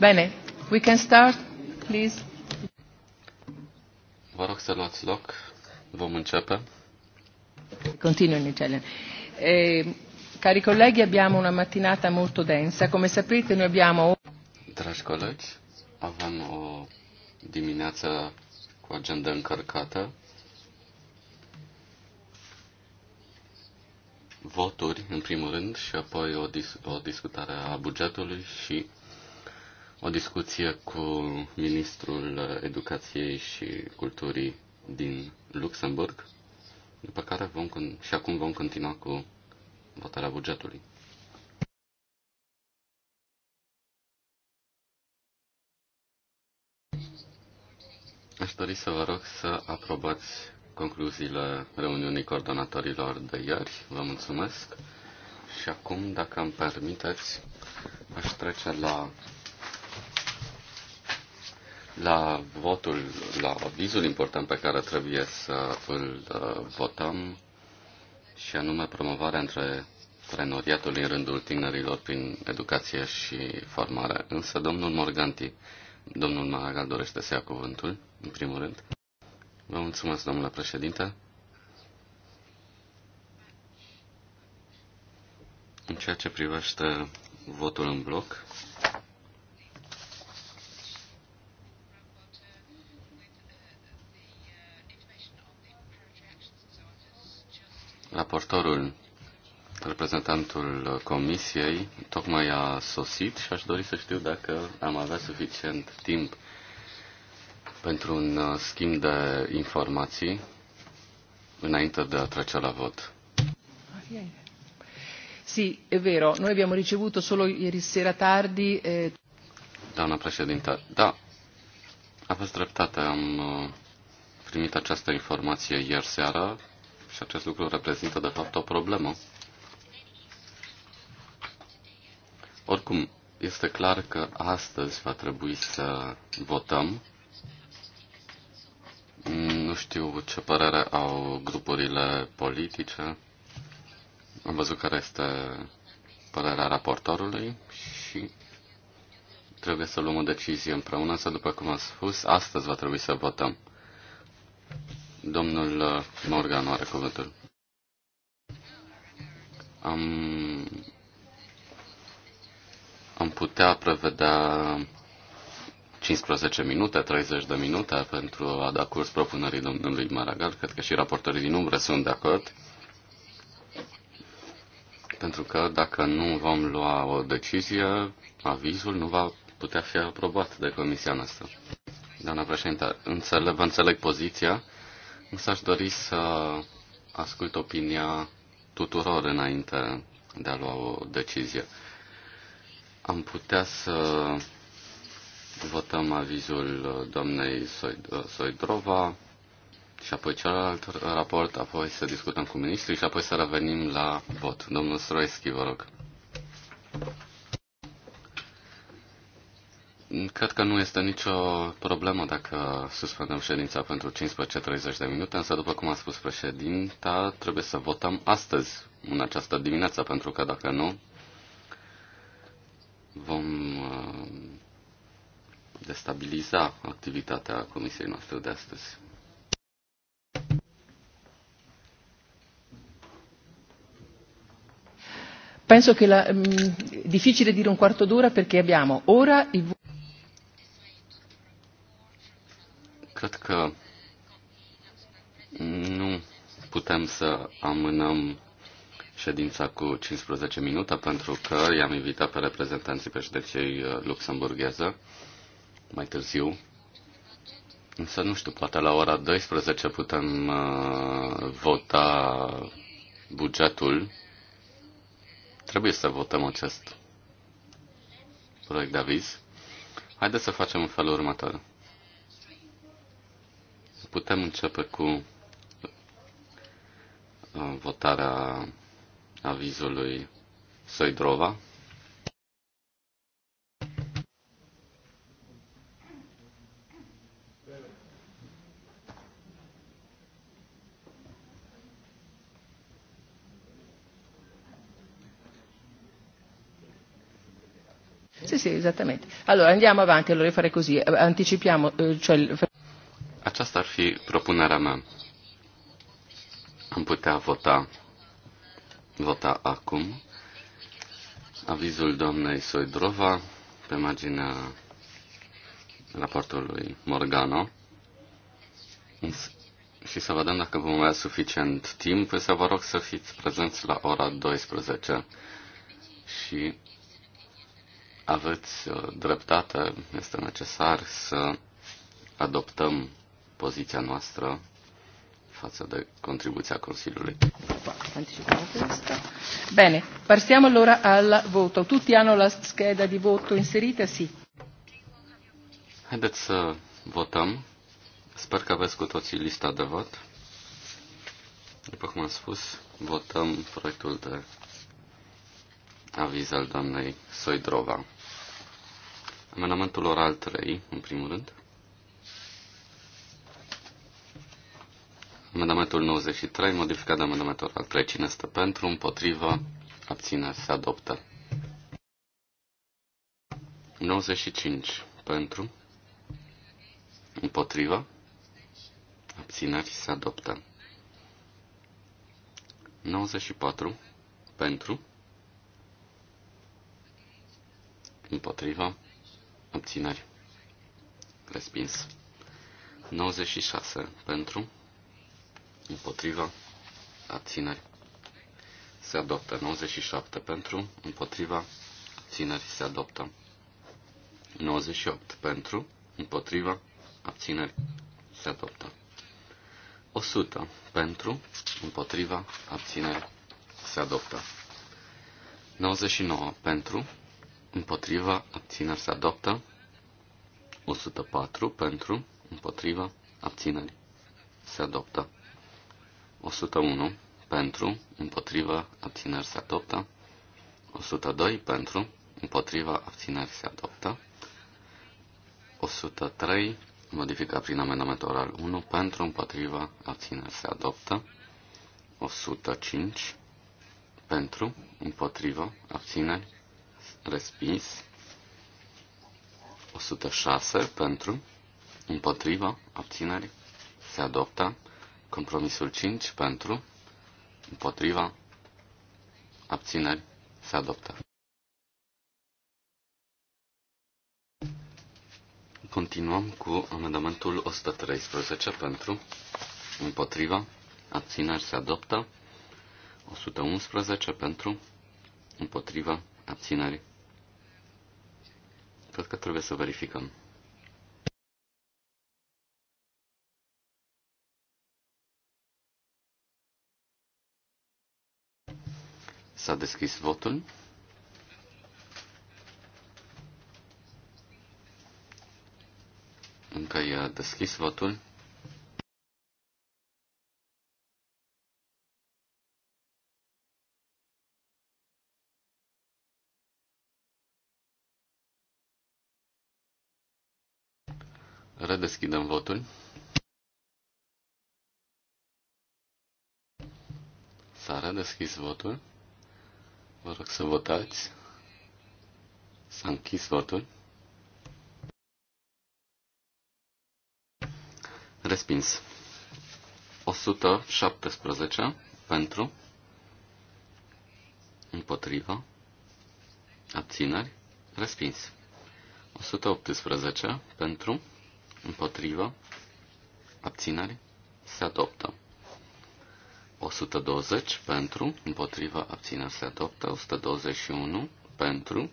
Bine, we can start, please. Vă rog să luați loc. Vom începe. Continuă în italian. cari colegi, abbiamo una mattinata molto densa. Come sapete, noi abbiamo... Dragi colegi, avem o dimineață cu agenda încărcată. Voturi, în primul rând, și apoi o, dis- o discutare a bugetului și o discuție cu ministrul educației și culturii din Luxemburg, după care vom, și acum vom continua cu votarea bugetului. Aș dori să vă rog să aprobați concluziile reuniunii coordonatorilor de ieri. Vă mulțumesc. Și acum, dacă îmi permiteți, aș trece la la votul, la avizul important pe care trebuie să îl uh, votăm, și anume promovarea între prenoriatul în rândul tinerilor prin educație și formare. Însă domnul Morganti, domnul Maragal dorește să ia cuvântul, în primul rând. Vă mulțumesc, domnule președinte. În ceea ce privește votul în bloc, Raportorul, reprezentantul comisiei, tocmai a sosit și aș dori să știu dacă am avea suficient timp pentru un uh, schimb de informații înainte de a trece la vot. Sì, è vero, noi abbiamo ricevuto solo ieri sera tardi. Eh... Doamna președintă, da, aveți dreptate, am uh, primit această informație ieri seara și acest lucru reprezintă, de fapt, o problemă. Oricum, este clar că astăzi va trebui să votăm. Nu știu ce părere au grupurile politice. Am văzut care este părerea raportorului și trebuie să luăm o decizie împreună, să după cum am spus, astăzi va trebui să votăm. Domnul uh, Morgan are cuvântul. Am, am putea prevedea 15 minute, 30 de minute pentru a da curs propunerii domnului Maragal. Cred că și raportorii din umbră sunt de acord. Pentru că dacă nu vom lua o decizie, avizul nu va putea fi aprobat de comisia noastră. Doamna președinte, înțeleg, vă înțeleg poziția Însă aș dori să ascult opinia tuturor înainte de a lua o decizie. Am putea să votăm avizul doamnei Soidrova și apoi celălalt raport, apoi să discutăm cu ministrii și apoi să revenim la vot. Domnul Stroeschi, vă rog. Cred că nu este nicio problemă dacă suspendăm ședința pentru 15-30 de minute, însă, după cum a spus președinta, trebuie să votăm astăzi, în această dimineață, pentru că dacă nu, vom uh, destabiliza activitatea comisiei noastre de astăzi. Penso che la, mh, mm, difficile dire un quarto d'ora perché abbiamo ora il Cred că nu putem să amânăm ședința cu 15 minute pentru că i-am invitat pe reprezentanții președinției uh, luxemburgheză mai târziu. Însă nu știu, poate la ora 12 putem uh, vota bugetul. Trebuie să votăm acest proiect de aviz. Haideți să facem în felul următor. Putem începe cu uh, votarea avizului Soidrova. Sì, sì, esattamente. Allora andiamo avanti, allora farei così, eh, anticipiamo, eh, cioè aceasta ar fi propunerea mea. Am putea vota, vota acum avizul doamnei Soidrova pe marginea raportului Morgano și să vedem dacă vom avea suficient timp. Să vă rog să fiți prezenți la ora 12 și aveți uh, dreptate, este necesar să adoptăm poziția noastră față de contribuția Consiliului. Bine, passiamo allora al voto. Tutti hanno la scheda di voto inserita? Sì. Haideți să votăm. Sper că aveți cu toții lista de vot. După cum am spus, votăm proiectul de aviz al doamnei Soidrova. Amendamentul oral 3, în primul rând. Amendamentul 93, modificat de amendamentul al 3, cine stă pentru, împotrivă, abține, se adoptă. 95, pentru, împotrivă, abțineri, se adoptă. 94, pentru, împotriva, abțineri, respins. 96 pentru, împotriva, abțineri, se adoptă. 97 pentru, împotriva, abțineri, se adoptă. 98 pentru, împotriva, abțineri, se adoptă. 100 pentru, împotriva, abțineri, se adoptă. 99 pentru, împotriva, abțineri, se adoptă. 104 pentru, împotriva, abțineri, se adoptă. 101 pentru, împotriva, abțineri se adoptă. 102 pentru, împotriva, abțineri se adoptă. 103 modificat prin amendament oral 1 pentru, împotriva, abțineri se adoptă. 105 pentru, împotriva, abțineri, respins. 106 pentru, împotriva, abțineri, se adoptă. Compromisul 5 pentru, împotriva, abțineri, se adoptă. Continuăm cu amendamentul 113 pentru, împotriva, abțineri se adoptă, 111 pentru, împotriva, abțineri. Cred că trebuie să verificăm. S-a deschis votul. Încă i-a deschis votul. Redeschidem votul. S-a redeschis votul. Vă rog să votați. S-a închis votul. Respins. 117 pentru, împotriva, abțineri, respins. 118 pentru, împotriva, abțineri, se adoptă. 120 pentru, împotriva abținerii se adoptă, 121 pentru,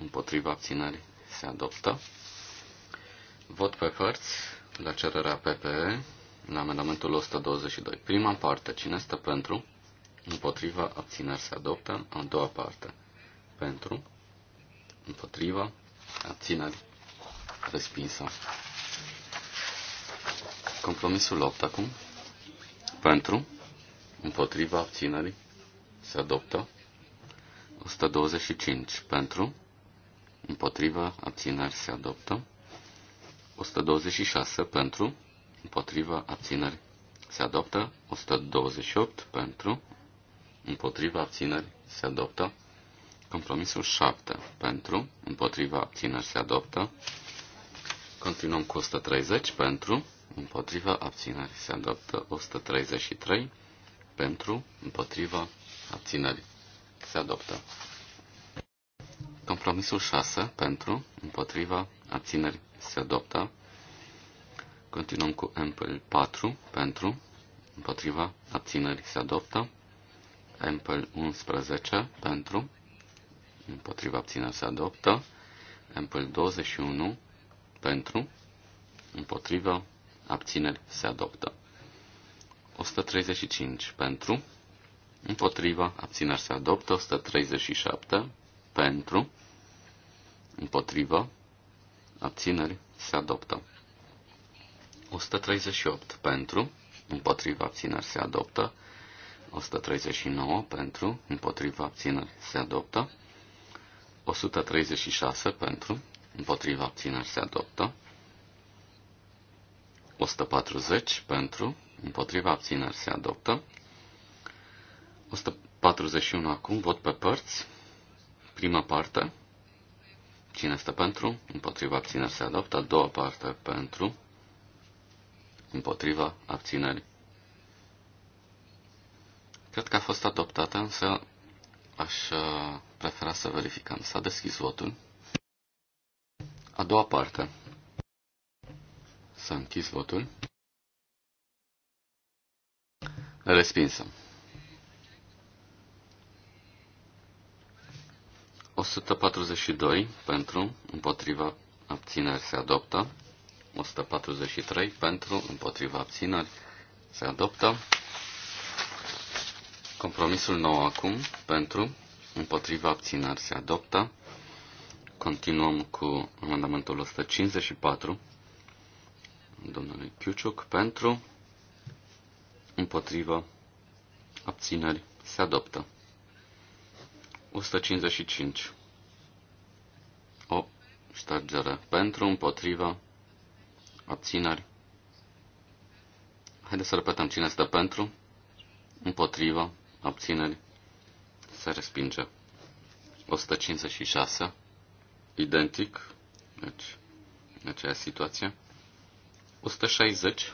împotriva abținerii se adoptă. Vot pe părți la cererea PPE la amendamentul 122. Prima parte, cine stă pentru, împotriva abținerii se adoptă, a doua parte, pentru, împotriva abținerii respinsă. Compromisul 8 acum, pentru, împotriva abținerii, se adoptă. 125 pentru, împotriva abținerii se adoptă. 126 pentru, împotriva abținerii se adoptă. 128 pentru, împotriva abținerii se adoptă. Compromisul 7 pentru, împotriva abținerii se adoptă. Continuăm cu 130 pentru, împotriva abținerii se adoptă 133 pentru, împotriva, abținerii. se adoptă. Compromisul 6, pentru, împotriva, abținerii. se adoptă. Continuăm cu Ample 4, pentru, împotriva, abținerii. se adoptă. Ample 11, pentru, împotriva, abținerii. se adoptă. Ample 21, pentru, împotriva, abținerii. se adoptă. 135 pentru, împotriva, abțineri se adoptă, 137 pentru, împotriva, abțineri se adoptă. 138 pentru, împotriva abțineri se adoptă. 139 pentru, împotriva abțineri se adoptă. 136 pentru, împotriva abțineri se adoptă. 140 pentru, împotriva abțineri se adoptă. 141 acum, vot pe părți. Prima parte, cine este pentru, împotriva abțineri se adoptă. A doua parte, pentru, împotriva abțineri. Cred că a fost adoptată, însă aș uh, prefera să verificăm. S-a deschis votul. A doua parte. S-a închis votul. Respinsă. 142 pentru, împotriva abțineri se adoptă. 143 pentru, împotriva abțineri se adoptă. Compromisul nou acum pentru, împotriva abțineri se adoptă. Continuăm cu amendamentul 154 domnului Chiuciuc pentru, împotrivă, abțineri, se adoptă. 155. O ștergere pentru, împotrivă, abțineri. Haideți să repetăm cine stă pentru, împotrivă, abțineri, se respinge. 156, identic, deci, în aceeași situație. 160,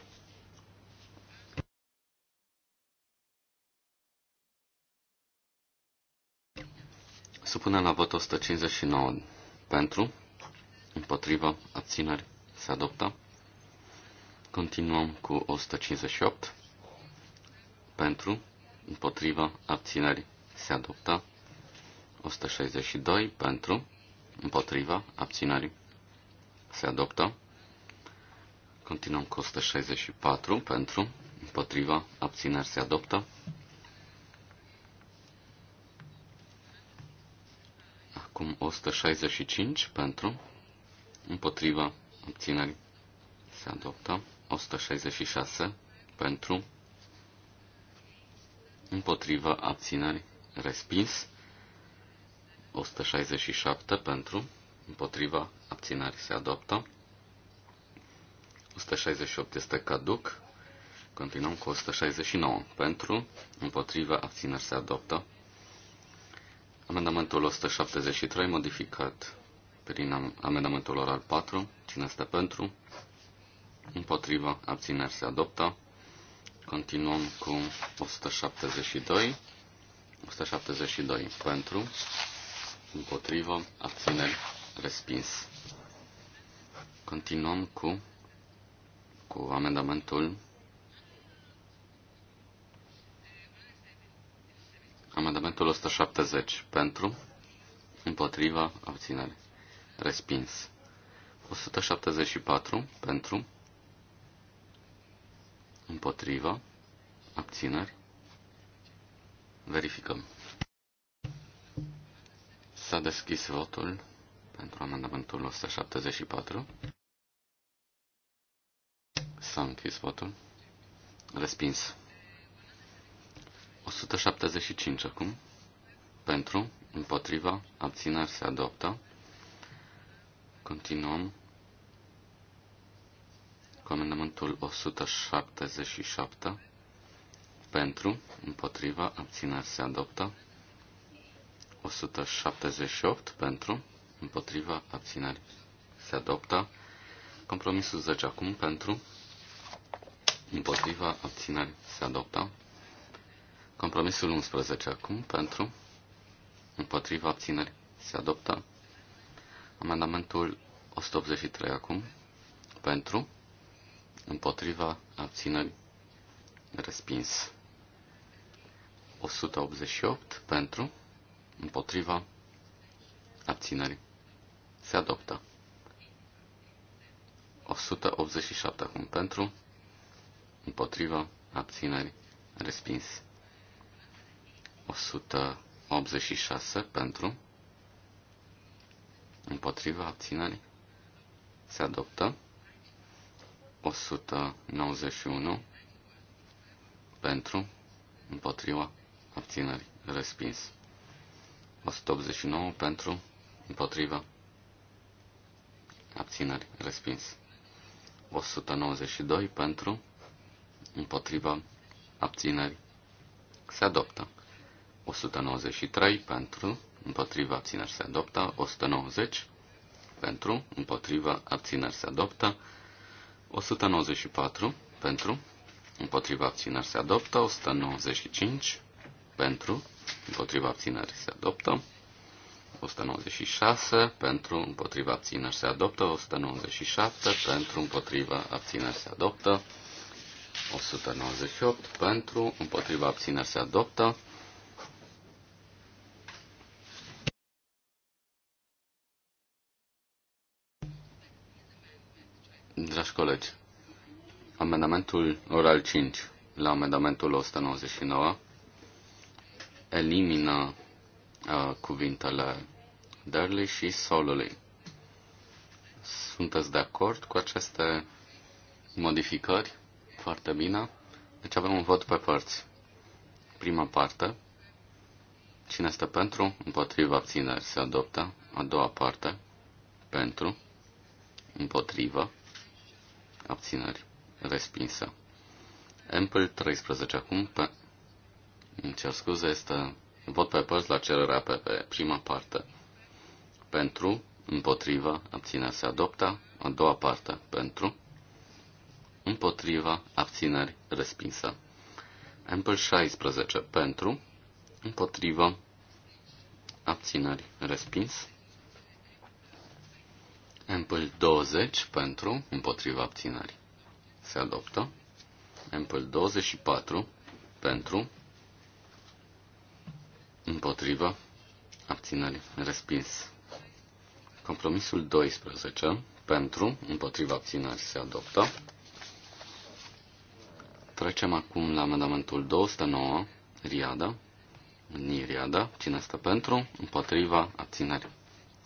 Supunem la vot 159 pentru, împotriva, abțineri, se adoptă. Continuăm cu 158 pentru, împotriva, abțineri, se adoptă. 162 pentru, împotriva, abțineri, se adoptă. Continuăm cu 164 pentru, împotriva, abțineri, se adoptă. Acum 165 pentru, împotriva obținerii se adoptă. 166 pentru, împotriva abținerii respins. 167 pentru, împotriva abținerii se adoptă. 168 este caduc. Continuăm cu 169 pentru, împotriva abținerii se adoptă. Amendamentul 173 modificat prin amendamentul oral 4. Cine este pentru? Împotriva. Abțineri se adoptă. Continuăm cu 172. 172 pentru. Împotriva. Abțineri respins. Continuăm cu, cu amendamentul Amendamentul 170 pentru, împotriva, abținere. Respins. 174 pentru, împotriva, abțineri. Verificăm. S-a deschis votul pentru amendamentul 174. S-a închis votul. Respins. 175 acum. Pentru, împotriva, abțineri se adoptă. Continuăm cu amendamentul 177. Pentru, împotriva, abțineri se adoptă. 178 pentru, împotriva, abțineri se adoptă. Compromisul 10 acum pentru, împotriva, abțineri se adoptă. Compromisul 11 acum pentru, împotriva abțineri se adoptă. Amendamentul 183 acum pentru, împotriva abțineri respins. 188 pentru, împotriva abțineri se adoptă. 187 acum pentru, împotriva abțineri respins. 186 pentru, împotriva abținării, se adoptă. 191 pentru, împotriva abținării, respins. 189 pentru, împotriva abținării, respins. 192 pentru, împotriva, abținării, se adoptă. 193 pentru, împotriva abțineri se adoptă, 190 pentru, împotriva abțineri se adoptă, 194 pentru, împotriva abțineri se adoptă, 195 pentru, împotriva abțineri se adoptă, 196 pentru, împotriva abțineri se adoptă, 197 pentru, împotriva abțineri se adoptă, 198 pentru, împotriva abțineri se adoptă, Amendamentul oral 5 la amendamentul 199 elimină uh, cuvintele Derly și Solului. Sunteți de acord cu aceste modificări? Foarte bine. Deci avem un vot pe părți. Prima parte. Cine este pentru? Împotriva abțineri se adoptă. A doua parte. Pentru. Împotrivă. Abțineri respinsă. Ample 13 acum, pe... îmi cer scuze, este vot pe părți la cererea pe prima parte. Pentru, împotriva, abține se adopta, a doua parte, pentru, împotriva, abțineri, respinsă. Ample 16, pentru, împotriva, abțineri, respins. Ample 20, pentru, împotriva, abținării se adoptă. Ample 24 pentru, împotrivă, abținere, respins. Compromisul 12 pentru, împotriva abținere se adoptă. Trecem acum la amendamentul 209, Riada, Niriada, cine stă pentru, împotriva abținere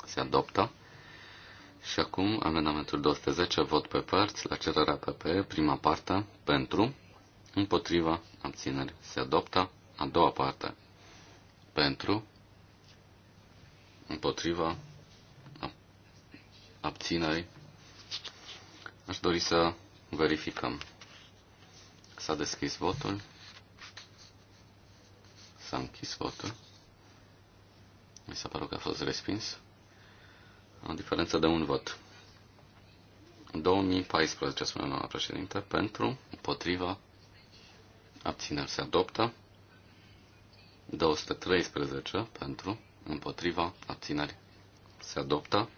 se adoptă. Și acum amendamentul 210, vot pe părți, la cererea PP, prima parte, pentru, împotriva, abțineri, se adoptă, a doua parte, pentru, împotriva, abțineri, aș dori să verificăm. S-a deschis votul. S-a închis votul. Mi s-a părut că a fost respins o diferență de un vot. 2014, spune doamna președinte, pentru, împotriva, abțineri se adoptă. 213 pentru, împotriva, abțineri se adoptă.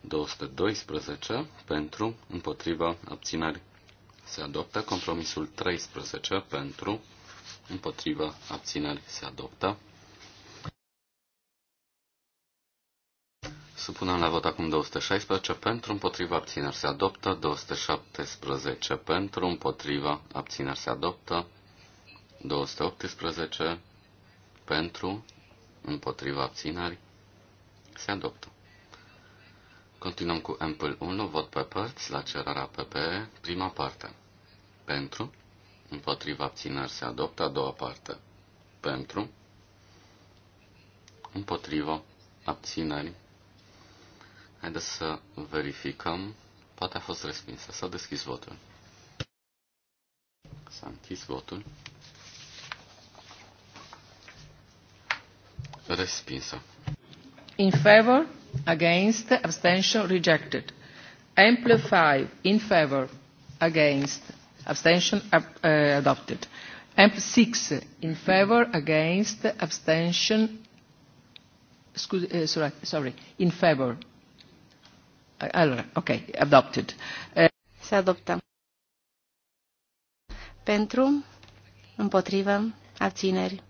212 pentru, împotriva, abțineri se adoptă. Compromisul 13 pentru, împotriva, abțineri se adoptă. Supunem la vot acum 216 pentru, împotriva, abțineri se adoptă, 217 pentru, împotriva, abțineri se adoptă, 218 pentru, împotriva, abțineri se adoptă. Continuăm cu Ample 1, vot pe părți, la cererea PPE, prima parte. Pentru, împotriva abțineri se adoptă, a doua parte. Pentru, împotriva abținării Haideți să verificăm. Poate a fost respinsă. S-a deschis votul. S-a închis votul. Respinsă. In favor, against, abstention, rejected. Ample 5, in favor, against, abstention, ab, uh, adopted. Ample 6, in favor, against, abstention, excuse, uh, sorry, sorry, in favor, Allora, ok, adopted. Eh, se adoptă. Pentru, împotrivă, abțineri.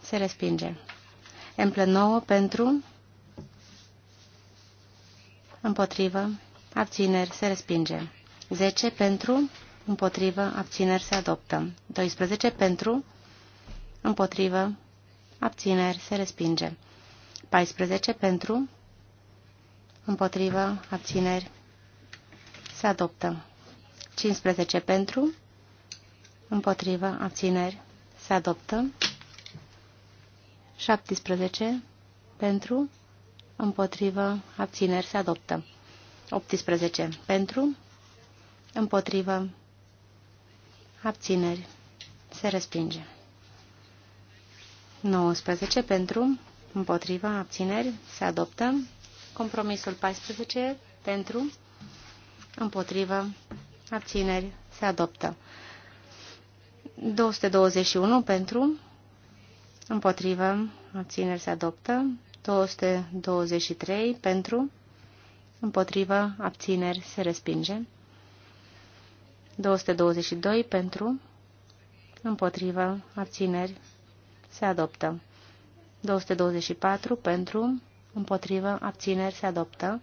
Se respinge. În plan nouă, pentru, împotrivă, abțineri, se respinge. 10 pentru, împotrivă, abțineri, se adoptă. 12 pentru, împotrivă, abțineri, se respinge. 14 pentru, împotrivă, abțineri, se adoptă. 15 pentru, împotrivă, abțineri, se adoptă. 17 pentru, împotrivă, abțineri, se adoptă. 18 pentru, împotrivă, abțineri, se respinge. 19 pentru, Împotrivă. abțineri, se adoptă. Compromisul 14 pentru, împotrivă, abțineri, se adoptă. 221 pentru, împotrivă, abțineri, se adoptă. 223 pentru, împotrivă, abțineri, se respinge. 222 pentru, împotrivă, abțineri, se adoptă. 224 pentru, împotrivă, abțineri, se adoptă.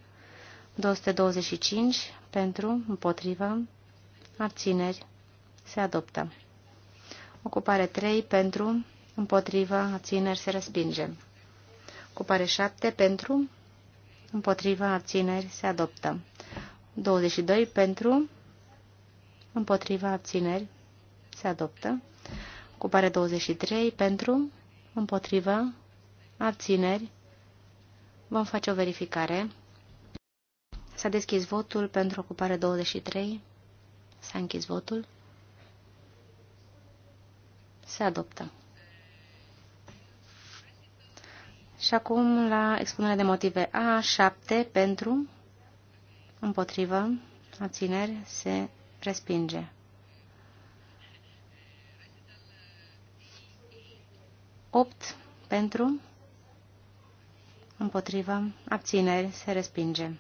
225 pentru, împotrivă, abțineri, se adoptă. Ocupare 3 pentru, împotrivă, abțineri, se respinge. Ocupare 7 pentru, împotrivă, abțineri, se adoptă. 22 pentru, împotrivă, abțineri, se adoptă. Ocupare 23 pentru, împotrivă, abțineri, Vom face o verificare. S-a deschis votul pentru ocupare 23. S-a închis votul. Se adoptă. Și acum la expunerea de motive A7 pentru, împotrivă, abțineri, se respinge. Opt pentru, împotrivă, abțineri, se respinge.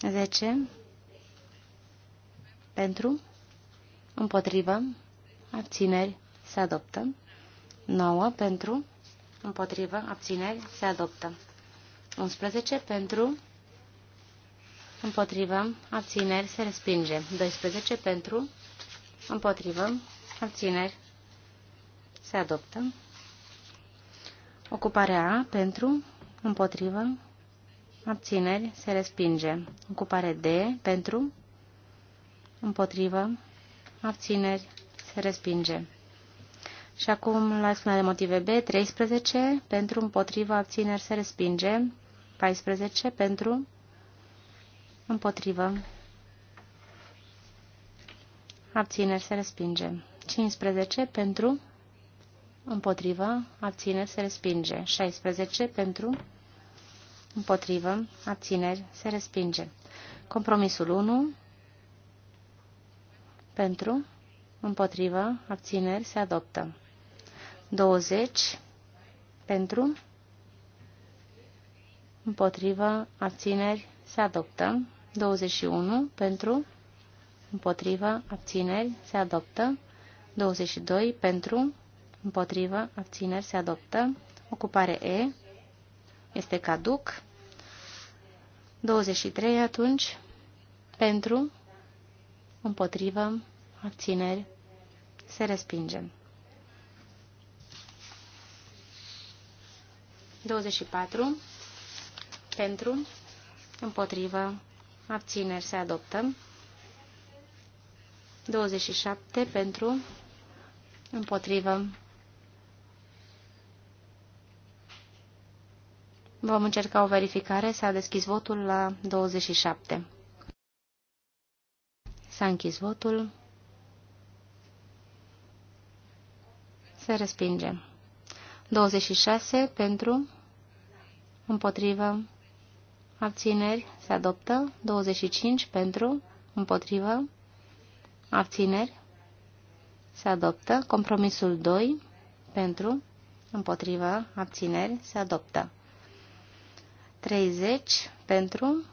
10. Pentru, împotrivă, abțineri, se adoptă. 9. Pentru, împotrivă, abțineri, se adoptă. 11. Pentru, împotrivă, abțineri, se respinge. 12. Pentru, împotrivă, abțineri, se adoptă. Ocuparea A pentru, împotrivă, abțineri, se respinge. Ocupare D pentru, împotrivă, abțineri, se respinge. Și acum, la expunerea de motive B, 13 pentru, împotrivă, abțineri, se respinge. 14 pentru, împotrivă, abțineri, se respinge. 15 pentru, împotrivă, abțineri, se respinge. 16 pentru, împotrivă, abțineri, se respinge. Compromisul 1 pentru, împotrivă, abțineri, se adoptă. 20 pentru, împotrivă, abțineri, se adoptă. 21 pentru, împotrivă, abțineri, se adoptă. 22 pentru, împotrivă, abțineri, se adoptă. Ocupare E este caduc. 23 atunci, pentru, împotrivă, abțineri, se respinge. 24. Pentru, împotrivă, abțineri se adoptă. 27. Pentru, împotrivă, Vom încerca o verificare. S-a deschis votul la 27. S-a închis votul. Se respinge. 26 pentru, împotrivă, abțineri, se adoptă. 25 pentru, împotrivă, abțineri, se adoptă. Compromisul 2 pentru, împotrivă, abțineri, se adoptă. 30 pentru,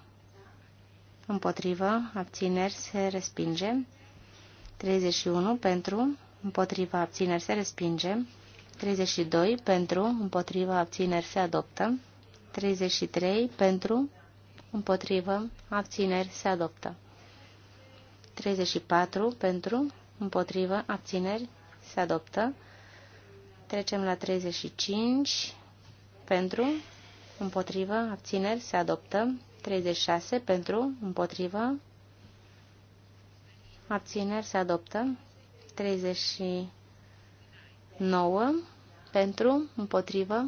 împotrivă, abțineri, se respinge. 31 pentru, împotrivă, abțineri, se respinge. 32 pentru, împotrivă, abțineri, se adoptă. 33 pentru, împotrivă, abțineri, se adoptă. 34 pentru, împotrivă, abțineri, se adoptă. Trecem la 35 pentru, împotrivă, abțineri, se adoptă. 36 pentru, împotrivă, abțineri, se adoptă. 39 pentru, împotrivă,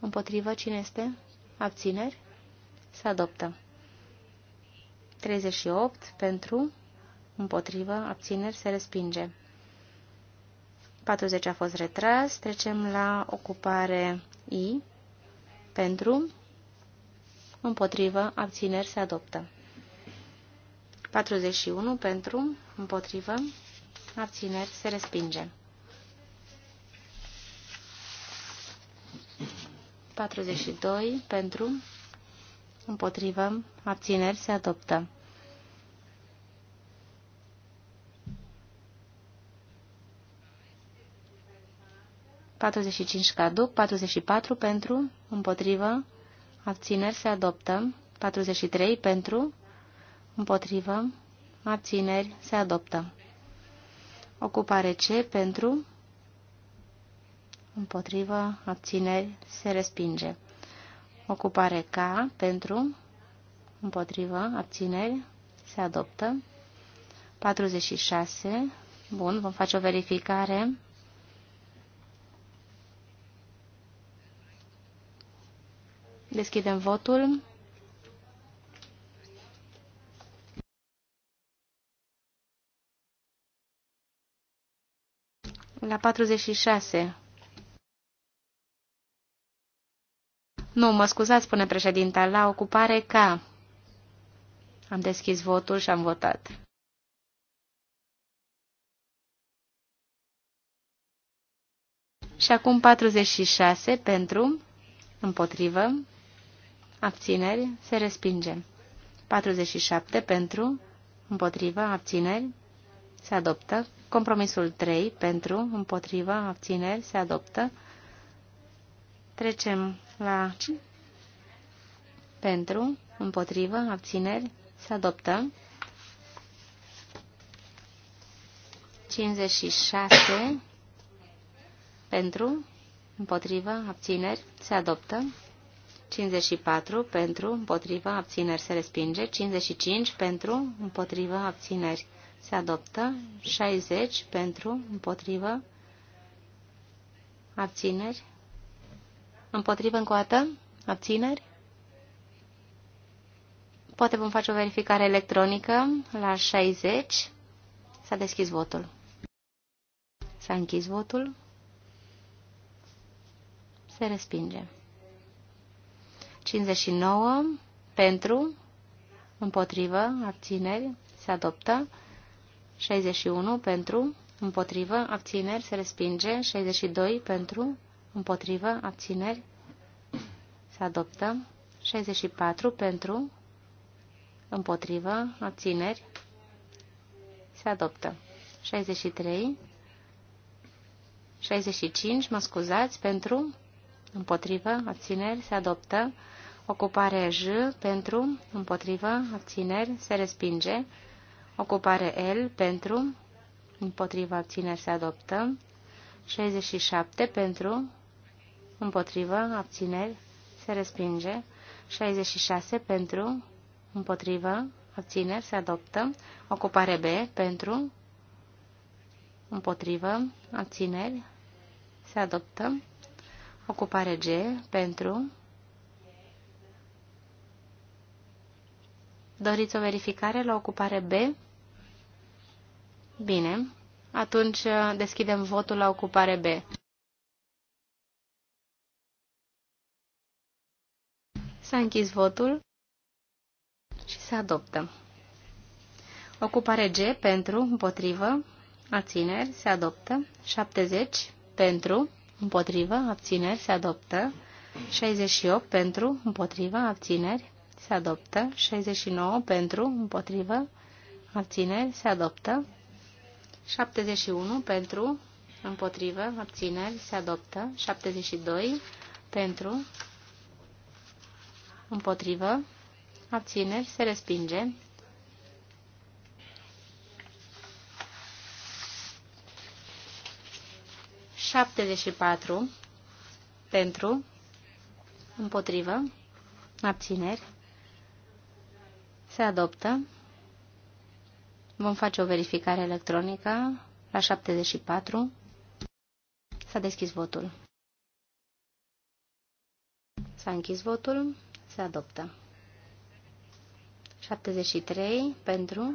împotrivă, cine este? Abțineri, se adoptă. 38 pentru, împotrivă, abțineri, se respinge. 40 a fost retras, trecem la ocupare I, pentru, împotrivă, abțineri se adoptă. 41 pentru, împotrivă, abțineri se respinge. 42 pentru, împotrivă, abțineri se adoptă. 45 caduc, 44 pentru, împotrivă, abțineri se adoptă, 43 pentru, împotrivă, abțineri se adoptă. Ocupare C pentru, împotrivă, abțineri se respinge. Ocupare K pentru, împotrivă, abțineri se adoptă. 46, bun, vom face o verificare Deschidem votul. La 46. Nu, mă scuzați, spune președinta, la ocupare ca. Am deschis votul și am votat. Și acum 46 pentru, împotrivă, abțineri, se respinge. 47 pentru, împotriva, abțineri, se adoptă. Compromisul 3 pentru, împotriva, abțineri, se adoptă. Trecem la pentru, împotrivă, abțineri, se adoptă. 56 pentru, împotrivă, abțineri, se adoptă. 54 pentru, împotrivă, abțineri se respinge, 55 pentru, împotrivă, abțineri se adoptă, 60 pentru, împotrivă, abțineri, împotrivă încă o dată, abțineri. Poate vom face o verificare electronică la 60. S-a deschis votul. S-a închis votul. Se respinge. 59 pentru, împotrivă, abțineri, se adoptă. 61 pentru, împotrivă, abțineri, se respinge. 62 pentru, împotrivă, abțineri, se adoptă. 64 pentru, împotrivă, abțineri, se adoptă. 63, 65, mă scuzați, pentru, împotrivă, abțineri, se adoptă. Ocupare J pentru, împotrivă, abțineri, se respinge. Ocupare L pentru, împotrivă, abțineri, se adoptă. 67 pentru, împotrivă, abțineri, se respinge. 66 pentru, împotrivă, abțineri, se adoptă. Ocupare B pentru, împotrivă, abțineri, se adoptă. Ocupare G pentru. Doriți o verificare la ocupare B? Bine. Atunci uh, deschidem votul la ocupare B. S-a închis votul și se adoptă. Ocupare G pentru, împotrivă, ațineri, se adoptă. 70 pentru, împotrivă, abțineri, se adoptă. 68 pentru, împotrivă, abțineri, se adoptă. 69 pentru, împotrivă, abțineri, se adoptă. 71 pentru, împotrivă, abțineri, se adoptă. 72 pentru, împotrivă, abțineri, se respinge. 74 pentru, împotrivă, abțineri, se adoptă. Vom face o verificare electronică la 74. S-a deschis votul. S-a închis votul. Se adoptă. 73 pentru,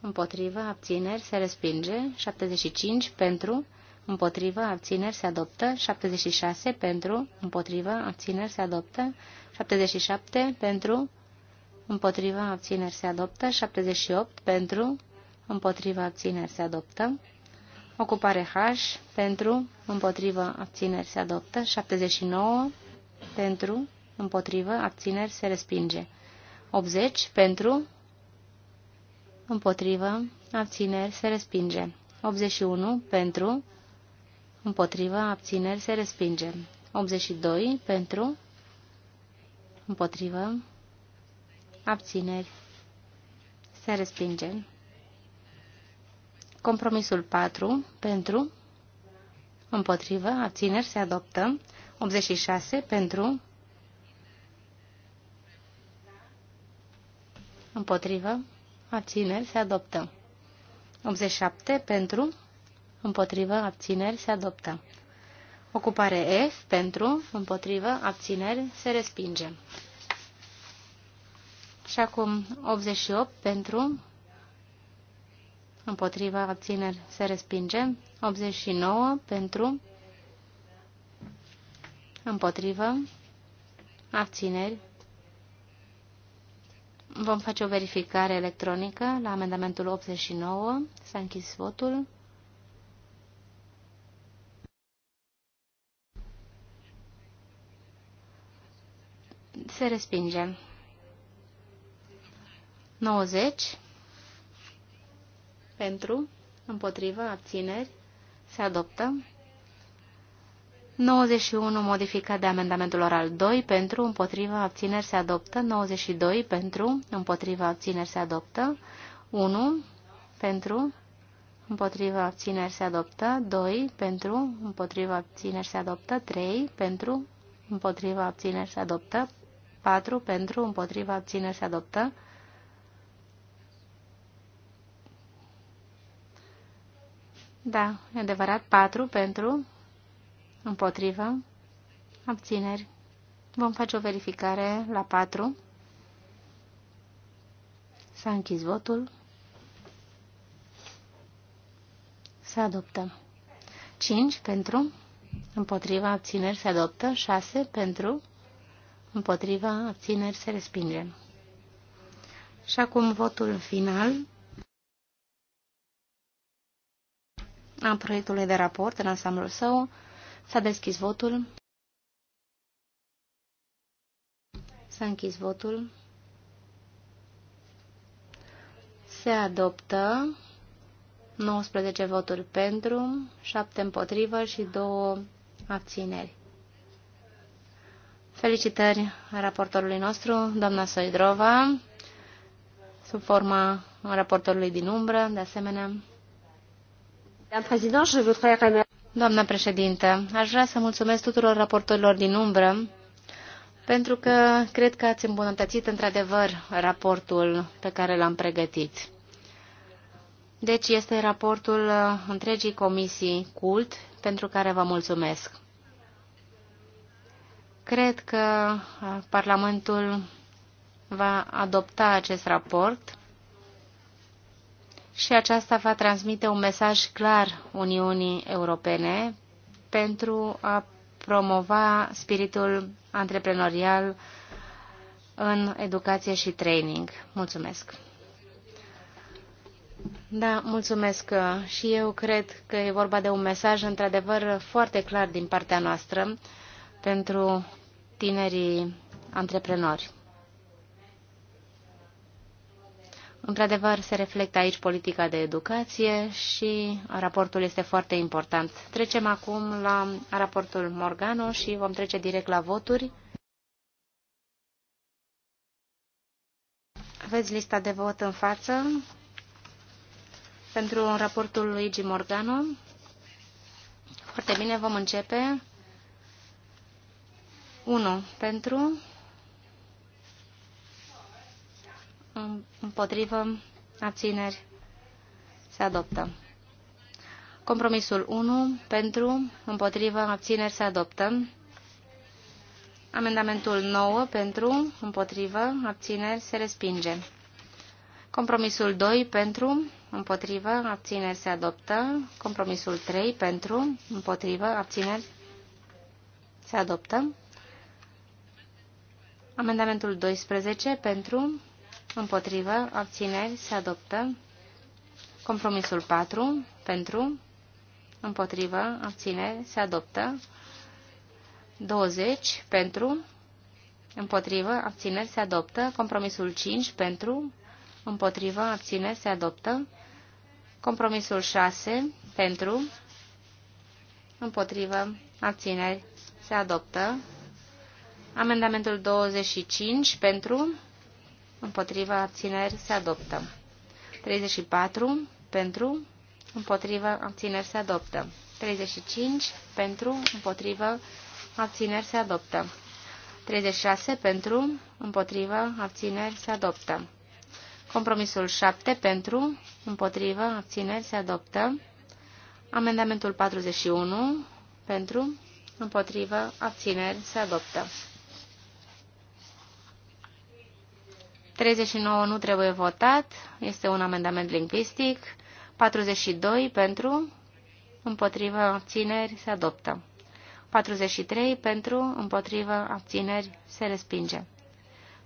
împotrivă, abțineri, se respinge. 75 pentru, împotrivă, abțineri se adoptă, 76 pentru, împotrivă, abțineri se adoptă, 77 pentru, împotrivă, abțineri se adoptă, 78 pentru, împotrivă, abțineri se adoptă, ocupare H pentru, împotrivă, abțineri se adoptă, 79 pentru, împotrivă, abțineri se respinge, 80 pentru, împotrivă, abțineri se respinge, 81 pentru, împotriva, abțineri, se respinge. 82 pentru, împotrivă, abțineri, se respinge. Compromisul 4 pentru, împotrivă, abțineri, se adoptă. 86 pentru, împotrivă, abțineri, se adoptă. 87 pentru, împotrivă, abțineri, se adoptă. Ocupare F, pentru, împotrivă, abțineri, se respinge. Și acum 88, pentru, împotrivă, abțineri, se respinge. 89, pentru, împotrivă, abțineri. Vom face o verificare electronică la amendamentul 89. S-a închis votul. se respinge. 90 pentru, împotrivă, abțineri, se adoptă. 91 modificat de amendamentul oral 2 pentru, împotrivă, abțineri, se adoptă. 92 pentru, împotrivă, abțineri, se adoptă. 1 pentru, împotrivă, abțineri se adoptă, 2 pentru, împotrivă, abțineri se adoptă, 3 pentru, împotrivă, abțineri se adoptă, 4 pentru, împotriva, abțineri se adoptă. Da, e adevărat, 4 pentru, împotriva, abțineri. Vom face o verificare la 4. S-a închis votul. Se adoptă. 5 pentru, împotriva, abțineri se adoptă. 6 pentru, împotriva, abțineri, se respinge. Și acum votul final a proiectului de raport în ansamblul său. S-a deschis votul. S-a închis votul. Se adoptă 19 voturi pentru, 7 împotrivă și 2 abțineri. Felicitări raportorului nostru, doamna Soidrova, sub forma raportorului din umbră, de asemenea. Doamna președintă, aș vrea să mulțumesc tuturor raportorilor din umbră, pentru că cred că ați îmbunătățit într-adevăr raportul pe care l-am pregătit. Deci este raportul uh, întregii comisii CULT, pentru care vă mulțumesc. Cred că uh, Parlamentul va adopta acest raport și aceasta va transmite un mesaj clar Uniunii Europene pentru a promova spiritul antreprenorial în educație și training. Mulțumesc! Da, mulțumesc și eu cred că e vorba de un mesaj într-adevăr foarte clar din partea noastră pentru tinerii antreprenori. Într-adevăr, se reflectă aici politica de educație și raportul este foarte important. Trecem acum la raportul Morgano și vom trece direct la voturi. Aveți lista de vot în față pentru raportul Luigi Morgano. Foarte bine, vom începe 1 pentru, împotrivă, abțineri, se adoptă. Compromisul 1 pentru, împotrivă, abțineri, se adoptă. Amendamentul 9 pentru, împotrivă, abțineri, se respinge. Compromisul 2 pentru, împotrivă, abțineri se adoptă. Compromisul 3 pentru, împotrivă, abțineri se adoptă. Amendamentul 12 pentru, împotrivă, abțineri, se adoptă. Compromisul 4 pentru, împotrivă, abțineri, se adoptă. 20 pentru, împotrivă, abțineri, se adoptă. Compromisul 5 pentru, împotrivă, abțineri, se adoptă. Compromisul 6 pentru, împotrivă, abțineri, se adoptă. Amendamentul 25 pentru, împotriva abțineri se adoptă. 34 pentru, împotriva abțineri se adoptă. 35 pentru, împotriva abțineri se adoptă. 36 pentru, împotriva abțineri se adoptă. Compromisul 7 pentru, împotriva abțineri se adoptă. Amendamentul 41 pentru, împotriva abțineri, se adoptă. 39 nu trebuie votat, este un amendament lingvistic. 42 pentru, împotrivă, abțineri, se adoptă. 43 pentru, împotrivă, abțineri, se respinge.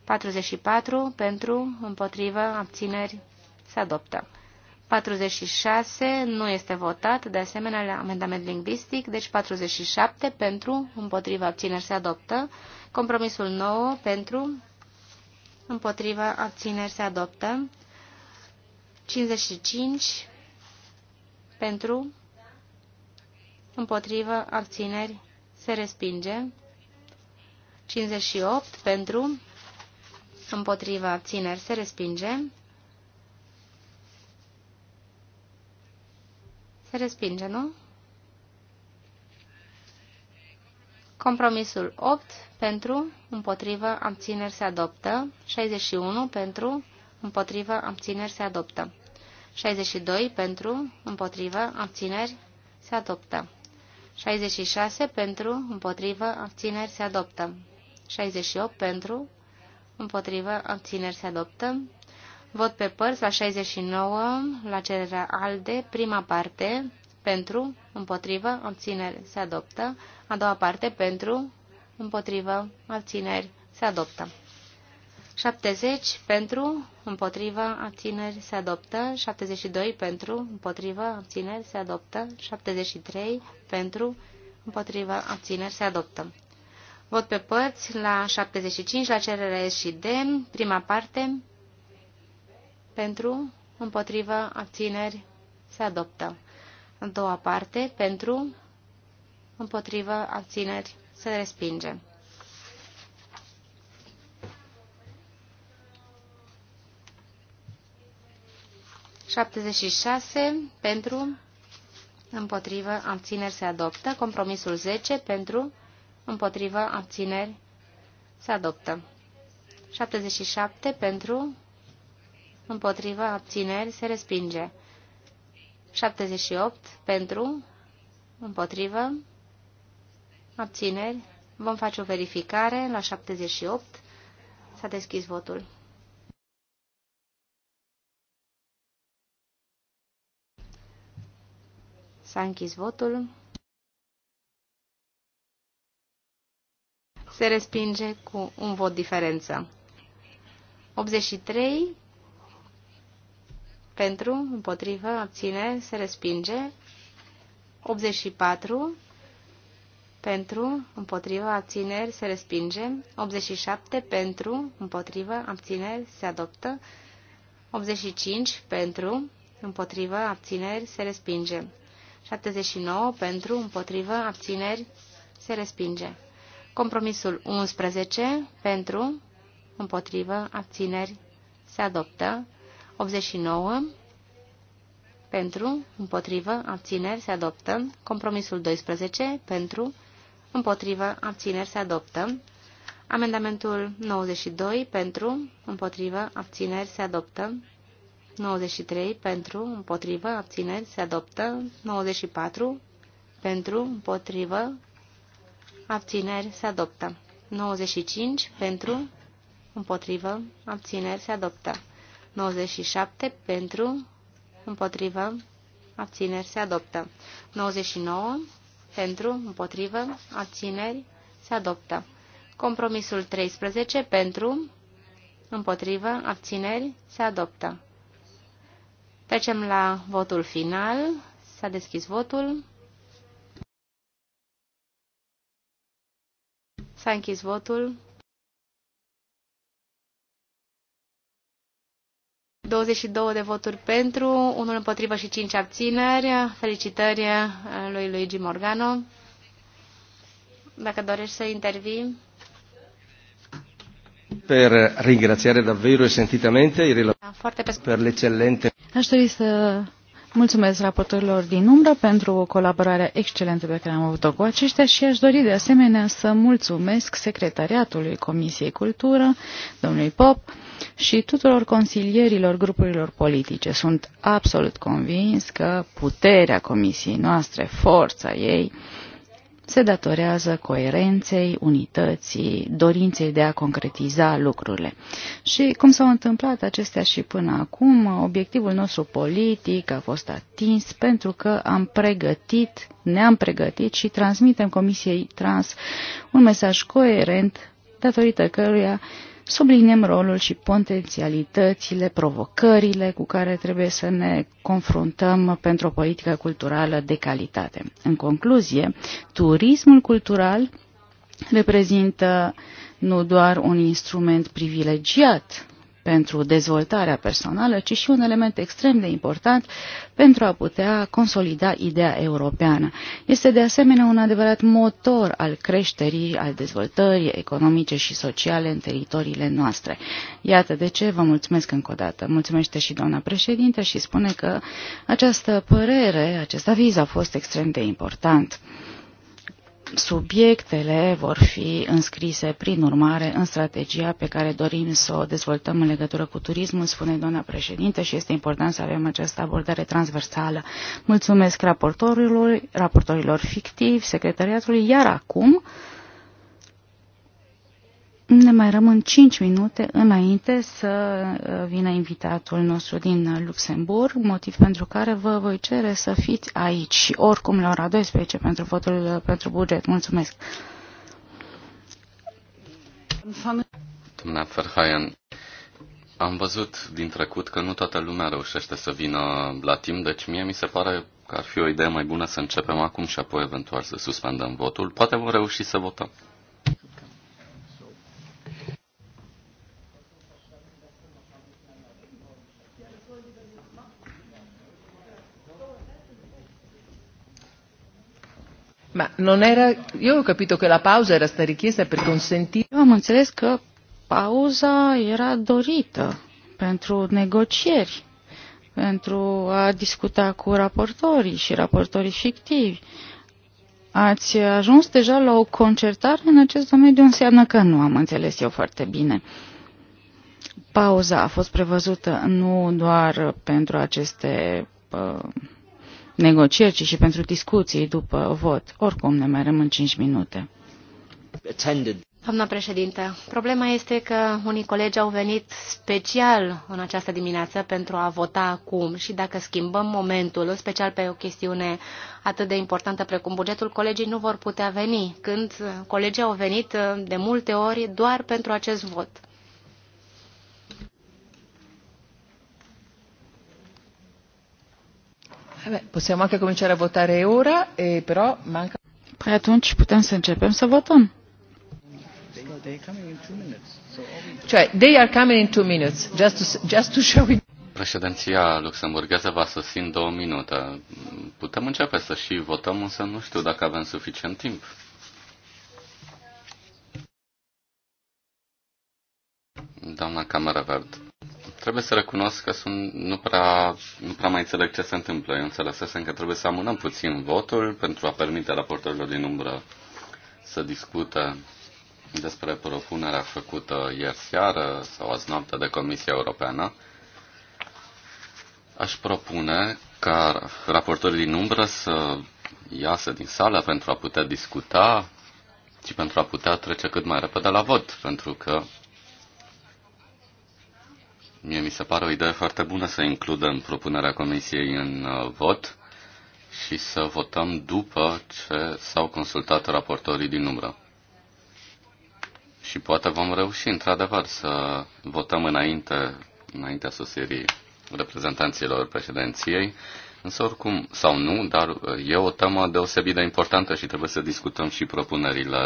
44 pentru, împotrivă, abțineri, se adoptă. 46 nu este votat, de asemenea la amendament lingvistic, deci 47 pentru, împotriva abțineri se adoptă, compromisul 9 pentru, Împotrivă, abțineri se adoptă. 55 pentru, împotrivă, abțineri se respinge. 58 pentru, împotrivă, abțineri se respinge. Se respinge, nu? Compromisul 8 pentru, împotrivă, abțineri se adoptă. 61 pentru, împotrivă, abțineri se adoptă. 62 pentru, împotrivă, abțineri se adoptă. 66 pentru, împotrivă, abțineri se adoptă. 68 pentru, împotrivă, abțineri se adoptă. Vot pe părți la 69, la cererea ALDE, prima parte, pentru, împotrivă, abțineri, se adoptă. A doua parte, pentru, împotrivă, abțineri, se adoptă. 70 pentru, împotrivă, abțineri, se adoptă. 72 pentru, împotrivă, abțineri, se adoptă. 73 pentru, împotrivă, abțineri, se adoptă. Vot pe părți la 75, la cerere S și D, prima parte, pentru, împotrivă, abțineri, se adoptă în doua parte, pentru, împotrivă, abțineri, se respinge. Șaptezeci șase, pentru, împotrivă, abțineri, se adoptă. Compromisul 10, pentru, împotrivă, abțineri, se adoptă. 77 pentru, împotriva, abțineri, se respinge. 78 pentru, împotrivă, abțineri. Vom face o verificare la 78. S-a deschis votul. S-a închis votul. Se respinge cu un vot diferență. 83 pentru, împotrivă, abține, se respinge. 84 pentru, împotrivă, abțineri, se respinge. 87 pentru, împotrivă, abțineri, se adoptă. 85 pentru, împotrivă, abțineri, se respinge. 79 pentru, împotrivă, abțineri, se respinge. Compromisul 11 pentru, împotrivă, abțineri, se adoptă. 89 pentru, împotrivă, abțineri se adoptă. Compromisul 12 pentru, împotrivă, abțineri se adoptă. Amendamentul 92 pentru, împotrivă, abțineri se adoptă. 93 pentru, împotrivă, abțineri se adoptă. 94 pentru, împotrivă, abțineri se adoptă. 95 pentru, împotrivă, abțineri se adoptă. 97 pentru, împotrivă, abțineri se adoptă. 99 pentru, împotrivă, abțineri se adoptă. Compromisul 13 pentru, împotrivă, abțineri se adoptă. Trecem la votul final. S-a deschis votul. S-a închis votul. 22 de voturi pentru, unul împotrivă și 5 abțineri. Felicitări eh, lui Luigi Morgano. Dacă dorești să intervii. Per ringraziare davvero e sentitamente i relatori da, per l'eccellente. Aș dori să Mulțumesc raportorilor din umbră pentru colaborarea excelentă pe care am avut-o cu aceștia și aș dori de asemenea să mulțumesc secretariatului Comisiei Cultură, domnului Pop, și tuturor consilierilor grupurilor politice. Sunt absolut convins că puterea Comisiei noastre, forța ei, se datorează coerenței, unității, dorinței de a concretiza lucrurile. Și cum s-au întâmplat acestea și până acum, obiectivul nostru politic a fost atins pentru că am pregătit, ne-am pregătit și transmitem Comisiei Trans un mesaj coerent datorită căruia uh, subliniem rolul și potențialitățile, provocările cu care trebuie să ne confruntăm pentru o politică culturală de calitate. În concluzie, turismul cultural reprezintă nu doar un instrument privilegiat pentru dezvoltarea personală, ci și un element extrem de important pentru a putea consolida ideea europeană. Este de asemenea un adevărat motor al creșterii, al dezvoltării economice și sociale în teritoriile noastre. Iată de ce vă mulțumesc încă o dată. Mulțumește și doamna președinte și spune că această părere, acest aviz a fost extrem de important. Subiectele vor fi înscrise, prin urmare, în strategia pe care dorim să o dezvoltăm în legătură cu turismul, spune doamna președinte, și este important să avem această abordare transversală. Mulțumesc raportorilor, raportorilor fictivi, secretariatului, iar acum ne mai rămân 5 minute înainte să uh, vină invitatul nostru din Luxemburg, motiv pentru care vă voi cere să fiți aici și oricum la ora 12 pentru votul uh, pentru buget. Mulțumesc! Doamna Ferhaien, am văzut din trecut că nu toată lumea reușește să vină la timp, deci mie mi se pare că ar fi o idee mai bună să începem acum și apoi eventual să suspendăm votul. Poate vom reuși să votăm. Ma non era... Io ho capito che la pausa era stata richiesta per consentire... Io am înțeles că pauza era dorită pentru negocieri, pentru a discuta cu raportorii și raportorii fictivi. Ați ajuns deja la o concertare în acest domeniu, înseamnă că nu am înțeles eu foarte bine. Pauza a fost prevăzută nu doar pentru aceste uh, negocieri, ci și pentru discuții după vot. Oricum ne mai rămân 5 minute. Attended. Doamna președintă, problema este că unii colegi au venit special în această dimineață pentru a vota acum și dacă schimbăm momentul, în special pe o chestiune atât de importantă precum bugetul, colegii nu vor putea veni, când colegii au venit de multe ori doar pentru acest vot. Possiamo anche cominciare a votare ora, e però manca... Păi atunci putem să începem să votăm. Cioè, they are coming in two minutes, just to, just to show Președinția luxemburgheză va sosi în două minute. Putem începe să și votăm, însă nu știu dacă avem suficient timp. Doamna Camera Verde. Trebuie să recunosc că sunt, nu, prea, nu prea mai înțeleg ce se întâmplă. Eu înțelesesem că trebuie să amânăm puțin votul pentru a permite raportorilor din umbră să discute despre propunerea făcută ieri seară sau azi noapte de Comisia Europeană. Aș propune ca raportorii din umbră să iasă din sală pentru a putea discuta și pentru a putea trece cât mai repede la vot, pentru că Mie mi se pare o idee foarte bună să includem propunerea Comisiei în uh, vot și să votăm după ce s-au consultat raportorii din umbră. Și poate vom reuși, într-adevăr, să votăm înainte, înaintea sosirii reprezentanților președinției, însă oricum, sau nu, dar uh, e o temă deosebit de importantă și trebuie să discutăm și propunerile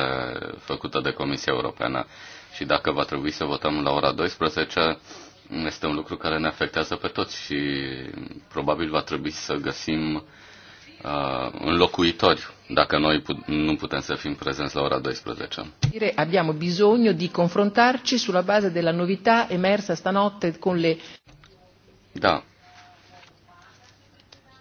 făcute de Comisia Europeană. Și dacă va trebui să votăm la ora 12, este un lucru care ne afectează pe toți și probabil va trebui să găsim uh, înlocuitori dacă noi put- nu putem să fim prezenți la ora 12. Abbiamo bisogno di confrontarci sulla base della novità emersa stanotte con le... Da.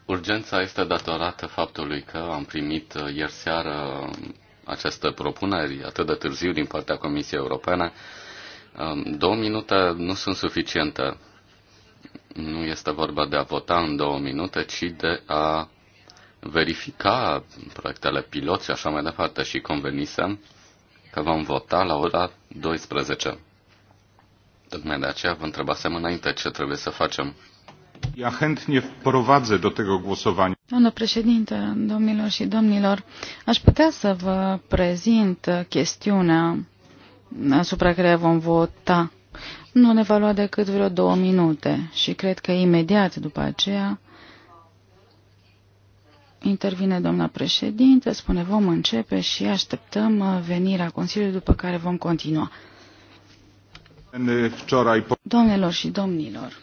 Urgența este datorată faptului că am primit uh, ieri seară um, această propunere atât de târziu din partea Comisiei Europene Um, două minute nu sunt suficiente. Nu este vorba de a vota în două minute, ci de a verifica proiectele pilot și așa mai departe. Și convenisem că vom vota la ora 12. Tocmai de aceea vă întrebasem înainte ce trebuie să facem. Ja chętnie wprowadzę do tego głosowania. Doamnă președinte, domnilor și domnilor, aș putea să vă prezint chestiunea asupra care vom vota nu ne va lua decât vreo două minute și cred că imediat după aceea intervine doamna președinte, spune vom începe și așteptăm uh, venirea Consiliului după care vom continua. Uh, domnilor și domnilor,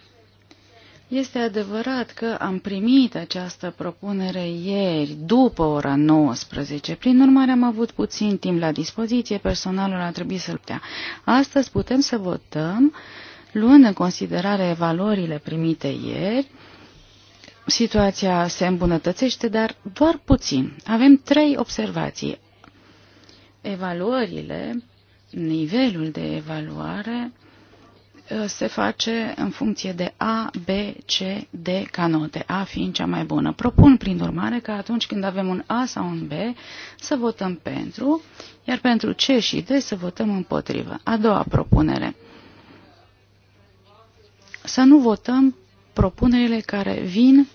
este adevărat că am primit această propunere ieri, după ora 19. Prin urmare, am avut puțin timp la dispoziție, personalul a trebuit să-l putea. Astăzi putem să votăm, luând în considerare valorile primite ieri, situația se îmbunătățește, dar doar puțin. Avem trei observații. Evaluările, nivelul de evaluare, Uh, se face în funcție de A, B, C, D ca note, A fiind cea mai bună. Propun, prin urmare, că atunci când avem un A sau un B, să votăm pentru, iar pentru C și D să votăm împotrivă. A doua propunere. Să nu votăm propunerile care vin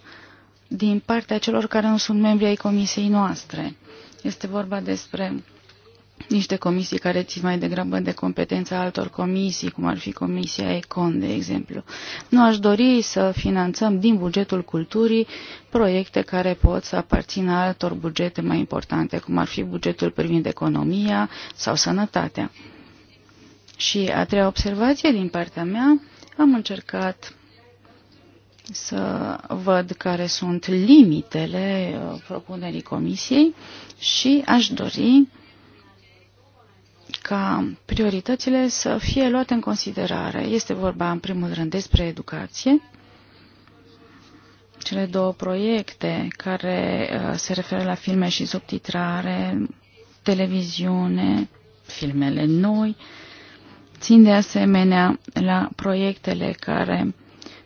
din partea celor care nu sunt membri ai comisiei noastre. Este vorba despre niște comisii care țin mai degrabă de competența altor comisii, cum ar fi Comisia Econ, de exemplu. Nu aș dori să finanțăm din bugetul culturii proiecte care pot să aparțină altor bugete mai importante, cum ar fi bugetul privind economia sau sănătatea. Și a treia observație din partea mea, am încercat să văd care sunt limitele uh, propunerii comisiei și aș dori ca prioritățile să fie luate în considerare. Este vorba, în primul rând, despre educație. Cele două proiecte care uh, se referă la filme și subtitrare, televiziune, filmele noi, țin de asemenea la proiectele care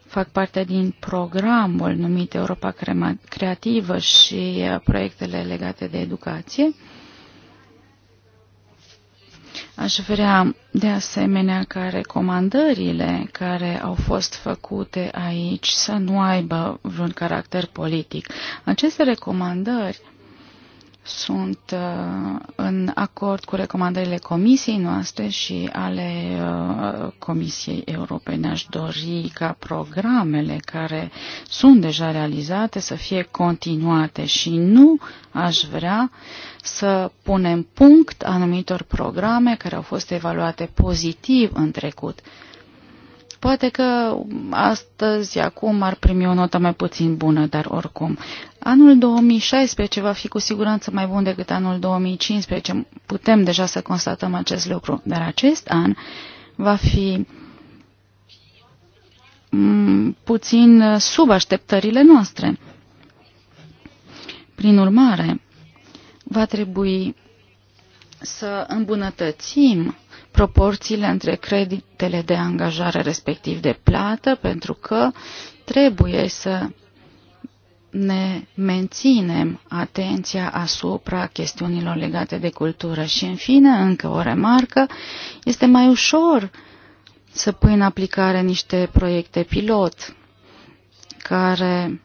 fac parte din programul numit Europa Creativă și uh, proiectele legate de educație. Aș vrea de asemenea ca recomandările care au fost făcute aici să nu aibă vreun caracter politic. Aceste recomandări sunt uh, în acord cu recomandările comisiei noastre și ale uh, Comisiei Europene. Aș dori ca programele care sunt deja realizate să fie continuate și nu aș vrea să punem punct anumitor programe care au fost evaluate pozitiv în trecut. Poate că astăzi, acum, ar primi o notă mai puțin bună, dar oricum. Anul 2016 va fi cu siguranță mai bun decât anul 2015. Putem deja să constatăm acest lucru, dar acest an va fi mm, puțin sub așteptările noastre. Prin urmare, va trebui să îmbunătățim proporțiile între creditele de angajare respectiv de plată, pentru că trebuie să ne menținem atenția asupra chestiunilor legate de cultură. Și, în fine, încă o remarcă, este mai ușor să pui în aplicare niște proiecte pilot care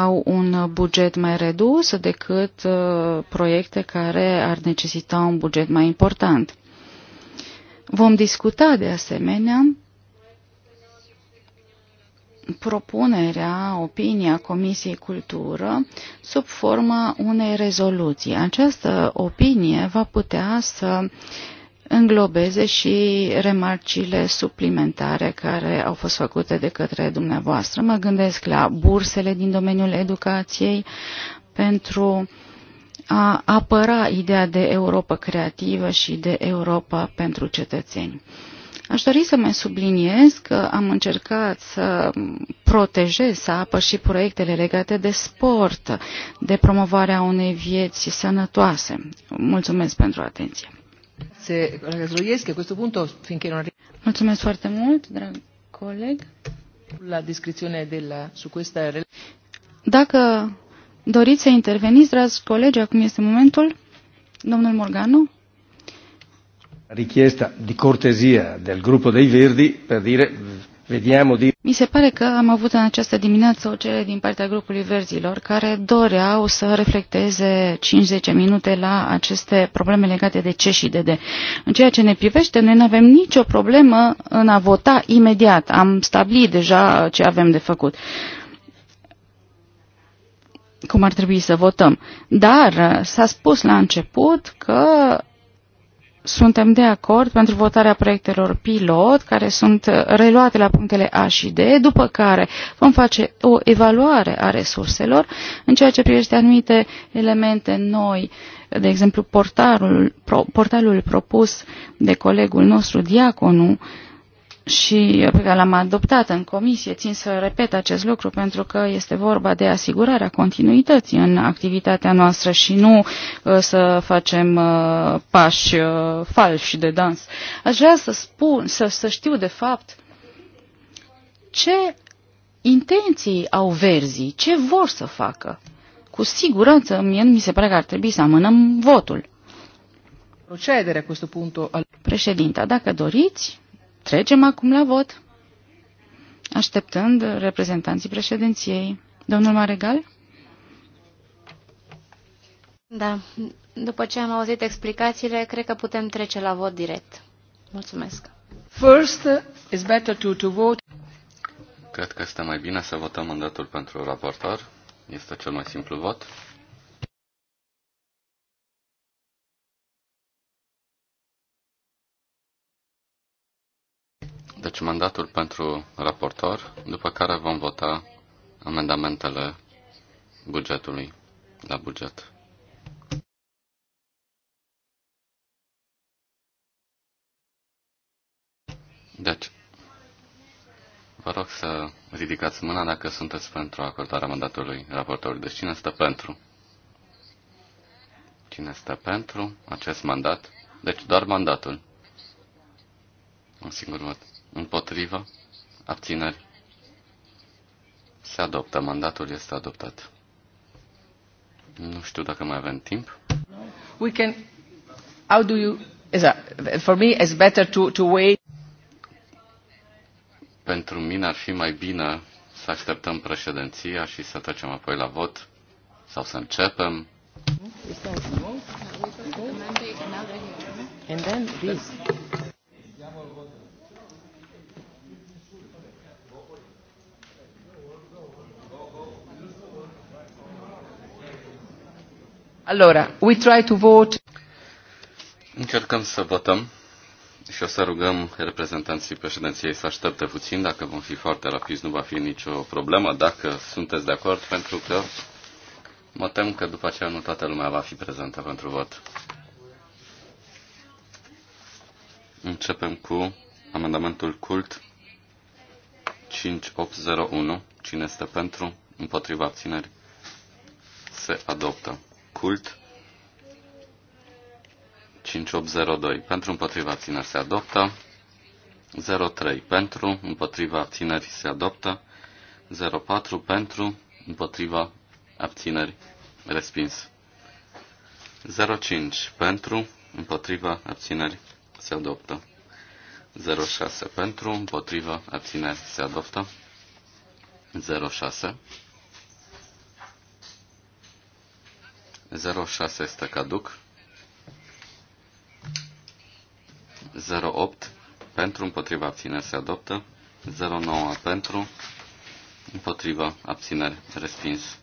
au un buget mai redus decât uh, proiecte care ar necesita un buget mai important. Vom discuta de asemenea propunerea, opinia Comisiei Cultură sub forma unei rezoluții. Această opinie va putea să înglobeze și remarcile suplimentare care au fost făcute de către dumneavoastră. Mă gândesc la bursele din domeniul educației pentru uh, a apăra ideea de Europa creativă și de Europa pentru cetățeni. Aș dori să mai subliniez că am încercat să protejez, să apăr și proiectele legate de sport, de promovarea unei vieți sănătoase. Mulțumesc pentru atenție. Mulțumesc foarte mult, drag coleg. La descrizione de su questa... Dacă Doriți să interveniți, dragi colegi, acum este momentul? Domnul Morganu? Richiesta di cortesia del gruppo dei Verdi per dire vediamo di... Mi se pare că am avut în această dimineață o cerere din partea grupului Verzilor care doreau să reflecteze 5-10 minute la aceste probleme legate de ce și de de. În ceea ce ne privește, noi nu avem nicio problemă în a vota imediat. Am stabilit deja ce avem de făcut cum ar trebui să votăm. Dar uh, s-a spus la început că suntem de acord pentru votarea proiectelor pilot, care sunt uh, reluate la punctele A și D, după care vom face o evaluare a resurselor în ceea ce privește anumite elemente noi, de exemplu portalul, pro, portalul propus de colegul nostru Diaconu, uh, și uh, pe care l-am adoptat în comisie, țin să repet acest lucru pentru că este vorba de asigurarea continuității în activitatea noastră și nu uh, să facem uh, pași falși de dans. Aș vrea să spun, să, să știu de fapt ce intenții au verzii, ce vor să facă. Cu siguranță, mie mi se pare că ar trebui să amânăm votul. Procedere a questo punto al... Președinta, dacă doriți, Trecem acum la vot, așteptând reprezentanții președinției. Domnul Maregal? Da. După ce am auzit explicațiile, cred că putem trece la vot direct. Mulțumesc. First, it's better to, to vote. Cred că este mai bine să votăm mandatul pentru raportor. Este cel mai simplu vot. Deci mandatul pentru raportor, după care vom vota amendamentele bugetului la buget. Deci, vă rog să ridicați mâna dacă sunteți pentru acordarea mandatului raportorului. Deci cine stă pentru? Cine stă pentru acest mandat? Deci doar mandatul. Un singur vot. Împotrivă. Abțineri. Se adoptă. Mandatul este adoptat. Nu știu dacă mai avem timp. We can... How do you... For me, it's better to, to wait. Pentru mine ar fi mai bine să așteptăm președinția și să trecem apoi la vot sau să începem. And then this. Allora, we try to vote. Încercăm să votăm și o să rugăm reprezentanții președinției să aștepte puțin. Dacă vom fi foarte rapizi, nu va fi nicio problemă, dacă sunteți de acord, pentru că mă tem că după aceea nu toată lumea va fi prezentă pentru vot. Începem cu amendamentul cult 5801. Cine este pentru? Împotriva abținerii? Se adoptă cult 5802 pentru împotriva abțineri se adoptă 03 pentru împotriva abțineri se adoptă 04 pentru împotriva abțineri respins 05 pentru împotriva abțineri se adoptă 06 pentru împotriva abțineri se adoptă 06 06 este caduc. 08 pentru, împotriva abținere se adoptă. 09 pentru, împotriva abținere respins.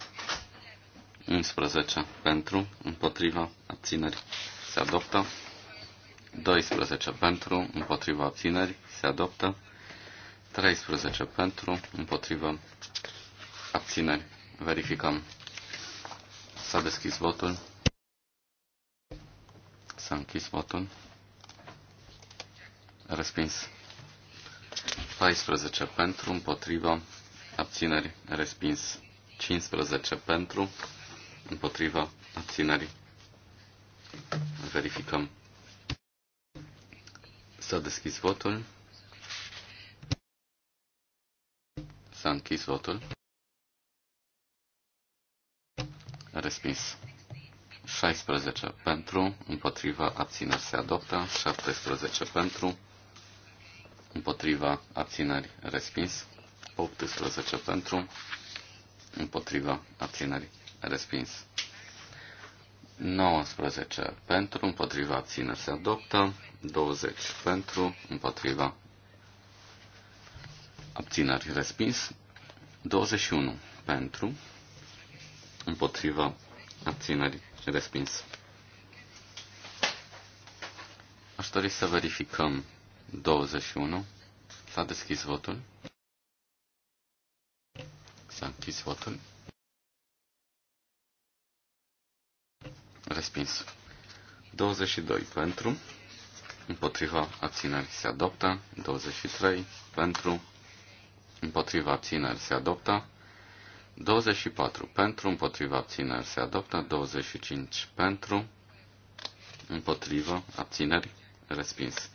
11 pentru, împotriva abținere se adoptă. 12 pentru, împotriva abținere se adoptă. 13 pentru, împotriva abținere Verificăm S-a deschis votul. S-a închis votul. Respins. 14 pentru, împotriva, abțineri, respins. 15 pentru, împotriva, abținerii. Verificăm. S-a deschis votul. S-a închis votul. Respins. 16 pentru, împotriva abțineri se adoptă, 17 pentru, împotriva abțineri respins, 18 pentru, împotriva abțineri respins. 19 pentru, împotriva abțineri se adoptă, 20 pentru, împotriva abțineri respins, 21 pentru, împotriva abținerii respins. Aș dori să verificăm 21. S-a deschis votul. S-a închis votul. Respins. 22 pentru. Împotriva abținerii se adoptă. 23 pentru. Împotriva abținerii se adoptă. 24 pentru, împotriva abțineri se adoptă, 25 pentru, împotriva abțineri respins.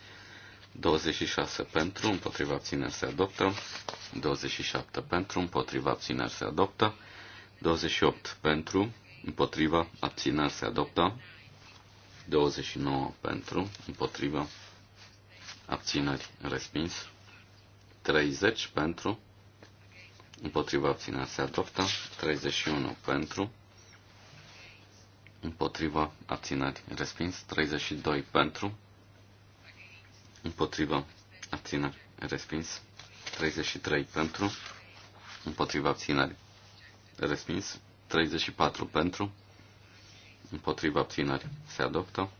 26 pentru, împotriva abțineri se adoptă, 27 pentru, împotriva abțineri se adoptă, 28 pentru, împotriva abțineri se adoptă, 29 pentru, împotriva abțineri respins, 30 pentru, împotriva abținerea se adoptă, 31 pentru, împotriva abținerii respins, 32 pentru, împotriva abținerii respins, 33 pentru, împotriva abținerii respins, 34 pentru, împotriva abținerii se adoptă,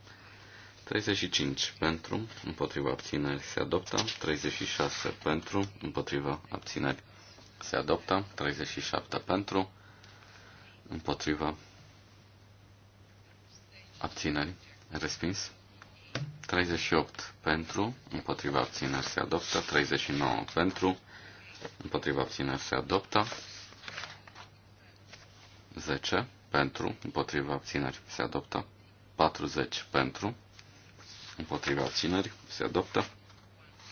35 pentru, împotriva abținerii se adoptă, 36 pentru, împotriva abținerii se adoptă, 37 pentru, împotriva, abțineri, respins, 38 pentru, împotriva abțineri se adoptă, 39 pentru, împotriva abțineri se adoptă, 10 pentru, împotriva abțineri se adoptă, 40 pentru, împotriva abțineri se adoptă,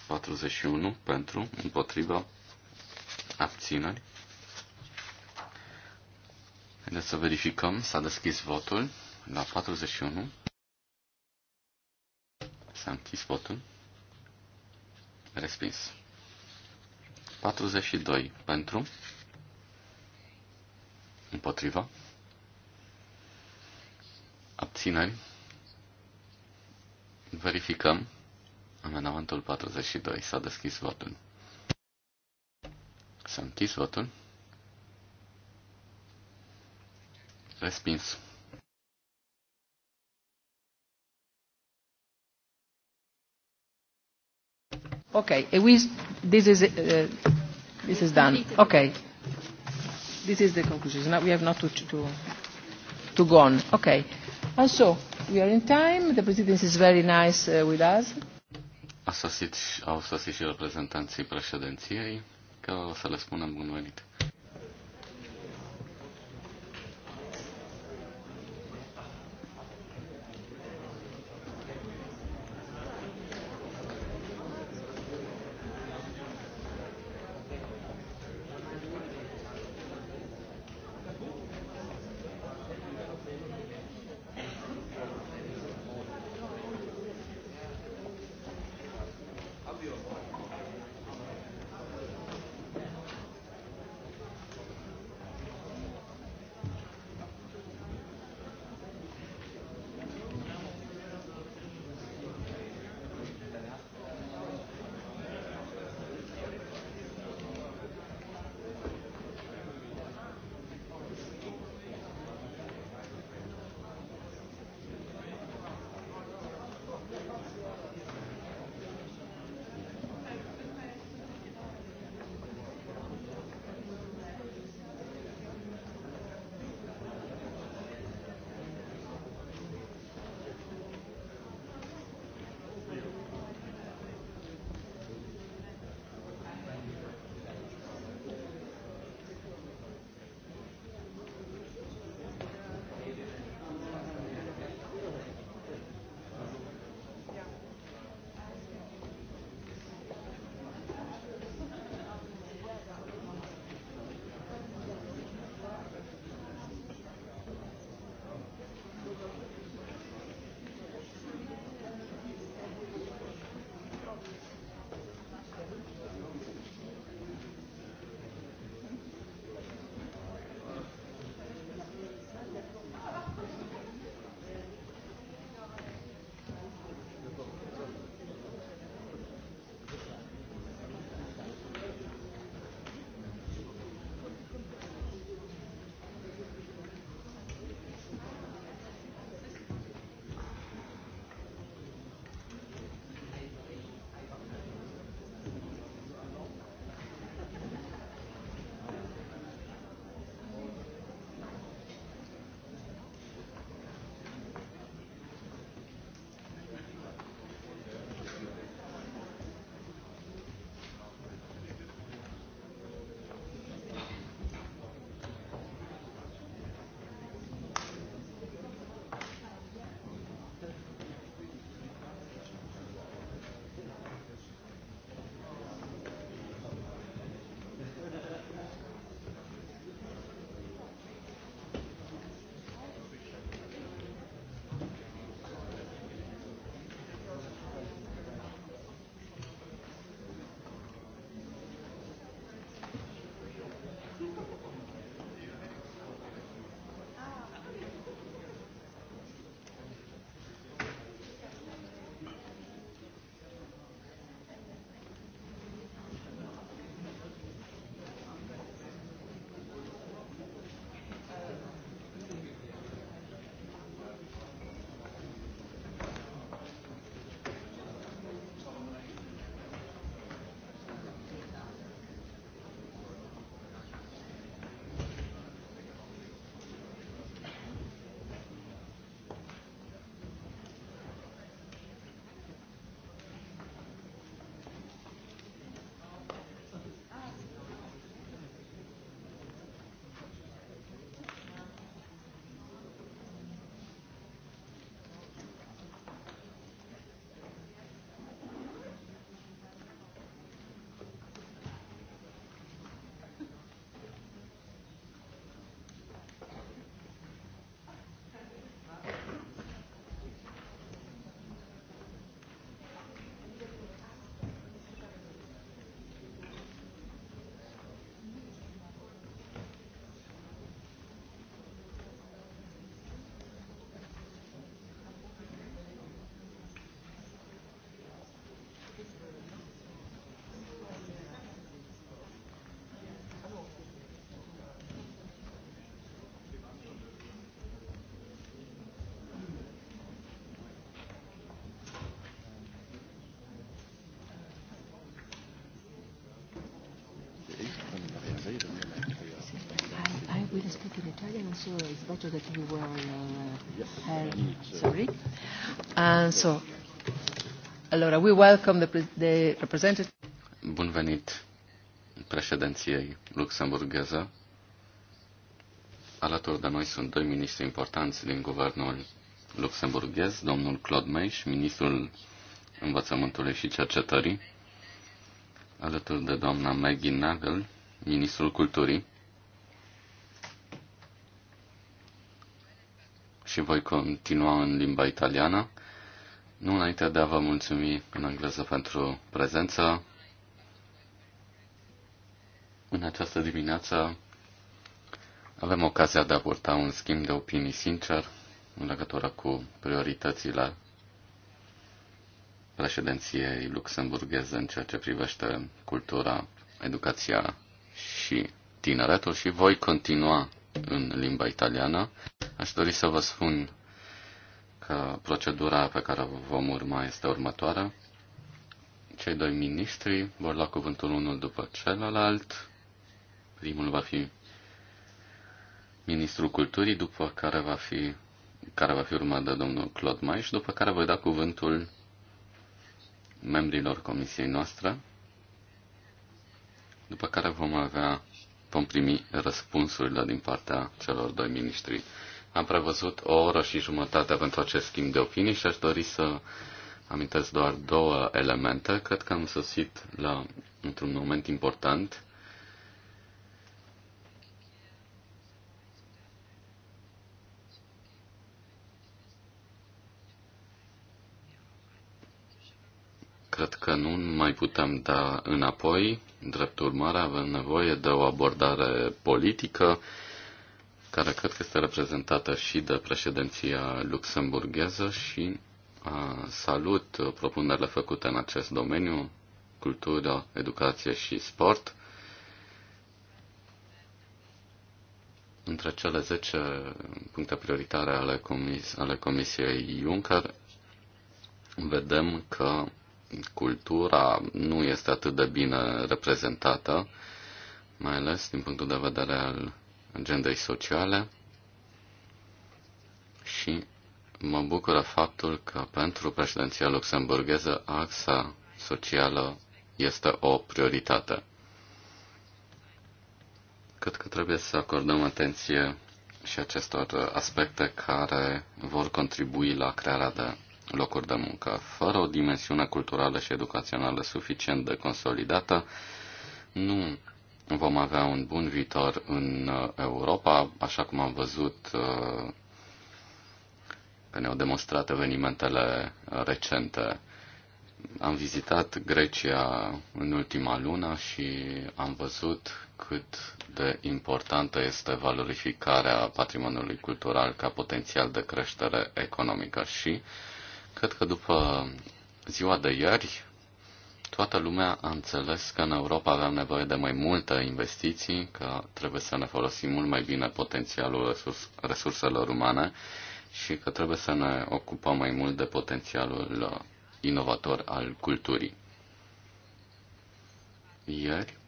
41 pentru, împotriva abțineri. Haideți să verificăm, s-a deschis votul la 41. S-a închis votul. Respins. 42 pentru. Împotriva. Abțineri. Verificăm. Amendamentul 42. S-a deschis votul. S-a închis votul. Respins. and we, this is uh, this is done. Okay, this is the conclusion. Now we have not to to to go on. Okay, and so we are in time. The president is very nice uh, with us. au sosit și reprezentanții președinției că o să le spunem bun venit. Italian also it's better that you were uh, uh sorry. And uh, so, allora, we welcome the, the representative. Bun venit președinției luxemburgheză. Alături de noi sunt doi ministri importanți din guvernul luxemburghez, domnul Claude Meiș, ministrul învățământului și cercetării, alături de doamna Maggie Nagel, ministrul culturii, și voi continua în limba italiană. Nu înainte de a vă mulțumi în engleză pentru prezență, în această dimineață avem ocazia de a purta un schimb de opinii sincer în legătură cu prioritățile președinției luxemburgheze în ceea ce privește cultura, educația și tineretul și voi continua în limba italiană. Aș dori să vă spun că procedura pe care o vom urma este următoarea. Cei doi ministri vor lua cuvântul unul după celălalt. Primul va fi ministrul culturii, după care va fi, care va fi urmat de domnul Claude Maiș, după care voi da cuvântul membrilor comisiei noastre, după care vom avea vom primi răspunsurile din partea celor doi miniștri. Am prevăzut o oră și jumătate pentru acest schimb de opinii și aș dori să amintesc doar două elemente. Cred că am sosit la, într-un moment important Cred că nu mai putem da înapoi. Drept urmare, avem nevoie de o abordare politică care cred că este reprezentată și de președinția luxemburgheză și salut propunerile făcute în acest domeniu, cultură, educație și sport. Între cele 10 puncte prioritare ale, comis- ale Comisiei Juncker, vedem că cultura nu este atât de bine reprezentată, mai ales din punctul de vedere al agendei sociale. Și mă bucură faptul că pentru președinția luxemburgheză axa socială este o prioritate. Cred că trebuie să acordăm atenție și acestor aspecte care vor contribui la crearea de locuri de muncă. Fără o dimensiune culturală și educațională suficient de consolidată, nu vom avea un bun viitor în uh, Europa, așa cum am văzut uh, că ne-au demonstrat evenimentele uh, recente. Am vizitat Grecia în ultima lună și am văzut cât de importantă este valorificarea patrimoniului cultural ca potențial de creștere economică și uh, Cred că după ziua de ieri, toată lumea a înțeles că în Europa avem nevoie de mai multe investiții, că trebuie să ne folosim mult mai bine potențialul resurs- resurselor umane și că trebuie să ne ocupăm mai mult de potențialul uh, inovator al culturii. Ieri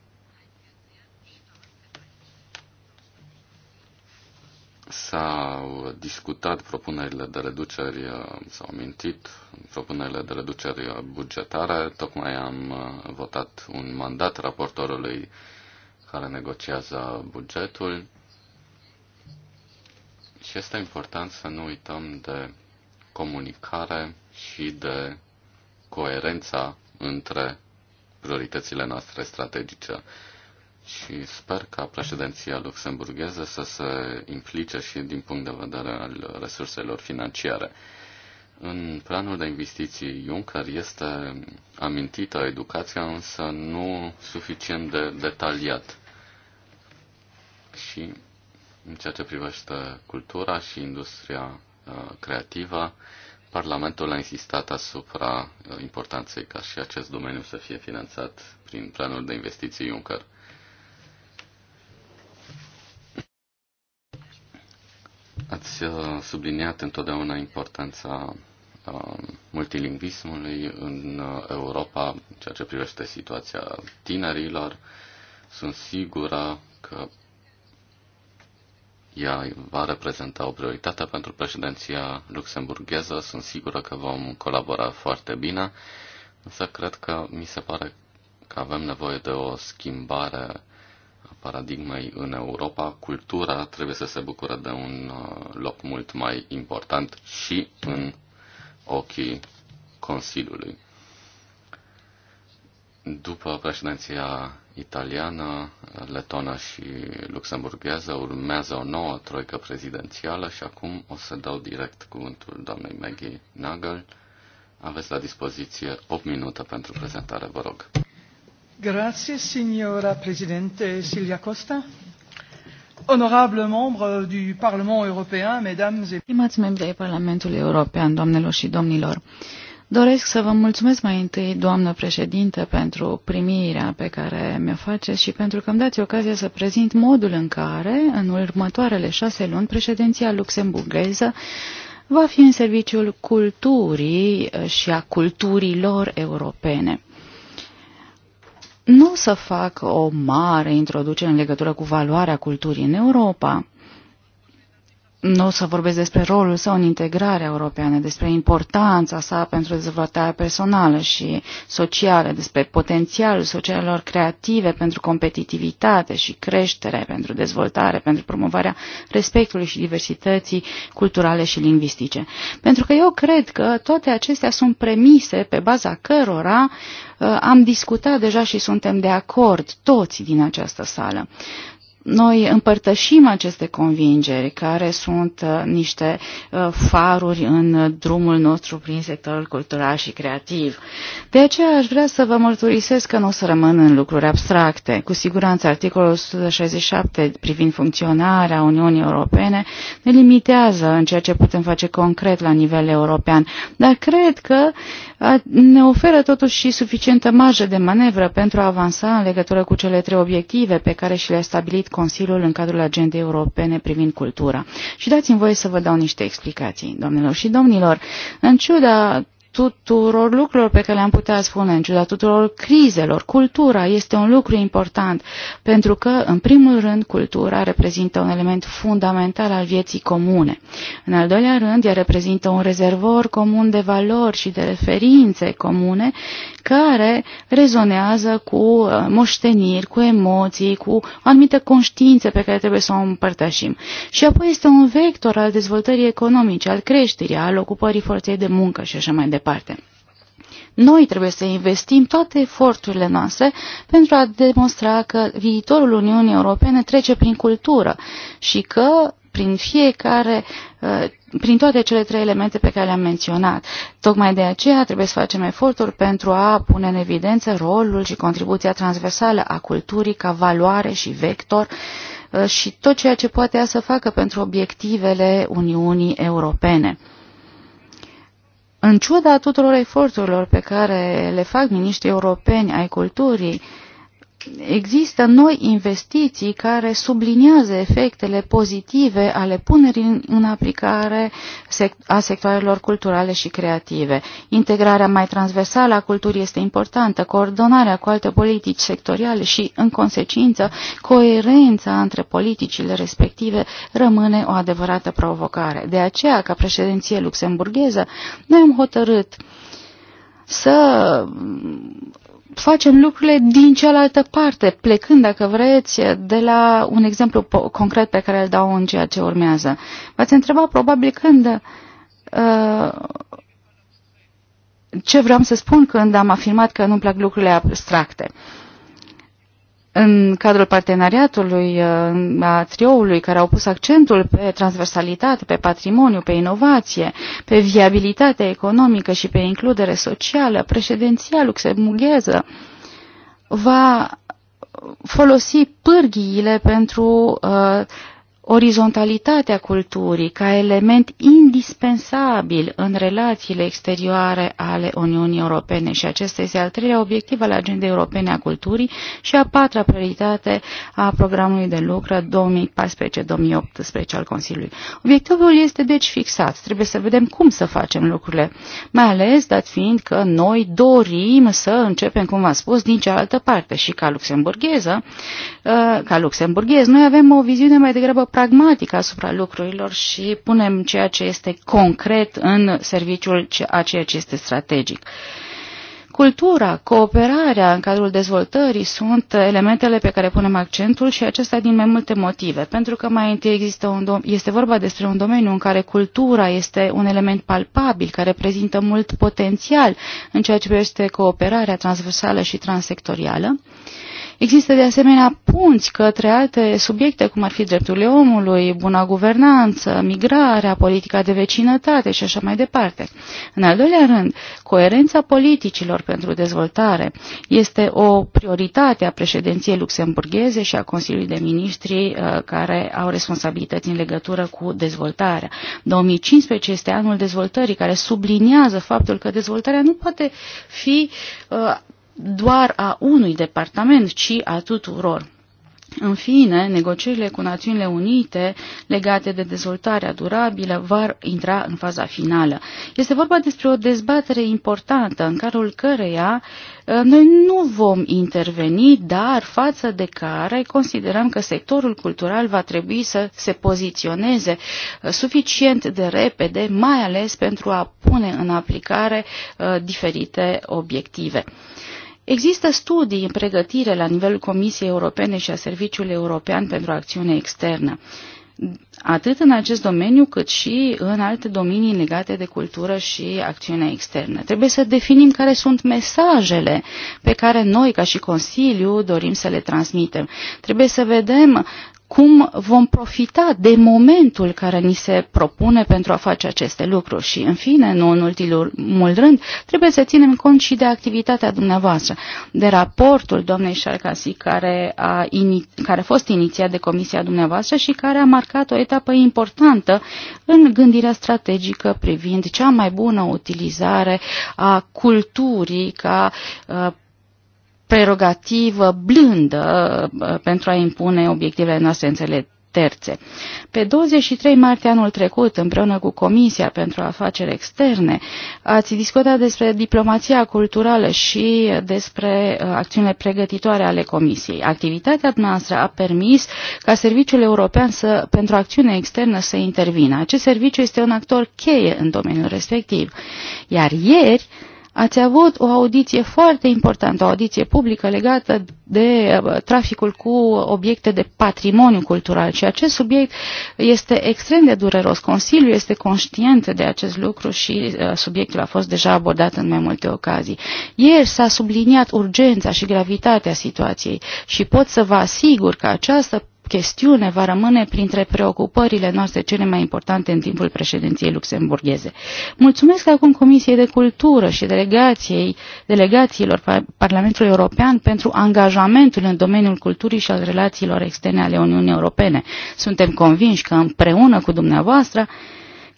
s-au discutat propunerile de reduceri, uh, s-au mintit propunerile de reduceri bugetare. Tocmai am uh, votat un mandat raportorului care negociază bugetul. Și este important să nu uităm de comunicare și de coerența între prioritățile noastre strategice și sper ca președinția luxemburgheză să se implice și din punct de vedere al resurselor financiare. În planul de investiții Juncker este amintită educația, însă nu suficient de detaliat. Și în ceea ce privește cultura și industria uh, creativă, Parlamentul a insistat asupra uh, importanței ca și acest domeniu să fie finanțat prin planul de investiții Juncker. Ați uh, subliniat întotdeauna importanța uh, multilingvismului în uh, Europa, ceea ce privește situația tinerilor. Sunt sigură că ea va reprezenta o prioritate pentru președinția luxemburgheză. Sunt sigură că vom colabora foarte bine, însă cred că mi se pare că avem nevoie de o schimbare paradigmei în Europa, cultura trebuie să se bucure de un uh, loc mult mai important și în ochii Consiliului. După președinția italiană, letonă și luxemburgheză, urmează o nouă troică prezidențială și acum o să dau direct cuvântul doamnei Maggie Nagel. Aveți la dispoziție 8 minute pentru prezentare, vă rog. Grazie, signora Presidente Silvia Costa. Onorables membres du Parlement européen, mesdames et... Stimați membri ai Parlamentului European, doamnelor și domnilor, doresc să vă mulțumesc mai întâi, doamnă președinte, pentru primirea pe care mi-o faceți și pentru că îmi dați ocazia să prezint modul în care, în următoarele șase luni, președinția luxemburgheză va fi în serviciul culturii și a culturilor europene. Nu o să fac o mare introducere în legătură cu valoarea culturii în Europa nu o să vorbesc despre rolul său în integrarea europeană, despre importanța sa pentru dezvoltarea personală și socială, despre potențialul socialelor creative pentru competitivitate și creștere, pentru dezvoltare, pentru promovarea respectului și diversității culturale și lingvistice. Pentru că eu cred că toate acestea sunt premise pe baza cărora uh, am discutat deja și suntem de acord toți din această sală. Noi împărtășim aceste convingeri care sunt uh, niște uh, faruri în drumul nostru prin sectorul cultural și creativ. De aceea aș vrea să vă mărturisesc că nu o să rămân în lucruri abstracte. Cu siguranță articolul 167 privind funcționarea Uniunii Europene ne limitează în ceea ce putem face concret la nivel european, dar cred că uh, ne oferă totuși și suficientă marjă de manevră pentru a avansa în legătură cu cele trei obiective pe care și le-a stabilit Consiliul în cadrul agendei europene privind cultura. Și dați-mi voie să vă dau niște explicații, domnilor și domnilor. În ciuda tuturor lucrurilor pe care le-am putea spune, în ciuda tuturor crizelor. Cultura este un lucru important, pentru că, în primul rând, cultura reprezintă un element fundamental al vieții comune. În al doilea rând, ea reprezintă un rezervor comun de valori și de referințe comune care rezonează cu uh, moșteniri, cu emoții, cu anumite conștiințe pe care trebuie să o împărtășim. Și apoi este un vector al dezvoltării economice, al creșterii, al ocupării forței de muncă și așa mai departe departe. Noi trebuie să investim toate eforturile noastre pentru a demonstra că viitorul Uniunii Europene trece prin cultură și că prin fiecare, uh, prin toate cele trei elemente pe care le-am menționat. Tocmai de aceea trebuie să facem eforturi pentru a pune în evidență rolul și contribuția transversală a culturii ca valoare și vector uh, și tot ceea ce poate ea să facă pentru obiectivele Uniunii Europene. În ciuda tuturor eforturilor pe care le fac miniștrii europeni ai culturii, există noi investiții care subliniază efectele pozitive ale punerii în aplicare a sectoarelor culturale și creative. Integrarea mai transversală a culturii este importantă, coordonarea cu alte politici sectoriale și, în consecință, coerența între politicile respective rămâne o adevărată provocare. De aceea, ca președinție luxemburgheză, noi am hotărât să facem lucrurile din cealaltă parte, plecând, dacă vreți, de la un exemplu concret pe care îl dau în ceea ce urmează. V-ați întrebat probabil când uh, ce vreau să spun când am afirmat că nu-mi plac lucrurile abstracte. Uh, în cadrul parteneriatului uh, a trioului care au pus accentul pe transversalitate, pe patrimoniu, pe inovație, pe viabilitatea economică și pe includere socială, președinția luxemburgheză va folosi pârghiile pentru uh, orizontalitatea culturii ca element indispensabil în relațiile exterioare ale Uniunii Europene și acesta este al treilea obiectiv al agendei europene a culturii și a patra prioritate a programului de lucru 2014-2018 al Consiliului. Obiectivul este deci fixat. Trebuie să vedem cum să facem lucrurile, mai ales dat fiind că noi dorim să începem, cum v-am spus, din cealaltă parte și ca luxemburgheză, uh, ca luxemburghez, noi avem o viziune mai degrabă pragmatic asupra lucrurilor și punem ceea ce este concret în serviciul a ceea ce este strategic. Cultura, cooperarea în cadrul dezvoltării sunt elementele pe care punem accentul și acesta din mai multe motive. Pentru că mai întâi există un este vorba despre un domeniu în care cultura este un element palpabil, care prezintă mult potențial în ceea ce privește cooperarea transversală și transsectorială. Uh, Există de asemenea punți către alte subiecte, cum ar fi drepturile omului, buna guvernanță, migrarea, politica de vecinătate și așa mai departe. În al doilea rând, coerența politicilor pentru dezvoltare este o prioritate a președinției luxemburgheze și a Consiliului de Ministri uh, care au responsabilități în legătură cu dezvoltarea. 2015 este anul dezvoltării care subliniază faptul că dezvoltarea nu poate fi uh, doar a unui departament, ci a tuturor. În fine, negocierile cu Națiunile Unite legate de dezvoltarea durabilă vor intra în faza finală. Este vorba despre o dezbatere importantă în cadrul căreia ă, noi nu vom interveni, dar față de care considerăm că sectorul cultural va trebui să se poziționeze ă, suficient de repede, mai ales pentru a pune în aplicare ă, diferite obiective. Există studii în pregătire la nivelul Comisiei Europene și a Serviciului European pentru Acțiune Externă, atât în acest domeniu cât și în alte domenii legate de cultură și acțiunea externă. Trebuie să definim care sunt mesajele pe care noi, ca și Consiliu, dorim să le transmitem. Trebuie să vedem cum vom profita de momentul care ni se propune pentru a face aceste lucruri. Și, în fine, nu în ultimul rând, trebuie să ținem cont și de activitatea dumneavoastră, de raportul doamnei Șarcasi, care a, care a fost inițiat de comisia dumneavoastră și care a marcat o etapă importantă în gândirea strategică privind cea mai bună utilizare a culturii ca uh, prerogativă blândă uh, pentru a impune obiectivele noastre în terțe. Pe 23 martie anul trecut, împreună cu Comisia pentru Afaceri Externe, ați discutat despre diplomația culturală și despre uh, acțiunile pregătitoare ale Comisiei. Activitatea noastră a permis ca Serviciul European să, pentru Acțiune Externă să intervină. Acest serviciu este un actor cheie în domeniul respectiv. Iar ieri, Ați avut o audiție foarte importantă, o audiție publică legată de uh, traficul cu obiecte de patrimoniu cultural și acest subiect este extrem de dureros. Consiliul este conștient de acest lucru și uh, subiectul a fost deja abordat în mai multe ocazii. Ieri s-a subliniat urgența și gravitatea situației și pot să vă asigur că această chestiune va rămâne printre preocupările noastre cele mai importante în timpul președinției luxemburgheze. Mulțumesc acum Comisiei de Cultură și delegației, delegațiilor Parlamentului European pentru angajamentul în domeniul culturii și al relațiilor externe ale Uniunii Europene. Suntem convinși că împreună cu dumneavoastră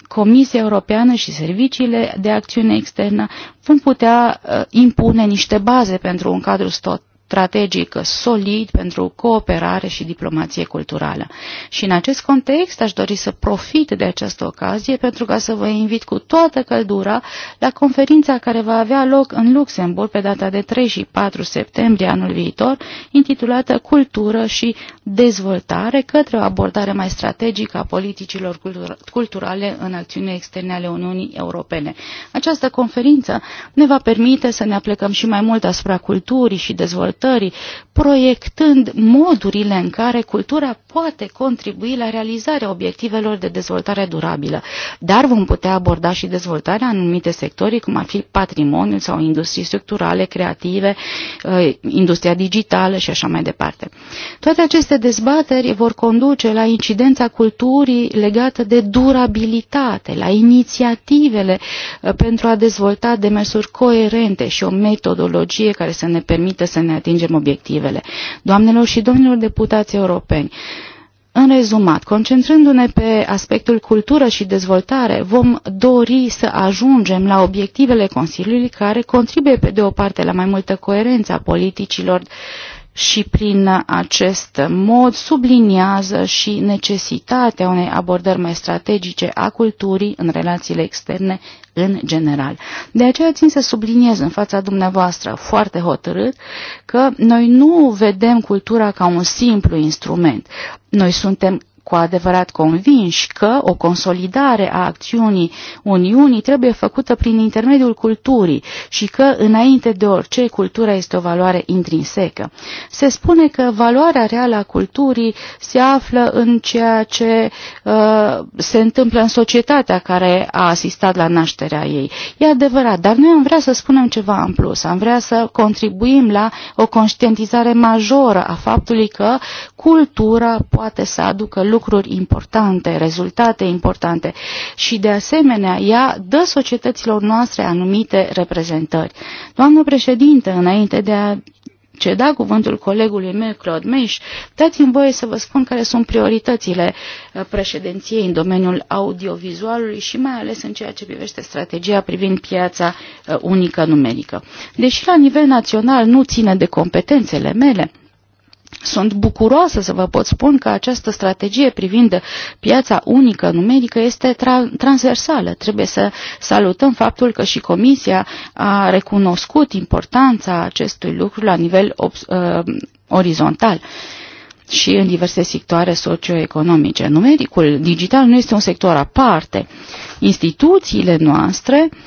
Comisia Europeană și serviciile de acțiune externă vom putea uh, impune niște baze pentru un cadru strategic solid pentru cooperare și diplomație culturală. Și în acest context aș dori să profit de această ocazie pentru ca să vă invit cu toată căldura la conferința care va avea loc în Luxemburg pe data de 3 și 4 septembrie anul viitor, intitulată Cultură și dezvoltare către o abordare mai strategică a politicilor culturale în acțiune externe ale Uniunii Europene. Această conferință ne va permite să ne aplecăm și mai mult asupra culturii și dezvoltării dezvoltării, proiectând modurile în care cultura poate contribui la realizarea obiectivelor de dezvoltare durabilă. Dar vom putea aborda și dezvoltarea în anumite sectorii, cum ar fi patrimoniul sau industrii structurale, creative, eh, industria digitală și așa mai departe. Toate aceste dezbateri vor conduce la incidența culturii legată de durabilitate, la inițiativele eh, pentru a dezvolta demersuri coerente și o metodologie care să ne permită să ne atingem obiectivele. Doamnelor și domnilor deputați europeni, în rezumat, concentrându-ne pe aspectul cultură și dezvoltare, vom dori să ajungem la obiectivele Consiliului care contribuie pe de o parte la mai multă coerență a politicilor și prin acest mod subliniază și necesitatea unei abordări mai strategice a culturii în relațiile externe în general. De aceea țin să subliniez în fața dumneavoastră foarte hotărât că noi nu vedem cultura ca un simplu instrument. Noi suntem cu adevărat convinși că o consolidare a acțiunii Uniunii trebuie făcută prin intermediul culturii și că, înainte de orice, cultura este o valoare intrinsecă. Se spune că valoarea reală a culturii se află în ceea ce uh, se întâmplă în societatea care a asistat la nașterea ei. E adevărat, dar noi am vrea să spunem ceva în plus, am vrea să contribuim la o conștientizare majoră a faptului că cultura poate să aducă lucruri importante, rezultate importante și de asemenea ea dă societăților noastre anumite reprezentări. Doamnă președinte, înainte de a ceda cuvântul colegului meu, Claude Meș, dați-mi voie să vă spun care sunt prioritățile uh, președinției în domeniul audiovizualului și mai ales în ceea ce privește strategia privind piața uh, unică numerică. Deși la nivel național nu ține de competențele mele, sunt bucuroasă să vă pot spun că această strategie privind piața unică numerică este tra- transversală. Trebuie să salutăm faptul că și Comisia a recunoscut importanța acestui lucru la nivel uh, orizontal și în diverse sectoare socioeconomice. Numericul digital nu este un sector aparte. Instituțiile noastre uh,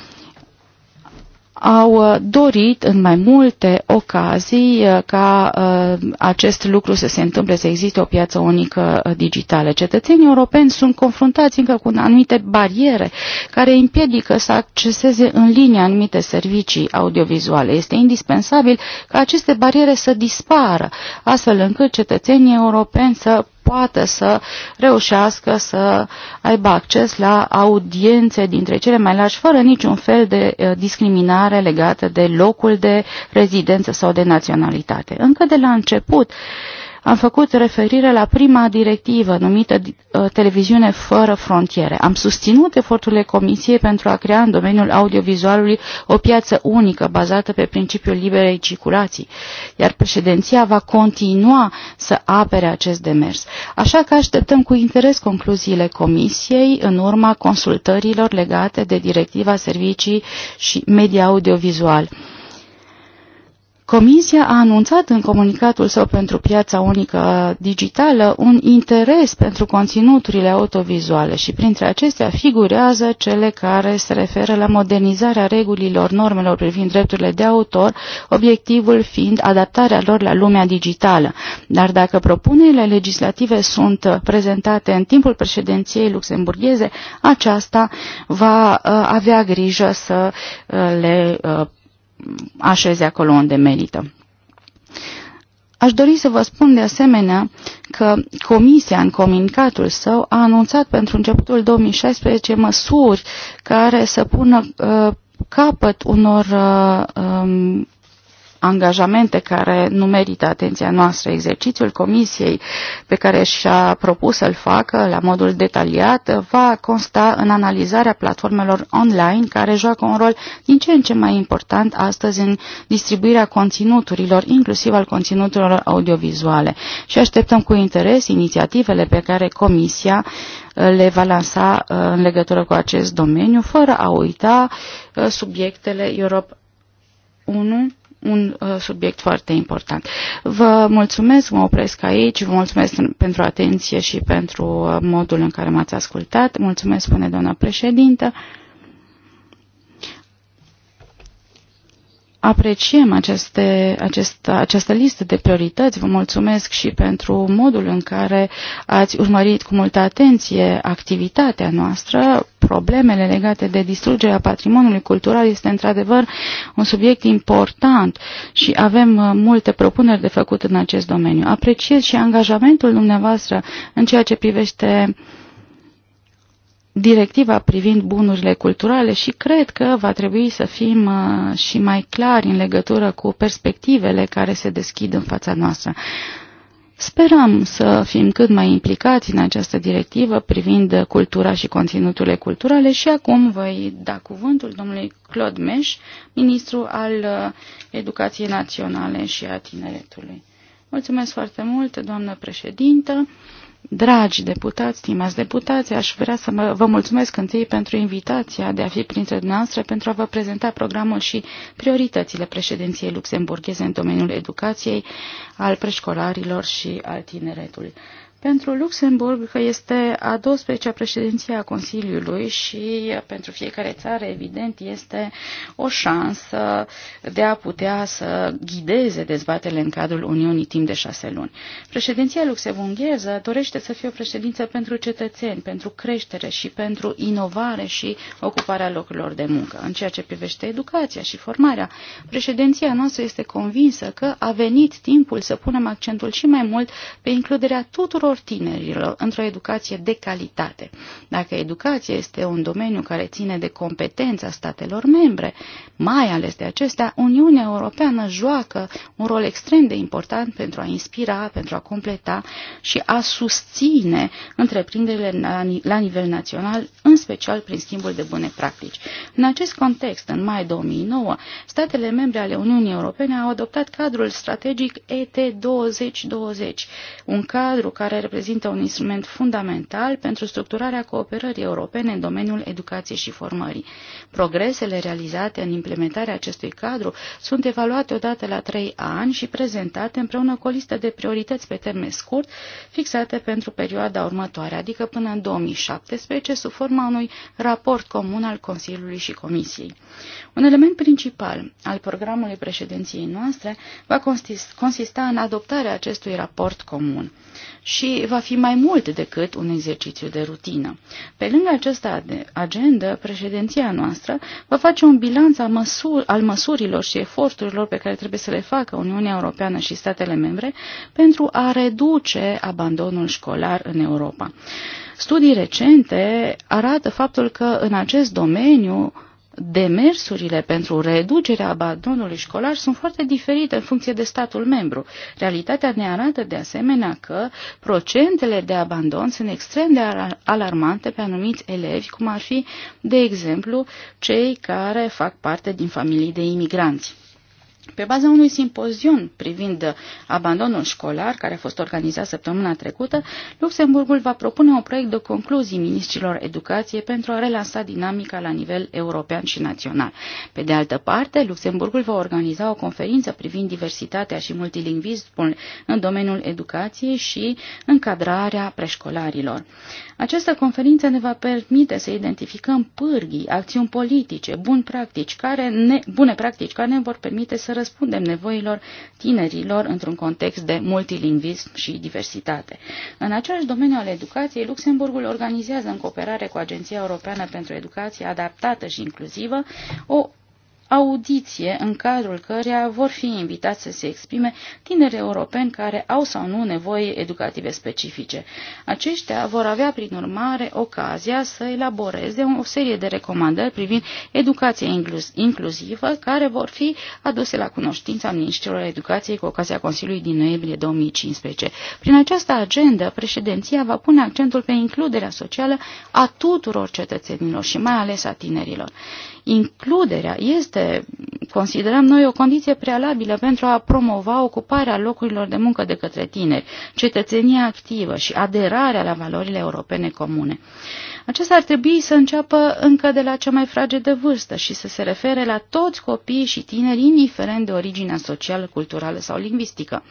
au uh, dorit în mai multe ocazii uh, ca uh, acest lucru să se întâmple, să existe o piață unică digitală. Cetățenii europeni sunt confruntați încă cu anumite bariere care împiedică să acceseze în linie anumite servicii audiovizuale. Este indispensabil ca aceste bariere să dispară, astfel încât cetățenii europeni să poată să reușească să aibă acces la audiențe dintre cele mai lași, fără niciun fel de uh, discriminare legată de locul de rezidență sau de naționalitate. Încă de la început, am făcut referire la prima directivă numită uh, Televiziune fără frontiere. Am susținut eforturile Comisiei pentru a crea în domeniul audiovizualului o piață unică bazată pe principiul liberei circulații, iar președinția va continua să apere acest demers. Așa că așteptăm cu interes concluziile Comisiei în urma consultărilor legate de directiva servicii și media audiovizual. Comisia a anunțat în comunicatul său pentru piața unică digitală un interes pentru conținuturile autovizuale și printre acestea figurează cele care se referă la modernizarea regulilor normelor privind drepturile de autor, obiectivul fiind adaptarea lor la lumea digitală. Dar dacă propunerile legislative sunt prezentate în timpul președinției luxemburgheze, aceasta va uh, avea grijă să uh, le uh, așeze acolo unde merită. Aș dori să vă spun de asemenea că Comisia în comunicatul său a anunțat pentru începutul 2016 măsuri care să pună uh, capăt unor uh, um, angajamente care nu merită atenția noastră. Exercițiul comisiei pe care și-a propus să-l facă la modul detaliat va consta în analizarea platformelor online care joacă un rol din ce în ce mai important astăzi în distribuirea conținuturilor, inclusiv al conținuturilor audiovizuale. Și așteptăm cu interes inițiativele pe care comisia uh, le va lansa uh, în legătură cu acest domeniu, fără a uita uh, subiectele Europe 1 un uh, subiect foarte important. Vă mulțumesc, mă opresc aici, vă mulțumesc pentru atenție și pentru uh, modul în care m-ați ascultat. Mulțumesc, spune doamna președintă. apreciem aceste, acest, această listă de priorități. Vă mulțumesc și pentru modul în care ați urmărit cu multă atenție activitatea noastră. Problemele legate de distrugerea patrimoniului cultural este într-adevăr un subiect important și avem uh, multe propuneri de făcut în acest domeniu. Apreciez și angajamentul dumneavoastră în ceea ce privește uh, directiva privind bunurile culturale și cred că va trebui să fim uh, și mai clari în legătură cu perspectivele care se deschid în fața noastră. Sperăm să fim cât mai implicați în această directivă privind cultura și conținuturile culturale și acum voi da cuvântul domnului Claude Meș, ministru al uh, Educației Naționale și a Tineretului. Mulțumesc foarte mult, doamnă președintă. Dragi deputați, stimați deputați, aș vrea să mă, vă mulțumesc întâi pentru invitația de a fi printre dumneavoastră pentru a vă prezenta programul și prioritățile președinției luxemburgheze în domeniul educației, al preșcolarilor și al tineretului. Pentru Luxemburg, că este a 12-a președinție a Consiliului și pentru fiecare țară, evident, este o șansă de a putea să ghideze dezbatele în cadrul Uniunii timp de șase luni. Președinția luxemburgheză dorește să fie o președință pentru cetățeni, pentru creștere și pentru inovare și ocuparea locurilor de muncă. În ceea ce privește educația și formarea, președinția noastră este convinsă că a venit timpul să punem accentul și mai mult pe includerea tuturor tuturor tinerilor într-o educație de calitate. Dacă educația este un domeniu care ține de competența statelor membre, mai ales de acestea, Uniunea Europeană joacă un rol extrem de important pentru a inspira, pentru a completa și a susține întreprinderile la nivel național, în special prin schimbul de bune practici. În acest context, în mai 2009, statele membre ale Uniunii Europene au adoptat cadrul strategic ET 2020, un cadru care care reprezintă un instrument fundamental pentru structurarea cooperării europene în domeniul educației și formării. Progresele realizate în implementarea acestui cadru sunt evaluate odată la trei ani și prezentate împreună cu o listă de priorități pe termen scurt fixate pentru perioada următoare, adică până în 2017, sub forma unui raport comun al Consiliului și Comisiei. Un element principal al programului președinției noastre va consista în adoptarea acestui raport comun și va fi mai mult decât un exercițiu de rutină. Pe lângă această agendă, președinția noastră va face un bilanț al, măsur, al măsurilor și eforturilor pe care trebuie să le facă Uniunea Europeană și statele membre pentru a reduce abandonul școlar în Europa. Studii recente arată faptul că în acest domeniu demersurile pentru reducerea abandonului școlar sunt foarte diferite în funcție de statul membru. Realitatea ne arată de asemenea că procentele de abandon sunt extrem de alarmante pe anumiți elevi, cum ar fi, de exemplu, cei care fac parte din familii de imigranți. Pe baza unui simpozion privind abandonul școlar, care a fost organizat săptămâna trecută, Luxemburgul va propune un proiect de concluzii ministrilor educației pentru a relansa dinamica la nivel european și național. Pe de altă parte, Luxemburgul va organiza o conferință privind diversitatea și multilingvismul în domeniul educației și încadrarea preșcolarilor. Această conferință ne va permite să identificăm pârghii, acțiuni politice, bun practici care ne, bune practici care ne vor permite să răspundem nevoilor tinerilor într-un context de multilingvism și diversitate. În același domeniu al educației, Luxemburgul organizează în cooperare cu Agenția Europeană pentru Educație Adaptată și Inclusivă o audiție în cadrul căreia vor fi invitați să se exprime tineri europeni care au sau nu nevoie educative specifice. Aceștia vor avea, prin urmare, ocazia să elaboreze o serie de recomandări privind educația inclusivă, care vor fi aduse la cunoștința Ministrilor Educației cu ocazia Consiliului din noiembrie 2015. Prin această agendă, președinția va pune accentul pe includerea socială a tuturor cetățenilor și mai ales a tinerilor includerea este, considerăm noi, o condiție prealabilă pentru a promova ocuparea locurilor de muncă de către tineri, cetățenia activă și aderarea la valorile europene comune. Acesta ar trebui să înceapă încă de la cea mai fragedă vârstă și să se refere la toți copiii și tineri, indiferent de originea socială, culturală sau lingvistică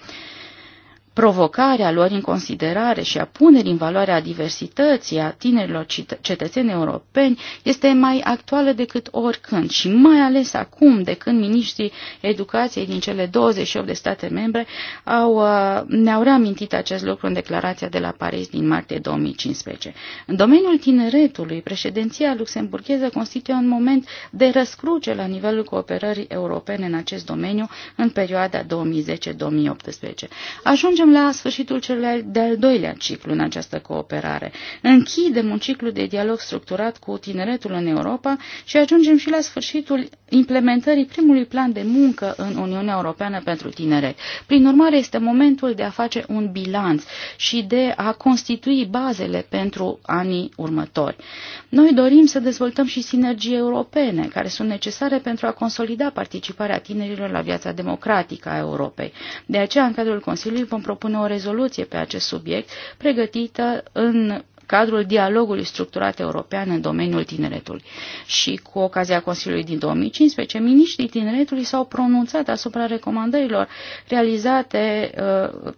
provocarea lor în considerare și a punerii în valoare a diversității a tinerilor cetățeni europeni este mai actuală decât oricând și mai ales acum de când miniștrii educației din cele 28 de state membre au, uh, ne-au reamintit acest lucru în declarația de la Paris din martie 2015. În domeniul tineretului, președinția luxemburgheză constituie un moment de răscruce la nivelul cooperării europene în acest domeniu în perioada 2010-2018. Ajungem suntem la sfârșitul cel de-al doilea ciclu în această cooperare. Închidem un ciclu de dialog structurat cu tineretul în Europa și ajungem și la sfârșitul implementării primului plan de muncă în Uniunea Europeană pentru tineret. Prin urmare, este momentul de a face un bilanț și de a constitui bazele pentru anii următori. Noi dorim să dezvoltăm și sinergii europene, care sunt necesare pentru a consolida participarea tinerilor la viața democratică a Europei. De aceea, în cadrul Consiliului, vom propune o rezoluție pe acest subiect, pregătită în cadrul dialogului structurat european în domeniul tineretului. Și cu ocazia Consiliului din 2015, miniștrii tineretului s-au pronunțat asupra recomandărilor realizate uh,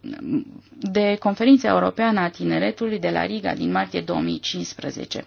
de Conferința Europeană a Tineretului de la Riga din martie 2015.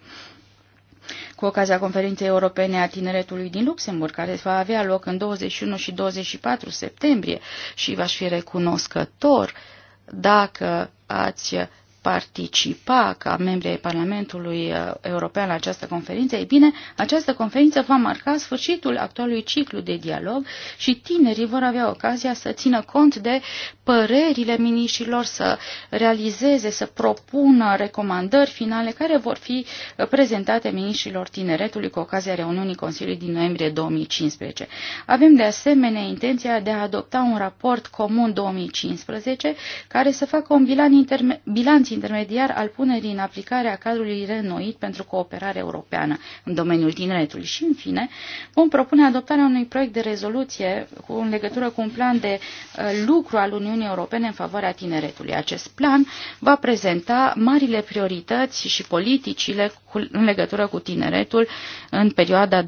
Cu ocazia conferinței europene a tineretului din Luxemburg, care va avea loc în 21 și 24 septembrie și v-aș fi recunoscător uh, dacă ați participa ca membri ai Parlamentului uh, European la această conferință, ei bine, această conferință va marca sfârșitul actualului ciclu de dialog și tinerii vor avea ocazia să țină cont de părerile miniștrilor, să realizeze, să propună recomandări finale care vor fi uh, prezentate miniștrilor tineretului cu ocazia reuniunii Consiliului din noiembrie 2015. Avem de asemenea intenția de a adopta un raport comun 2015 care să facă un bilanț, interme- bilanț intermediar al punerii în aplicare a cadrului renoit pentru cooperare europeană în domeniul tineretului. Și, în fine, vom propune adoptarea unui proiect de rezoluție cu, în legătură cu un plan de uh, lucru al Uniunii Europene în favoarea tineretului. Acest plan va prezenta marile priorități și politicile în legătură cu tineretul în perioada 2016-2018.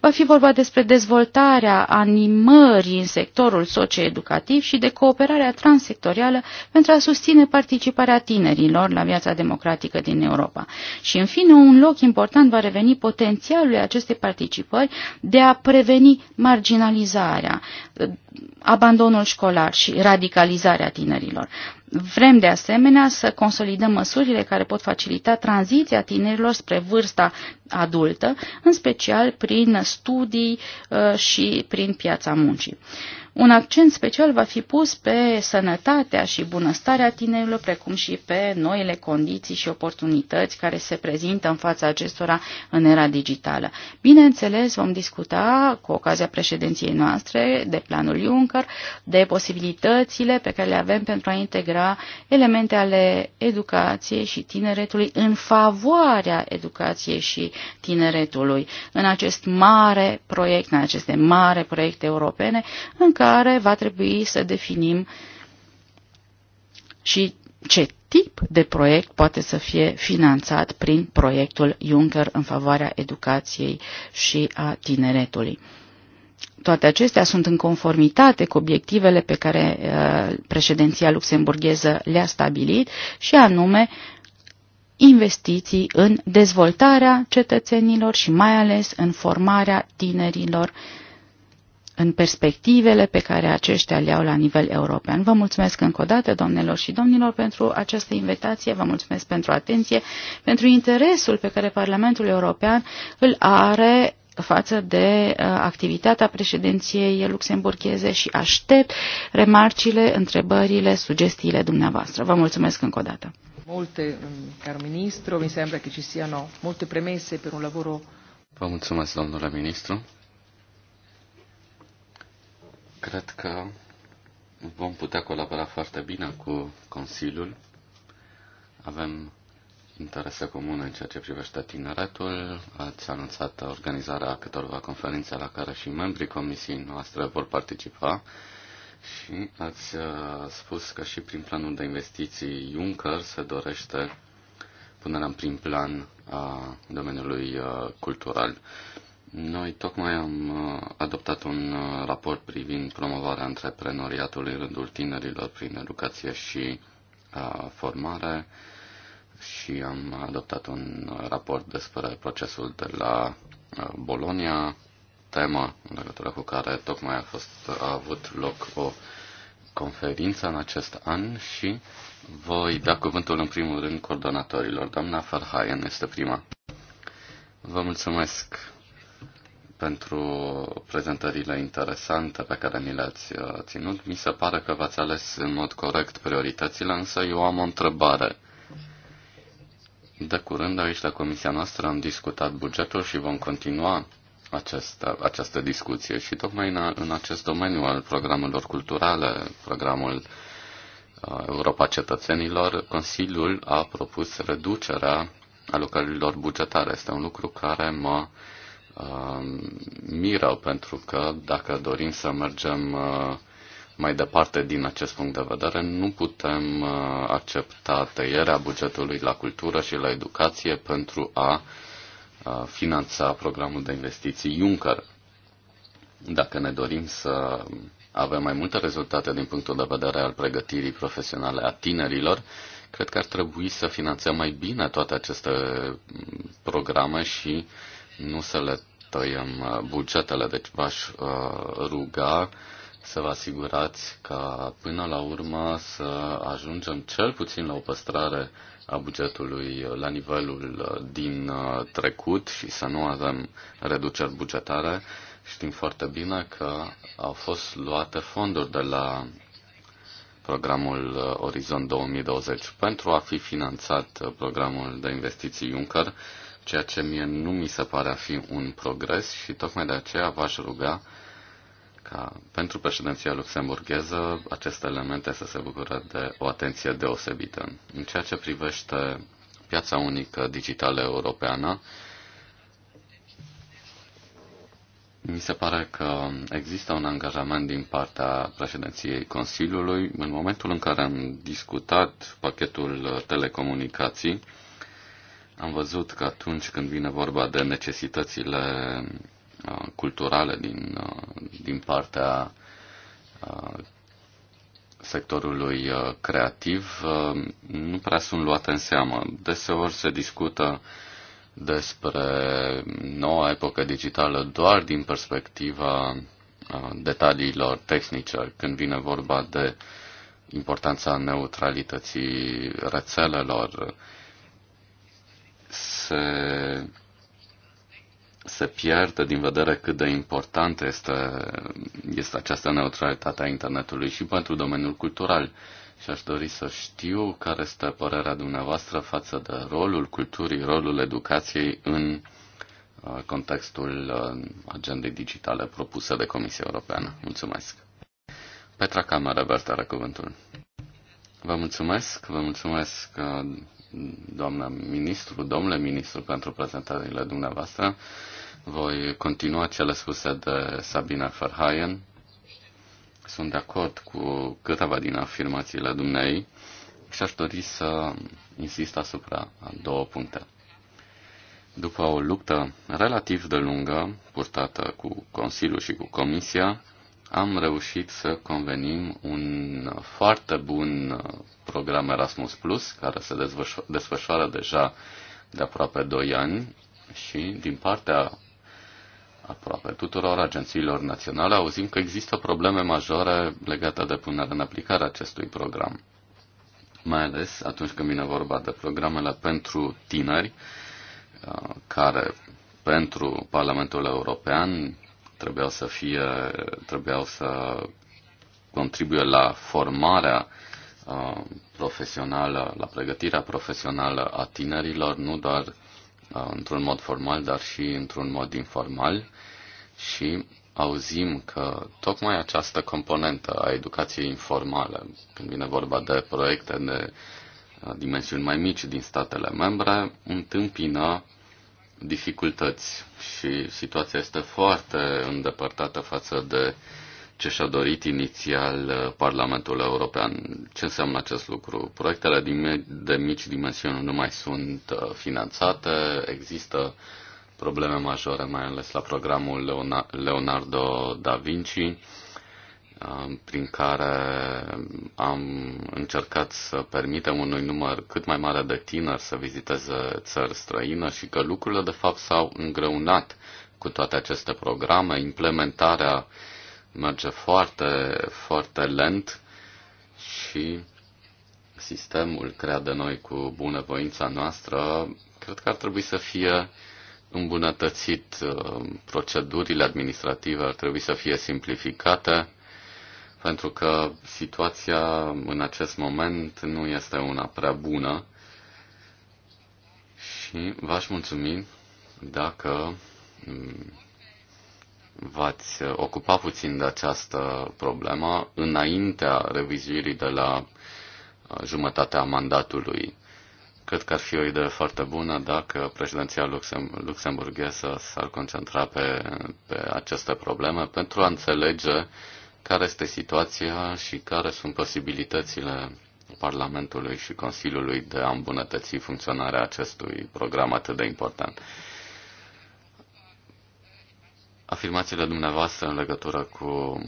Va fi vorba despre dezvoltarea animării în sectorul socioeducativ și de cooperarea transsectorială pentru a susține participarea tinerilor la viața democratică din Europa. Și, în fine, un loc important va reveni potențialului acestei participări de a preveni marginalizarea, abandonul școlar și radicalizarea tinerilor. Vrem de asemenea să consolidăm măsurile care pot facilita tranziția tinerilor spre vârsta adultă, în special prin studii uh, și prin piața muncii. Un accent special va fi pus pe sănătatea și bunăstarea tinerilor, precum și pe noile condiții și oportunități care se prezintă în fața acestora în era digitală. Bineînțeles, vom discuta cu ocazia președinției noastre de planul Juncker, de posibilitățile pe care le avem pentru a integra elemente ale educației și tineretului în favoarea educației și tineretului în acest mare proiect, în aceste mare proiecte europene, încă care va trebui să definim și ce tip de proiect poate să fie finanțat prin proiectul Juncker în favoarea educației și a tineretului. Toate acestea sunt în conformitate cu obiectivele pe care uh, președinția luxemburgheză le-a stabilit și anume investiții în dezvoltarea cetățenilor și mai ales în formarea tinerilor uh, în perspectivele pe care aceștia le au la nivel european. Vă mulțumesc încă o dată, domnilor și domnilor, pentru această invitație, vă mulțumesc pentru atenție, pentru interesul pe care Parlamentul European îl are față de uh, activitatea președinției luxemburgheze și aștept remarcile, întrebările, sugestiile dumneavoastră. Vă mulțumesc încă o dată. Multe, um, caro ministru, mi sembra că ci siano multe premesse per un lavoro. Vă mulțumesc, domnule ministru. Cred că vom putea colabora foarte bine cu Consiliul. Avem interese comune în ceea ce privește tineretul. Ați anunțat organizarea câtorva conferințe la care și membrii comisiei noastre vor participa și ați uh, spus că și prin planul de investiții Juncker se dorește punerea în prim plan a domeniului uh, cultural. Noi tocmai am uh, adoptat un uh, raport privind promovarea antreprenoriatului în rândul tinerilor prin educație și uh, formare și am adoptat un raport despre procesul de la Bolonia, tema în legătură cu care tocmai a, fost, a avut loc o conferință în acest an și voi da cuvântul în primul rând coordonatorilor. Doamna Farhaien este prima. Vă mulțumesc, pentru prezentările interesante pe care mi le-ați uh, ținut. Mi se pare că v-ați ales în mod corect prioritățile, însă eu am o întrebare. De curând aici la comisia noastră am discutat bugetul și vom continua această, această discuție și tocmai în, în acest domeniu al programelor culturale, programul uh, Europa Cetățenilor, Consiliul a propus reducerea alocărilor bugetare. Este un lucru care mă uh, Um, miră, pentru că dacă dorim să mergem uh, mai departe din acest punct de vedere, nu putem uh, accepta tăierea bugetului la cultură și la educație pentru a uh, finanța programul de investiții Juncker. Dacă ne dorim să avem mai multe rezultate din punctul de vedere al pregătirii profesionale a tinerilor, cred că ar trebui să finanțăm mai bine toate aceste mm, programe și uh, nu să le tăiem uh, bugetele, deci v-aș uh, ruga să vă asigurați că până la urmă să ajungem cel puțin la o păstrare a bugetului uh, la nivelul din trecut și să nu avem reduceri bugetare. Știm foarte bine că au fost luate fonduri de la programul Orizont 2020 pentru a fi finanțat programul de investiții Juncker ceea ce mie nu mi se pare a fi un progres și tocmai de aceea v-aș ruga ca pentru președinția luxemburgheză aceste elemente să se bucure de o atenție deosebită. În ceea ce privește piața unică digitală europeană, mi se pare că există un angajament din partea președinției Consiliului. În momentul în care am discutat pachetul telecomunicații, am văzut că atunci când vine vorba de necesitățile uh, culturale din, uh, din partea uh, sectorului creativ nu prea sunt luate în seamă. Deseori se discută despre noua epocă digitală doar din perspectiva detaliilor tehnice, când vine vorba de importanța neutralității rețelelor, se, se pierde din vedere cât de importantă este, este această neutralitate a internetului și pentru domeniul cultural. Și aș dori să știu care este părerea dumneavoastră față de rolul culturii, rolul educației în uh, contextul uh, agendei digitale propuse de Comisia Europeană. Mulțumesc. Petra Camera, Berta, cuvântul. Vă mulțumesc, vă mulțumesc, uh, doamna ministru, domnule ministru, pentru prezentările dumneavoastră. Voi continua cele spuse de Sabina Ferhaien. Sunt de acord cu câteva din afirmațiile dumnei și aș dori să insist asupra a două puncte. După o luptă relativ de lungă purtată cu Consiliul și cu Comisia, am reușit să convenim un foarte bun uh, program Erasmus Plus, care se desfășoară deja de aproape 2 ani și din partea aproape tuturor agențiilor naționale auzim că există probleme majore legate de punerea în aplicare acestui program. Mai ales atunci când vine vorba de programele pentru tineri, uh, care pentru Parlamentul European trebuiau să fie, trebuiau să contribuie la formarea uh, profesională, la pregătirea profesională a tinerilor, nu doar uh, într-un mod formal, dar și într-un mod informal. Și auzim că tocmai această componentă a educației informale, când vine vorba de proiecte de uh, dimensiuni mai mici din statele membre, întâmpină dificultăți și situația este foarte îndepărtată față de ce și-a dorit inițial uh, Parlamentul European. Ce înseamnă acest lucru? Proiectele de mici dimensiuni nu mai sunt uh, finanțate, există probleme majore, mai ales la programul Leonardo da Vinci prin care am încercat să permitem unui număr cât mai mare de tineri să viziteze țări străină și că lucrurile de fapt s-au îngreunat cu toate aceste programe. Implementarea merge foarte, foarte lent și sistemul creat de noi cu bunăvoința noastră cred că ar trebui să fie îmbunătățit. Uh, procedurile administrative ar trebui să fie simplificate pentru că situația în acest moment nu este una prea bună și v-aș mulțumi dacă mm, v-ați ocupa puțin de această problemă înaintea revizuirii de la uh, jumătatea mandatului. Cred că ar fi o idee foarte bună dacă președinția luxem- luxemburgheză s-ar concentra pe, pe aceste probleme pentru a înțelege uh, care este situația și care sunt posibilitățile Parlamentului și Consiliului de a îmbunătăți funcționarea acestui program atât de important. Afirmațiile dumneavoastră în legătură cu,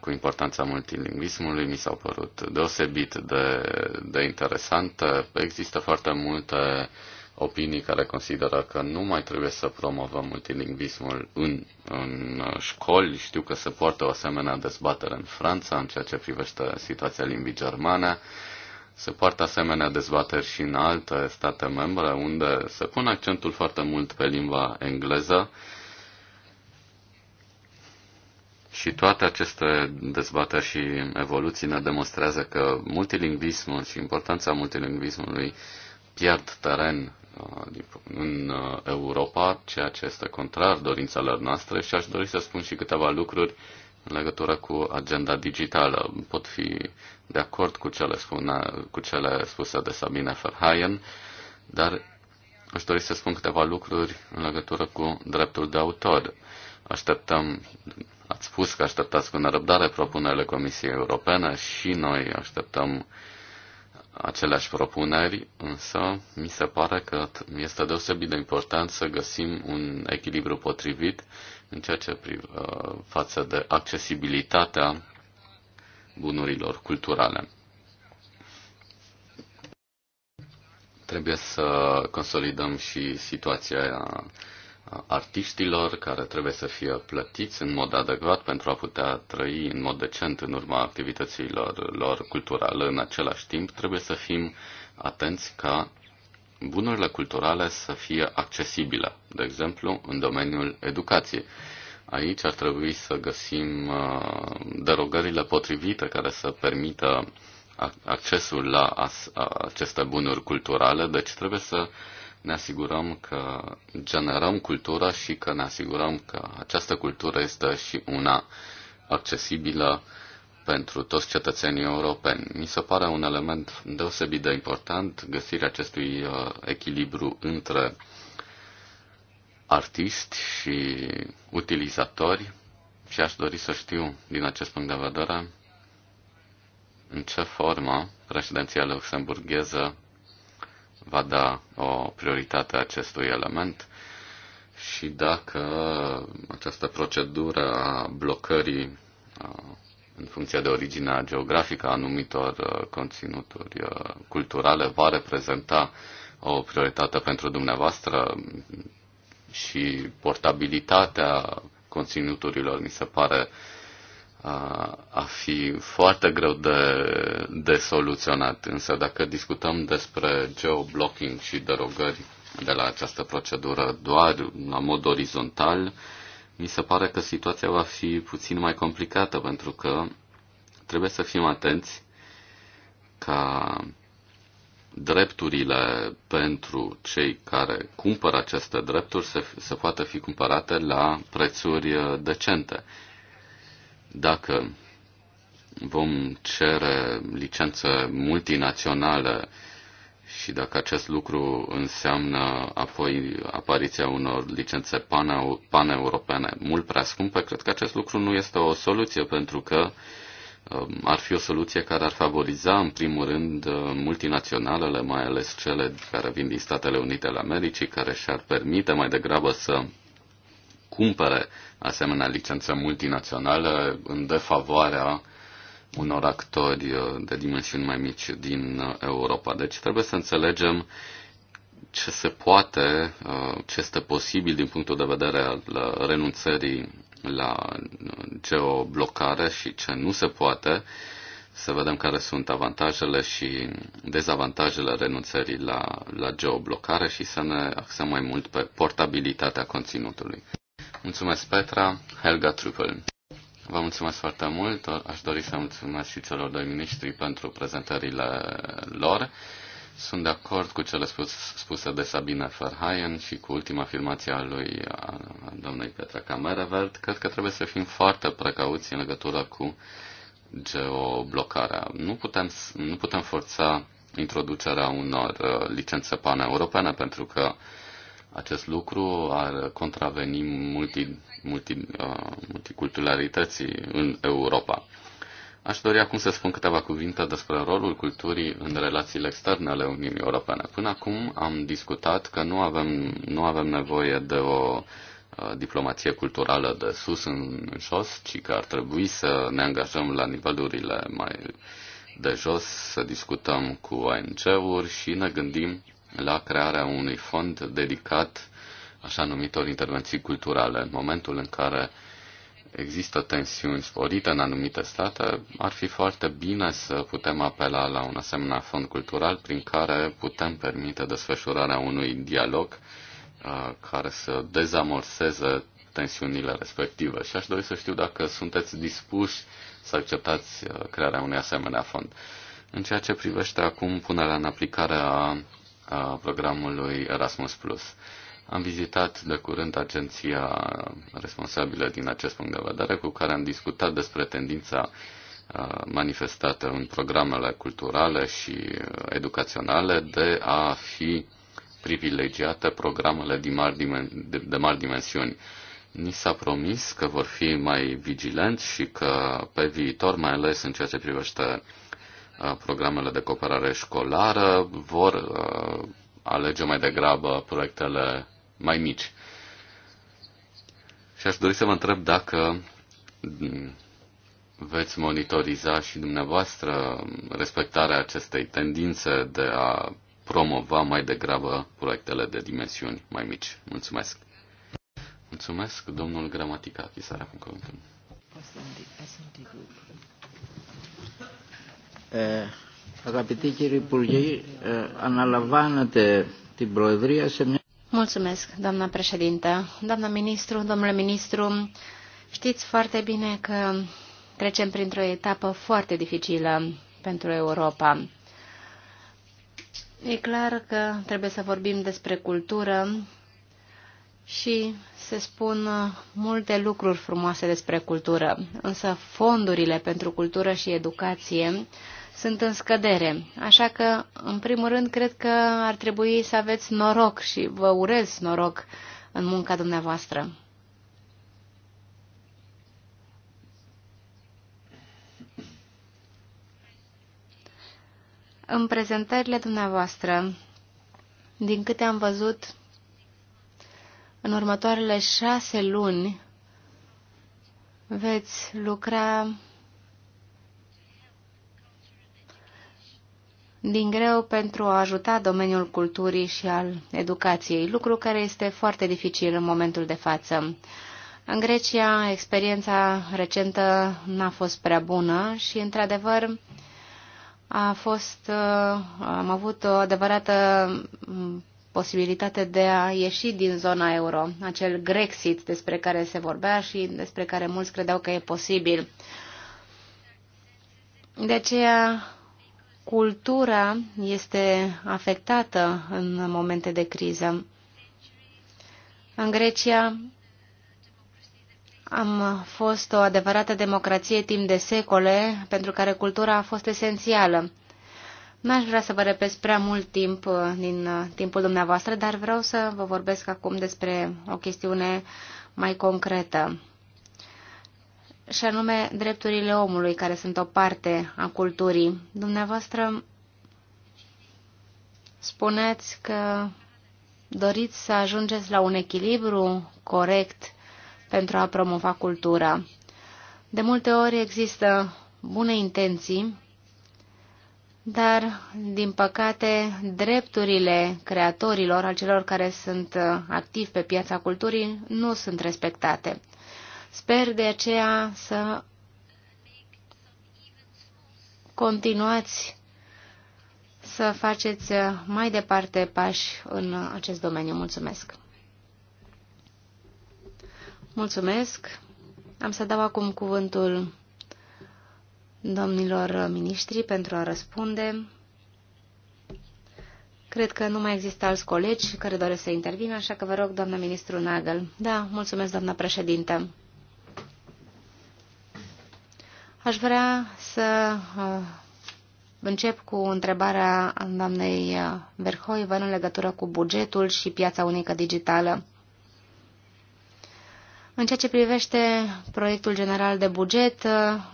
cu importanța multilingvismului mi s-au părut deosebit de, de interesante. Există foarte multe uh, opinii care consideră că nu mai trebuie să promovăm multilingvismul în, în școli. Știu că se poartă o asemenea dezbatere în Franța în ceea ce privește situația limbii germane. Se poartă asemenea dezbateri și în alte state membre unde se pune accentul foarte mult pe limba engleză. Și toate aceste dezbateri și evoluții ne demonstrează că multilingvismul și importanța multilingvismului pierd teren Uh, în uh, Europa, ceea ce este contrar dorințelor noastre și aș dori să spun și câteva lucruri în legătură cu agenda digitală. Pot fi de acord cu cele, spune, cu cele spuse de Sabine Verheyen, dar aș dori să spun câteva lucruri în legătură cu dreptul de autor. Așteptăm, ați spus că așteptați cu nerăbdare propunerile Comisiei Europene și noi așteptăm uh, aceleași propuneri, însă mi se pare că este deosebit de important să găsim un echilibru potrivit în ceea ce uh, față de accesibilitatea bunurilor culturale. Trebuie să consolidăm și situația artiștilor care trebuie să fie plătiți în mod adecvat pentru a putea trăi în mod decent în urma activităților lor culturale. În același timp, trebuie să fim atenți ca bunurile culturale să fie accesibile, de exemplu, în domeniul educației. Aici ar trebui să găsim uh, derogările potrivite care să permită accesul la aceste bunuri culturale, deci trebuie să ne asigurăm că generăm cultură și că ne asigurăm că această cultură este și una accesibilă pentru toți cetățenii europeni. Mi se pare un element deosebit de important găsirea acestui uh, echilibru între artiști și utilizatori și aș dori să știu, din acest punct de vedere, în ce formă președinția luxemburgheză va da o prioritate acestui element și dacă această procedură a blocării în funcție de originea geografică a anumitor conținuturi culturale va reprezenta o prioritate pentru dumneavoastră și portabilitatea conținuturilor mi se pare uh, a fi foarte greu de, de soluționat. Însă dacă discutăm despre geoblocking și derogări de la această procedură doar la mod orizontal, mi se pare că situația va fi puțin mai complicată pentru că trebuie să fim atenți ca drepturile pentru cei care cumpără aceste drepturi să, să poată fi cumpărate la prețuri decente dacă vom cere licențe multinaționale și dacă acest lucru înseamnă apoi apariția unor licențe paneuropene mult prea scumpe, cred că acest lucru nu este o soluție pentru că um, ar fi o soluție care ar favoriza, în primul rând, uh, multinaționalele, mai ales cele care vin din Statele Unite ale Americii, care și-ar permite mai degrabă să cumpere asemenea licență multinațională în defavoarea unor actori uh, de dimensiuni mai mici din uh, Europa. Deci trebuie să înțelegem ce se poate, uh, ce este posibil din punctul de vedere al renunțării la geoblocare și ce nu se poate, să vedem care sunt avantajele și dezavantajele renunțării la, la geoblocare și să ne axăm mai mult pe portabilitatea conținutului. Mulțumesc, Petra. Helga Trupel. Vă mulțumesc foarte mult. Aș dori să mulțumesc și celor doi miniștri pentru prezentările lor. Sunt de acord cu cele spus, spuse de Sabine Verheyen și cu ultima afirmație a lui a, a domnului Petra Camerevert. Cred că trebuie să fim foarte precauți în legătură cu geoblocarea. Nu putem, nu putem forța introducerea unor uh, licențe europene pentru că uh, acest lucru ar contraveni multi, multi, uh, multiculturalității în Europa. Aș dori acum să spun câteva cuvinte despre rolul culturii în relațiile externe ale Uniunii Europene. Până acum am discutat că nu avem, nu avem nevoie de o uh, diplomație culturală de sus în jos, ci că ar trebui să ne angajăm la nivelurile mai de jos, să discutăm cu ONG-uri și ne gândim la crearea unui fond dedicat așa numitor intervenții culturale. În momentul în care există tensiuni sporite în anumite state, ar fi foarte bine să putem apela la un asemenea fond cultural prin care putem permite desfășurarea unui dialog uh, care să dezamorseze tensiunile respective. Și aș dori să știu dacă sunteți dispuși să acceptați uh, crearea unui asemenea fond. În ceea ce privește acum punerea în aplicare a a programului Erasmus+. Plus. Am vizitat de curând agenția responsabilă din acest punct de vedere, cu care am discutat despre tendința manifestată în programele culturale și educaționale de a fi privilegiate programele de mari, dimen- de, de mari dimensiuni. Ni s-a promis că vor fi mai vigilenți și că pe viitor, mai ales în ceea ce privește programele de cooperare școlară, vor uh, alege mai degrabă proiectele mai mici. Și aș dori să vă întreb dacă mm, veți monitoriza și dumneavoastră respectarea acestei tendințe de a promova mai degrabă proiectele de dimensiuni mai mici. Mulțumesc! Mulțumesc, domnul Gramatica, Chisara, cu cuvântul αγαπητοί κύριοι Υπουργοί, αναλαμβάνετε την Προεδρία σε μια... Mulțumesc, doamna președintă, doamna ministru, domnule ministru. Știți foarte bine că trecem printr-o etapă foarte dificilă pentru Europa. E clar că trebuie să vorbim despre cultură și se spun multe lucruri frumoase despre cultură, însă fondurile pentru cultură și educație sunt în scădere. Așa că, în primul rând, cred că ar trebui să aveți noroc și vă urez noroc în munca dumneavoastră. În prezentările dumneavoastră, din câte am văzut, în următoarele șase luni veți lucra din greu pentru a ajuta domeniul culturii și al educației, lucru care este foarte dificil în momentul de față. În Grecia, experiența recentă n-a fost prea bună și, într-adevăr, a fost, uh, am avut o adevărată mm, posibilitate de a ieși din zona euro, acel Grexit despre care se vorbea și despre care mulți credeau că e posibil. De aceea, cultura este afectată în momente de criză. În Grecia am fost o adevărată democrație timp de secole, pentru care cultura a fost esențială. N-aș vrea să vă repet prea mult timp uh, din uh, timpul dumneavoastră, dar vreau să vă vorbesc acum despre o chestiune mai concretă și anume drepturile omului, care sunt o parte a culturii. Dumneavoastră spuneți că doriți să ajungeți la un echilibru corect pentru a promova cultura. De multe ori există bune intenții, dar, din păcate, drepturile creatorilor, al celor care sunt activi pe piața culturii, nu sunt respectate. Sper de aceea să continuați să faceți mai departe pași în acest domeniu. Mulțumesc! Mulțumesc! Am să dau acum cuvântul domnilor miniștri pentru a răspunde. Cred că nu mai există alți colegi care doresc să intervină, așa că vă rog, doamna ministru Nagel. Da, mulțumesc, doamna președintă. Aș vrea să uh, încep cu întrebarea doamnei uh, Verhoeven în legătură cu bugetul și piața unică digitală. În ceea ce privește proiectul general de buget,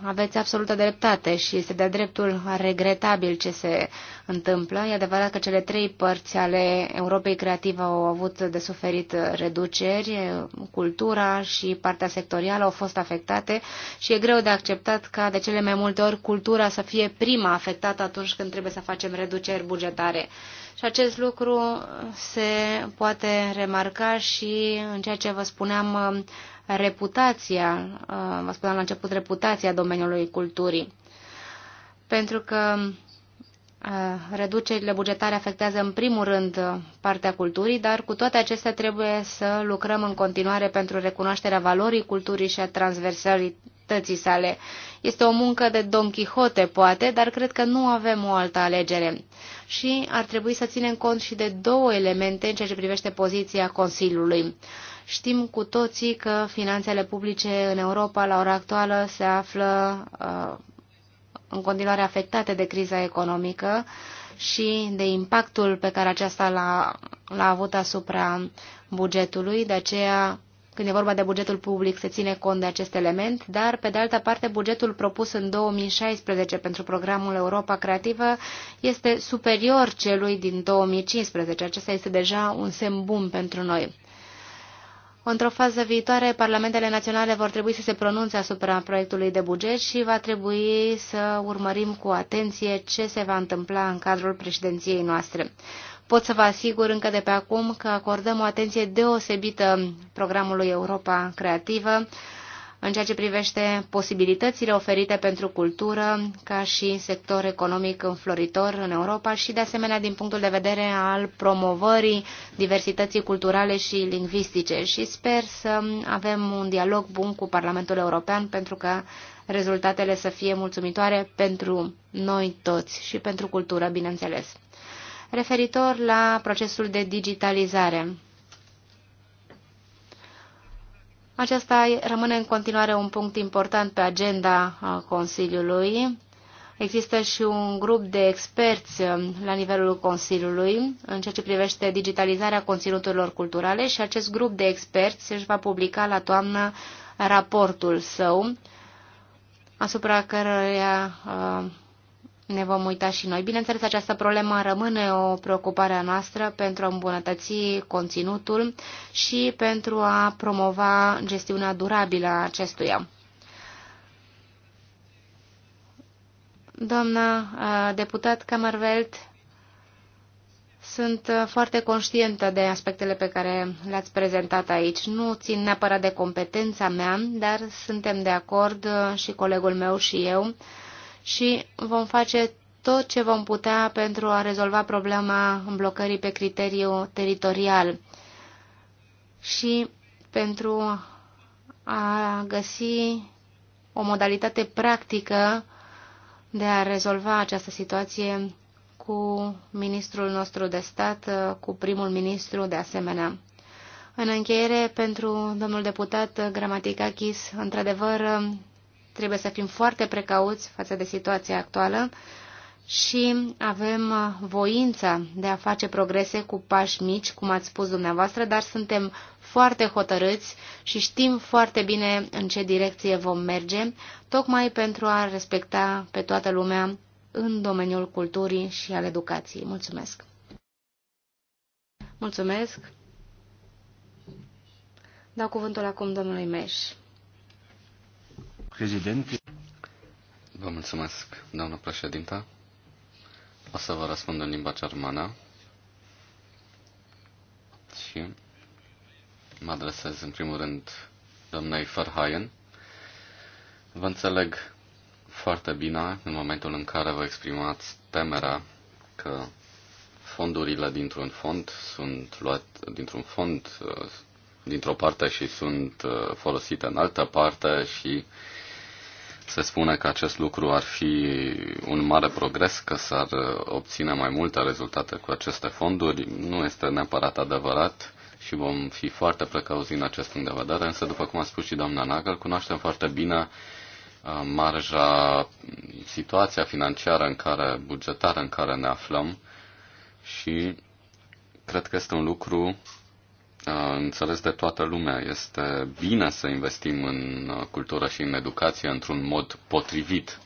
aveți absolută dreptate și este de dreptul regretabil ce se întâmplă. E adevărat că cele trei părți ale Europei Creative au avut de suferit reduceri, cultura și partea sectorială au fost afectate și e greu de acceptat ca de cele mai multe ori cultura să fie prima afectată atunci când trebuie să facem reduceri bugetare. Și acest lucru se poate remarca și în ceea ce vă spuneam uh, reputația, uh, vă spuneam la început reputația domeniului culturii. Pentru că uh, reducerile bugetare afectează în primul rând partea culturii, dar cu toate acestea trebuie să lucrăm în continuare pentru recunoașterea valorii culturii și a transversalității activității sale. Este o muncă de Don Quixote, poate, dar cred că nu avem o altă alegere. Și ar trebui să ținem cont și de două elemente în ceea ce privește poziția Consiliului. Știm cu toții că finanțele publice în Europa la ora actuală se află uh, în continuare afectate de criza economică și de impactul pe care aceasta l-a, l-a avut asupra bugetului, de aceea când e vorba de bugetul public, se ține cont de acest element, dar, pe de altă parte, bugetul propus în 2016 pentru programul Europa Creativă este superior celui din 2015. Acesta este deja un semn bun pentru noi. Într-o fază viitoare, parlamentele naționale vor trebui să se pronunțe asupra proiectului de buget și va trebui să urmărim cu atenție ce se va întâmpla în cadrul președinției noastre. Pot să vă asigur încă de pe acum că acordăm o atenție deosebită programului Europa Creativă în ceea ce privește posibilitățile oferite pentru cultură ca și sector economic înfloritor în Europa și, de asemenea, din punctul de vedere al promovării diversității culturale și lingvistice. Și sper să avem un dialog bun cu Parlamentul European pentru că rezultatele să fie mulțumitoare pentru noi toți și pentru cultură, bineînțeles referitor la procesul de digitalizare. Aceasta rămâne în continuare un punct important pe agenda Consiliului. Există și un grup de experți um, la nivelul Consiliului în ceea ce privește digitalizarea conținuturilor culturale și acest grup de experți își va publica la toamnă raportul său asupra căruia uh, ne vom uita și noi. Bineînțeles, această problemă rămâne o preocupare a noastră pentru a îmbunătăți conținutul și pentru a promova gestiunea durabilă a acestuia. Doamna uh, deputat Camarvelt, sunt uh, foarte conștientă de aspectele pe care le-ați prezentat aici. Nu țin neapărat de competența mea, dar suntem de acord uh, și colegul meu și eu și vom face tot ce vom putea pentru a rezolva problema blocării pe criteriu teritorial și pentru a găsi o modalitate practică de a rezolva această situație cu ministrul nostru de stat, cu primul ministru de asemenea. În încheiere, pentru domnul deputat Gramaticakis, într-adevăr, Trebuie să fim foarte precauți față de situația actuală și avem uh, voința de a face progrese cu pași mici, cum ați spus dumneavoastră, dar suntem foarte hotărâți și știm foarte bine în ce direcție vom merge, tocmai pentru a respecta pe toată lumea în domeniul culturii și al educației. Mulțumesc! Mulțumesc! Dau cuvântul acum domnului Meș. Președinte, Vă mulțumesc, doamnă președinte. O să vă răspund în limba germană și mă adresez în primul rând domnei Verhaien. Vă înțeleg foarte bine în momentul în care vă exprimați temerea că fondurile dintr-un fond sunt luate dintr-un fond dintr-o parte și sunt uh, folosite în altă parte și uh, se spune că acest lucru ar fi un mare progres, că s-ar uh, obține mai multe rezultate cu aceste fonduri. Nu este neapărat adevărat și vom fi foarte precauți în acest punct de vedere, însă, după cum a spus și doamna Nagel, cunoaștem foarte bine uh, marja, situația financiară în care, bugetară în care ne aflăm și cred că este un lucru înțeles de toată lumea. Este bine să investim în cultură și în educație într-un mod potrivit.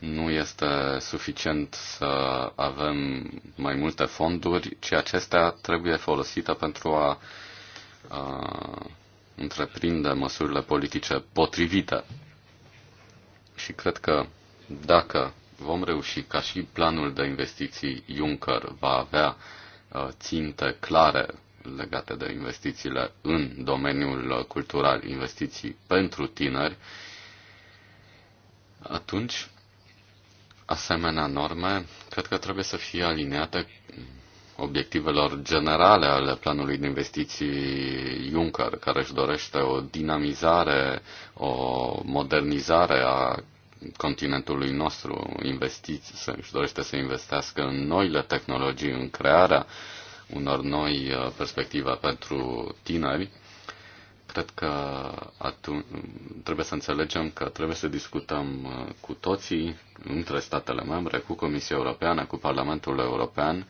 Nu este suficient să avem mai multe fonduri, ci acestea trebuie folosite pentru a, a întreprinde măsurile politice potrivite. Și cred că dacă vom reuși ca și planul de investiții Juncker va avea ținte clare legate de investițiile în domeniul cultural, investiții pentru tineri, atunci asemenea norme cred că trebuie să fie aliniate obiectivelor generale ale planului de investiții Juncker, care își dorește o dinamizare, o modernizare a continentului nostru, investiți, își dorește să investească în noile tehnologii, în crearea uh, unor noi uh, perspective pentru tineri, cred că atunci, trebuie să înțelegem că trebuie să discutăm uh, cu toții, între statele membre, cu Comisia Europeană, cu Parlamentul European,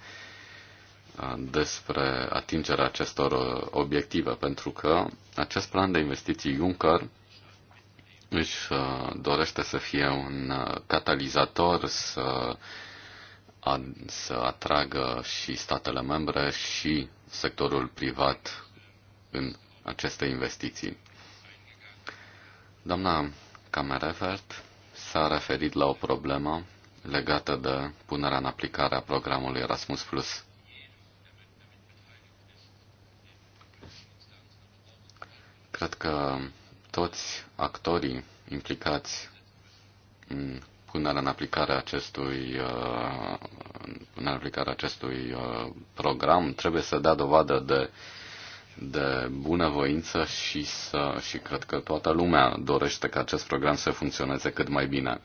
uh, despre atingerea acestor obiective, pentru că acest plan de investiții Juncker își dorește să fie un catalizator, să a, să atragă și statele membre și sectorul privat în aceste investiții. Doamna Camerevert s-a referit la o problemă legată de punerea în aplicare a programului Erasmus+. Plus. Cred că toți actorii implicați în punerea în aplicare acestui, uh, punerea în aplicare acestui uh, program trebuie să dea dovadă de de bunăvoință și, să, și cred că toată lumea dorește ca acest program să funcționeze cât mai bine.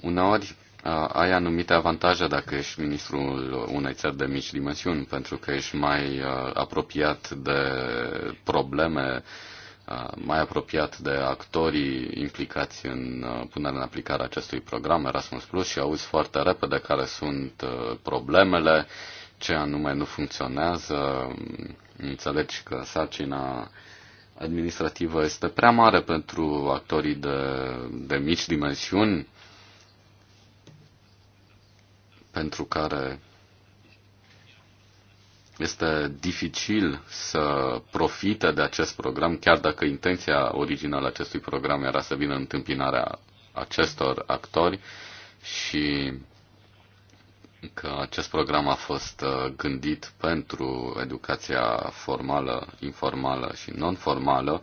Uneori uh, ai anumite avantaje dacă ești ministrul unei țări de mici dimensiuni, pentru că ești mai apropiat de probleme mai apropiat de actorii implicați în punerea în aplicare acestui program Erasmus Plus și auzi foarte repede care sunt problemele, ce anume nu funcționează. Înțelegi că sarcina administrativă este prea mare pentru actorii de, de mici dimensiuni pentru care este dificil să profite de acest program, chiar dacă intenția originală a acestui program era să vină întâmpinarea acestor actori și că acest program a fost uh, gândit pentru educația formală, informală și non-formală,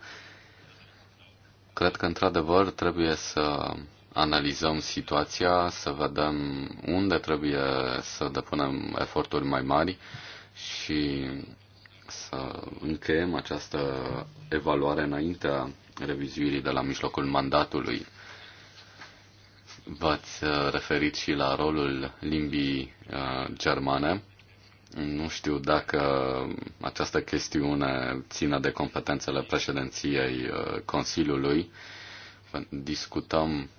cred că într-adevăr trebuie să analizăm situația, să vedem unde trebuie să depunem eforturi mai mari și să încheiem această evaluare înaintea revizuirii de la mijlocul mandatului. V-ați uh, referit și la rolul limbii uh, germane. Nu știu dacă această chestiune ține de competențele președinției uh, Consiliului. Discutăm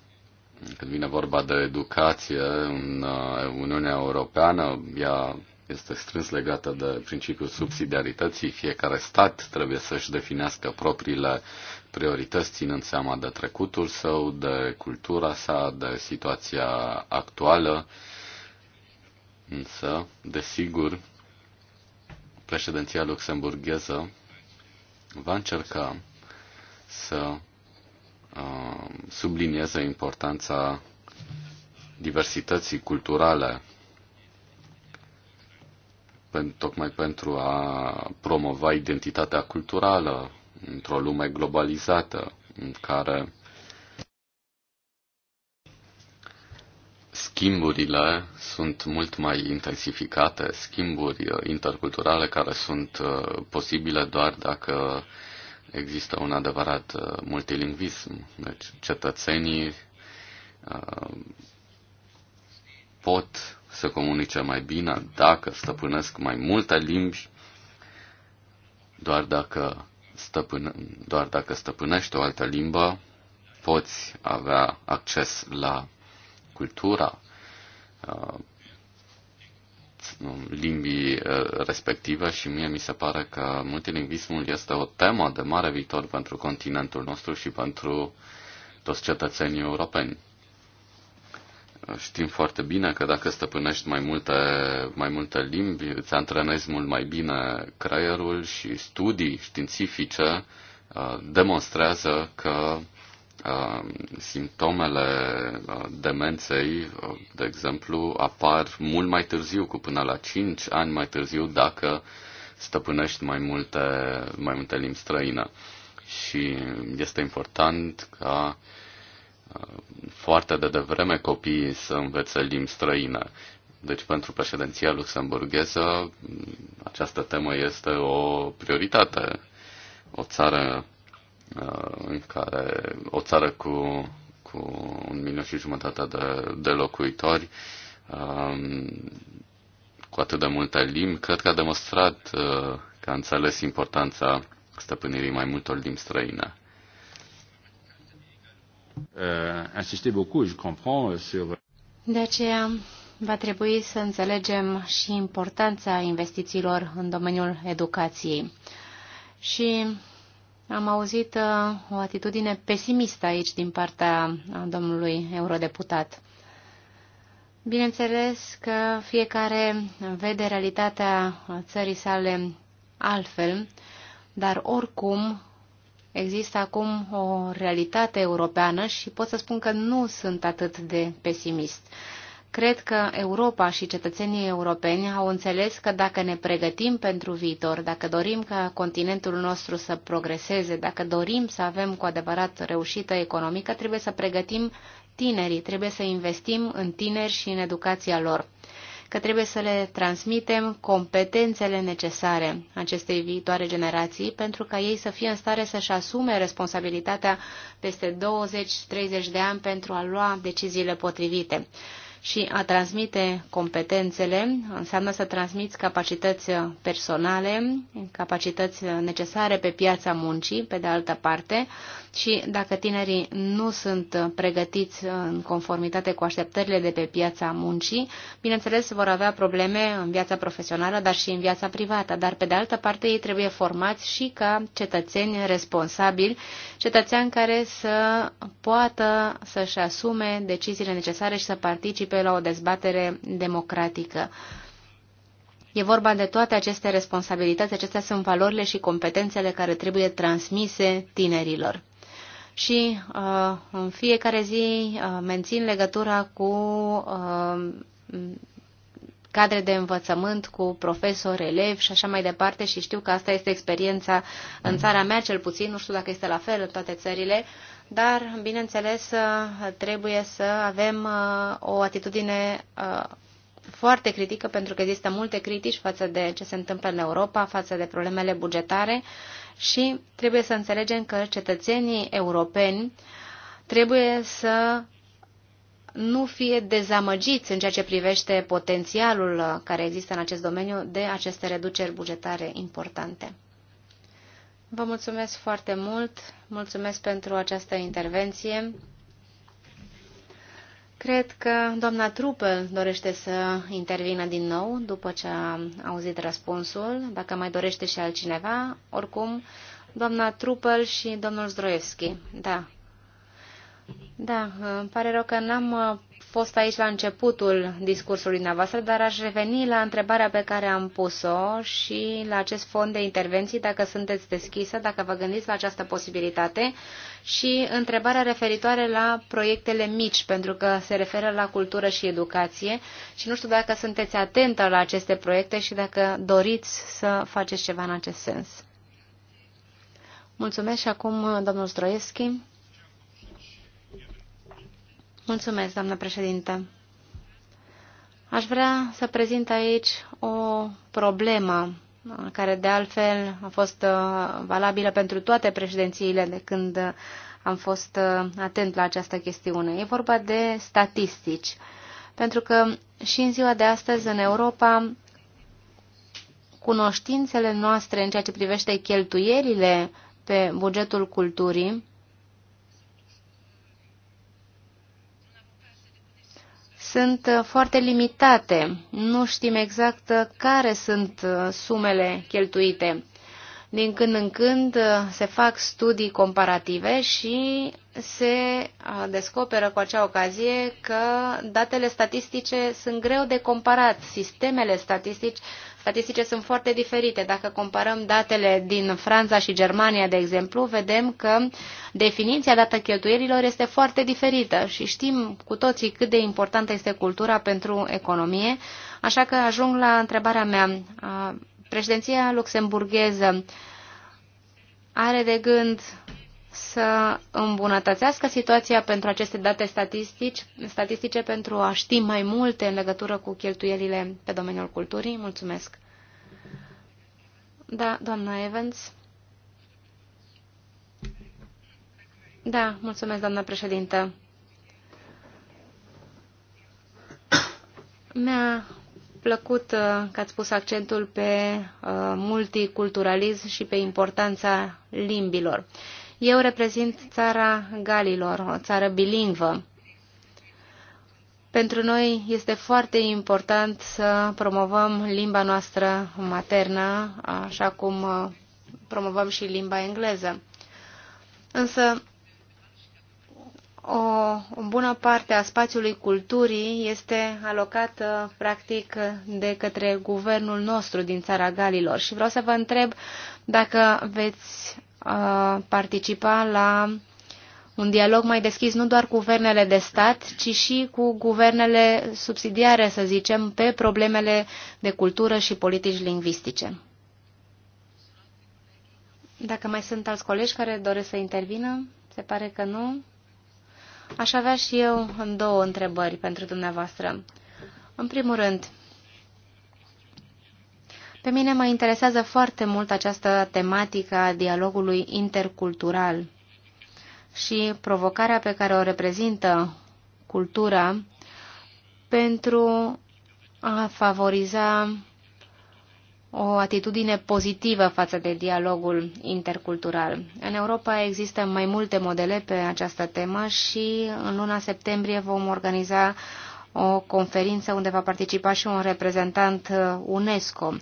când vine vorba de educație în Uniunea Europeană, ea este strâns legată de principiul subsidiarității. Fiecare stat trebuie să-și definească propriile priorități, ținând seama de trecutul său, de cultura sa, de situația actuală. Însă, desigur, președinția luxemburgheză va încerca să uh, sublinieze importanța diversității culturale tocmai pentru a promova identitatea culturală într-o lume globalizată în care schimburile sunt mult mai intensificate, schimburi interculturale care sunt uh, posibile doar dacă există un adevărat uh, multilingvism. Deci cetățenii uh, pot să comunice mai bine, dacă stăpânesc mai multe limbi, doar dacă, stăpân, doar dacă stăpânești o altă limbă, poți avea acces la cultura uh, limbii uh, respective și mie mi se pare că multilingvismul este o temă de mare viitor pentru continentul nostru și pentru toți cetățenii europeni. Știm foarte bine că dacă stăpânești mai multe, mai multe limbi, îți antrenezi mult mai bine creierul și studii științifice uh, demonstrează că uh, simptomele uh, demenței, de exemplu, apar mult mai târziu, cu până la 5 ani mai târziu, dacă stăpânești mai multe, mai multe limbi străine. Și este important ca uh, foarte de devreme copiii să învețe limbi străină, Deci pentru președinția luxemburgheză această temă este o prioritate. O țară uh, în care o țară cu, cu un milion și jumătate de, de locuitori um, cu atât de multe limbi, cred că a demonstrat uh, că a înțeles importanța stăpânirii mai multor limbi străine. Euh, insisté beaucoup, je comprends, euh, sur... De aceea va trebui să înțelegem și importanța investițiilor în domeniul educației. Și am auzit uh, o atitudine pesimistă aici din partea domnului eurodeputat. Bineînțeles că fiecare vede realitatea țării sale altfel, dar oricum Există acum o realitate europeană și pot să spun că nu sunt atât de pesimist. Cred că Europa și cetățenii europeni au înțeles că dacă ne pregătim pentru viitor, dacă dorim ca continentul nostru să progreseze, dacă dorim să avem cu adevărat reușită economică, trebuie să pregătim tinerii, trebuie să investim în tineri și în educația lor că trebuie să le transmitem competențele necesare acestei viitoare generații pentru ca ei să fie în stare să-și asume responsabilitatea peste 20-30 de ani pentru a lua deciziile potrivite și a transmite competențele înseamnă să transmiți capacități personale, capacități necesare pe piața muncii, pe de altă parte, și dacă tinerii nu sunt pregătiți în conformitate cu așteptările de pe piața muncii, bineînțeles vor avea probleme în viața profesională, dar și în viața privată, dar pe de altă parte ei trebuie formați și ca cetățeni responsabili cetățean care să poată să-și asume deciziile necesare și să participe la o dezbatere democratică. E vorba de toate aceste responsabilități, acestea sunt valorile și competențele care trebuie transmise tinerilor. Și uh, în fiecare zi uh, mențin legătura cu uh, cadre de învățământ cu profesori, elevi și așa mai departe și știu că asta este experiența în țara mea cel puțin, nu știu dacă este la fel în toate țările, dar, bineînțeles, trebuie să avem uh, o atitudine uh, foarte critică pentru că există multe critici față de ce se întâmplă în Europa, față de problemele bugetare și trebuie să înțelegem că cetățenii europeni trebuie să nu fie dezamăgiți în ceea ce privește potențialul care există în acest domeniu de aceste reduceri bugetare importante. Vă mulțumesc foarte mult, mulțumesc pentru această intervenție. Cred că doamna Trupel dorește să intervină din nou după ce a auzit răspunsul, dacă mai dorește și altcineva. Oricum, doamna Trupel și domnul Zdroievski. Da, da, îmi pare rău că n-am uh, fost aici la începutul discursului dumneavoastră, dar aș reveni la întrebarea pe care am pus-o și la acest fond de intervenții, dacă sunteți deschisă, dacă vă gândiți la această posibilitate și întrebarea referitoare la proiectele mici, pentru că se referă la cultură și educație și nu știu dacă sunteți atentă la aceste proiecte și dacă doriți să faceți ceva în acest sens. Mulțumesc și acum domnul Stroieschi. Mulțumesc, doamnă președintă. Aș vrea să prezint aici o problemă care de altfel a fost uh, valabilă pentru toate președințiile de când am fost uh, atent la această chestiune. E vorba de statistici. Pentru că și în ziua de astăzi în Europa cunoștințele noastre în ceea ce privește cheltuielile pe bugetul culturii sunt uh, foarte limitate. Nu știm exact uh, care sunt uh, sumele cheltuite. Din când în când uh, se fac studii comparative și se uh, descoperă cu acea ocazie că datele statistice sunt greu de comparat. Sistemele statistici, statistice sunt foarte diferite. Dacă comparăm datele din Franța și Germania, de exemplu, vedem că definiția dată cheltuielilor este foarte diferită și știm cu toții cât de importantă este cultura pentru economie. Așa că ajung la întrebarea mea uh, Președinția luxemburgheză are de gând să îmbunătățească situația pentru aceste date statistici, statistice pentru a ști mai multe în legătură cu cheltuielile pe domeniul culturii. Mulțumesc. Da, doamna Evans. Da, mulțumesc, doamna președintă. Mi-a plăcut uh, că ați pus accentul pe uh, multiculturalism și pe importanța limbilor. Eu reprezint țara Galilor, o țară bilingvă. Pentru noi este foarte important să promovăm limba noastră maternă, așa cum uh, promovăm și limba engleză. Însă o, bună parte a spațiului culturii este alocată, practic, de către guvernul nostru din țara Galilor. Și vreau să vă întreb dacă veți uh, participa la un dialog mai deschis nu doar cu guvernele de stat, ci și cu guvernele subsidiare, să zicem, pe problemele de cultură și politici lingvistice. Dacă mai sunt alți colegi care doresc să intervină, se pare că nu. Aș avea și eu două întrebări pentru dumneavoastră. În primul rând, pe mine mă interesează foarte mult această tematică a dialogului intercultural și provocarea pe care o reprezintă cultura pentru a favoriza o atitudine pozitivă față de dialogul intercultural. În Europa există mai multe modele pe această temă și în luna septembrie vom organiza o conferință unde va participa și un reprezentant uh, UNESCO.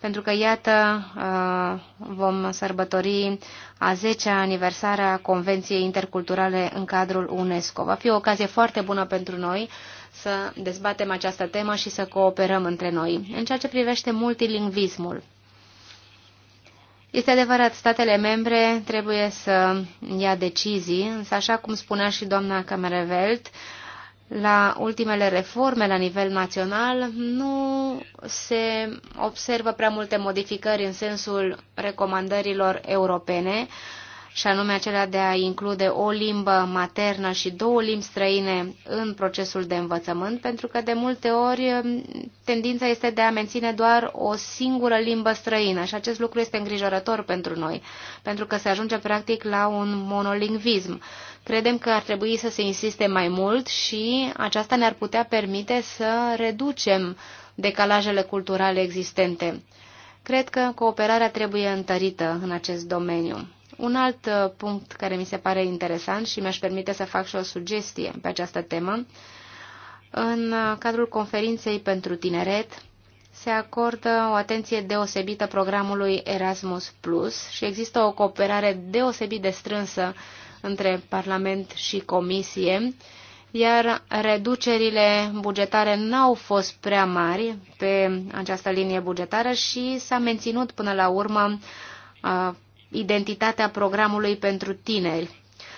Pentru că, iată, uh, vom sărbători a 10-a aniversare a Convenției Interculturale în cadrul UNESCO. Va fi o ocazie foarte bună pentru noi să dezbatem această temă și să cooperăm între noi. În ceea ce privește multilingvismul, este adevărat, statele membre trebuie să ia decizii, însă așa cum spunea și doamna Camerevelt, la ultimele reforme la nivel național nu se observă prea multe modificări în sensul recomandărilor europene, uh, și anume acela de a include o limbă maternă și două limbi străine în procesul de învățământ, pentru că de multe ori mm, tendința este de a menține doar o singură limbă străină și acest lucru este îngrijorător pentru noi, pentru că se ajunge practic la un monolingvism. Credem că ar trebui să se insiste mai mult și aceasta ne-ar putea permite să reducem decalajele culturale existente. Cred că cooperarea trebuie întărită în acest domeniu. Un alt uh, punct care mi se pare interesant și mi-aș permite să fac și o sugestie pe această temă, în uh, cadrul conferinței pentru tineret se acordă o atenție deosebită programului Erasmus Plus și există o cooperare deosebit de strânsă între Parlament și Comisie, iar reducerile bugetare n-au fost prea mari pe această linie bugetară și s-a menținut până la urmă uh, identitatea programului pentru tineri.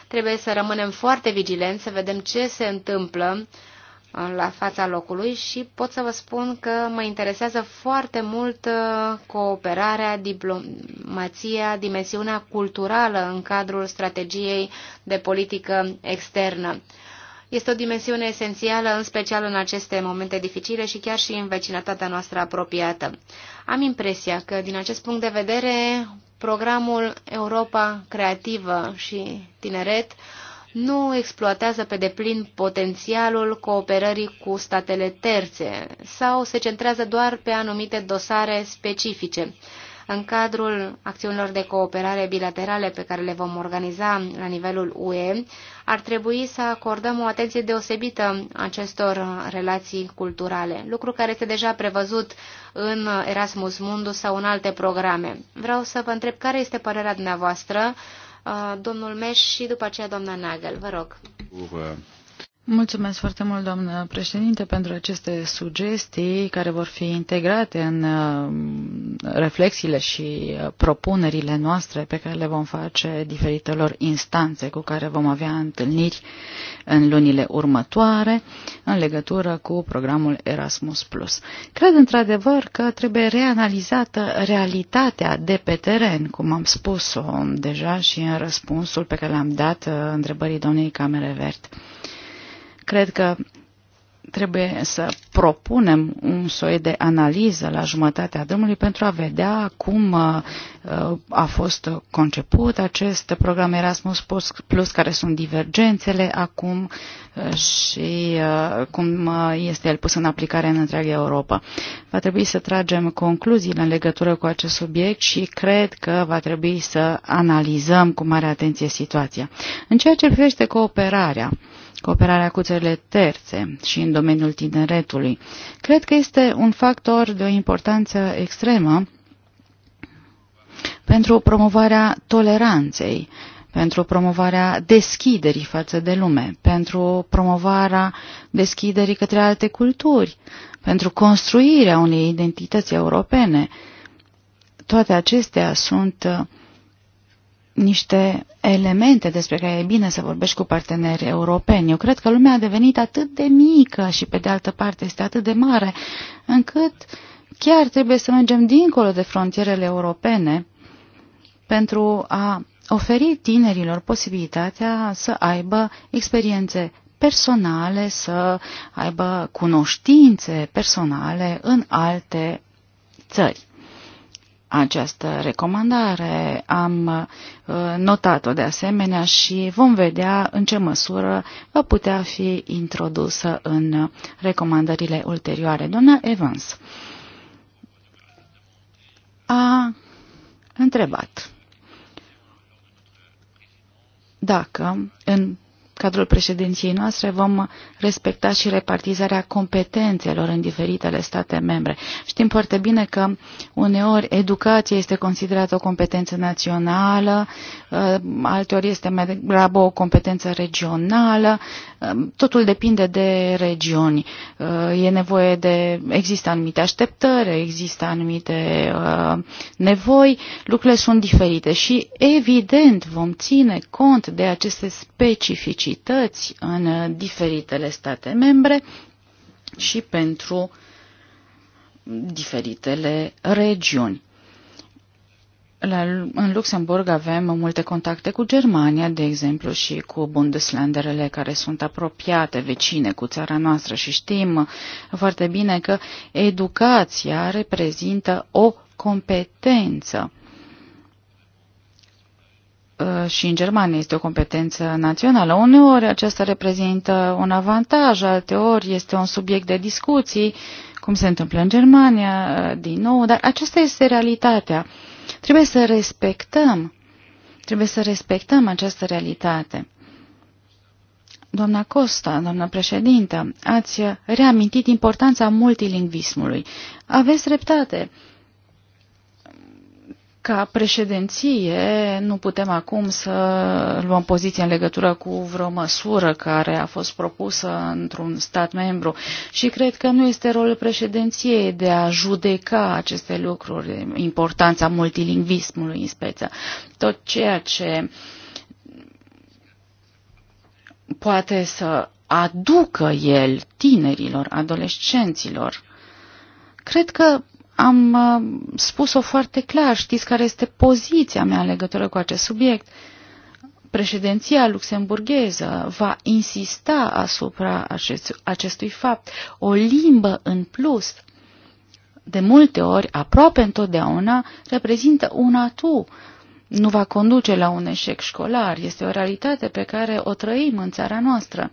Trebuie să rămânem foarte vigilenți, să vedem ce se întâmplă uh, la fața locului și pot să vă spun că mă interesează foarte mult uh, cooperarea, diplomația, dimensiunea culturală în cadrul strategiei de politică externă. Este o dimensiune esențială, în special în aceste momente dificile și chiar și în vecinătatea noastră apropiată. Am impresia că, din acest punct de vedere, programul Europa Creativă și Tineret nu exploatează pe deplin potențialul cooperării cu statele terțe sau se centrează doar pe anumite dosare specifice în cadrul acțiunilor de cooperare bilaterale pe care le vom organiza la nivelul UE, ar trebui să acordăm o atenție deosebită acestor relații culturale, lucru care este deja prevăzut în Erasmus Mundus sau în alte programe. Vreau să vă întreb care este părerea dumneavoastră, uh, domnul Meș și după aceea doamna Nagel. Vă rog. Uh. Mulțumesc foarte mult, doamnă președinte, pentru aceste sugestii care vor fi integrate în uh, reflexiile și uh, propunerile noastre pe care le vom face diferitelor instanțe cu care vom avea întâlniri în lunile următoare în legătură cu programul Erasmus+. Cred într-adevăr că trebuie reanalizată realitatea de pe teren, cum am spus-o deja și în răspunsul pe care l-am dat uh, întrebării doamnei Camere Verde. Cred că trebuie să propunem un soi de analiză la jumătatea drumului pentru a vedea cum uh, uh, a fost conceput acest program Erasmus Plus, care sunt divergențele acum uh, și cum este el pus în aplicare în întreaga Europa. Va trebui să tragem concluziile în legătură cu acest subiect și cred că va trebui să analizăm cu mare atenție situația. În ceea ce privește cooperarea, cooperarea cu țările terțe și în domeniul tineretului. Cred că este un factor de o importanță extremă pentru promovarea toleranței, pentru promovarea deschiderii față de lume, pentru promovarea deschiderii către alte culturi, pentru construirea unei identități europene. Toate acestea sunt uh, niște elemente despre care e bine să vorbești cu parteneri europeni. Eu cred că lumea a devenit atât de mică și pe de altă parte este atât de mare, încât chiar trebuie să mergem dincolo de frontierele europene pentru a oferi tinerilor posibilitatea să aibă experiențe personale, să aibă cunoștințe personale în alte țări această recomandare. Am uh, notat-o de asemenea și vom vedea în ce măsură va putea fi introdusă în recomandările ulterioare. Doamna Evans a întrebat dacă în cadrul președinției noastre vom respecta și repartizarea competențelor în diferitele state membre. Știm foarte bine că uneori educația este considerată o competență națională, uh, alteori este mai degrabă o competență regională, uh, totul depinde de regiuni. Uh, e nevoie de, există anumite așteptări, există anumite nevoi, lucrurile sunt diferite și evident vom ține cont de aceste specifici capacități în uh, diferitele state membre și pentru diferitele regiuni. La, în Luxemburg avem multe contacte cu Germania, de exemplu, și cu Bundeslanderele care sunt apropiate, vecine cu țara noastră și știm foarte bine că educația reprezintă o competență Uh, și în Germania este o competență națională. Uneori aceasta reprezintă un avantaj, alteori este un subiect de discuții, cum se întâmplă în Germania, uh, din nou, dar aceasta este realitatea. Trebuie să respectăm, trebuie să respectăm această realitate. Doamna Costa, doamna președintă, ați reamintit importanța multilingvismului. Aveți dreptate. Ca președinție nu putem acum să luăm poziție în legătură cu vreo măsură care a fost propusă într-un stat membru și cred că nu este rolul președinției de a judeca aceste lucruri, importanța multilingvismului în speță. Tot ceea ce poate să aducă el tinerilor, adolescenților, cred că am uh, spus-o foarte clar, știți care este poziția mea în legătură cu acest subiect. Președinția luxemburgheză va insista asupra acest, acestui fapt. O limbă în plus, de multe ori, aproape întotdeauna, reprezintă un atu. Nu va conduce la un eșec școlar. Este o realitate pe care o trăim în țara noastră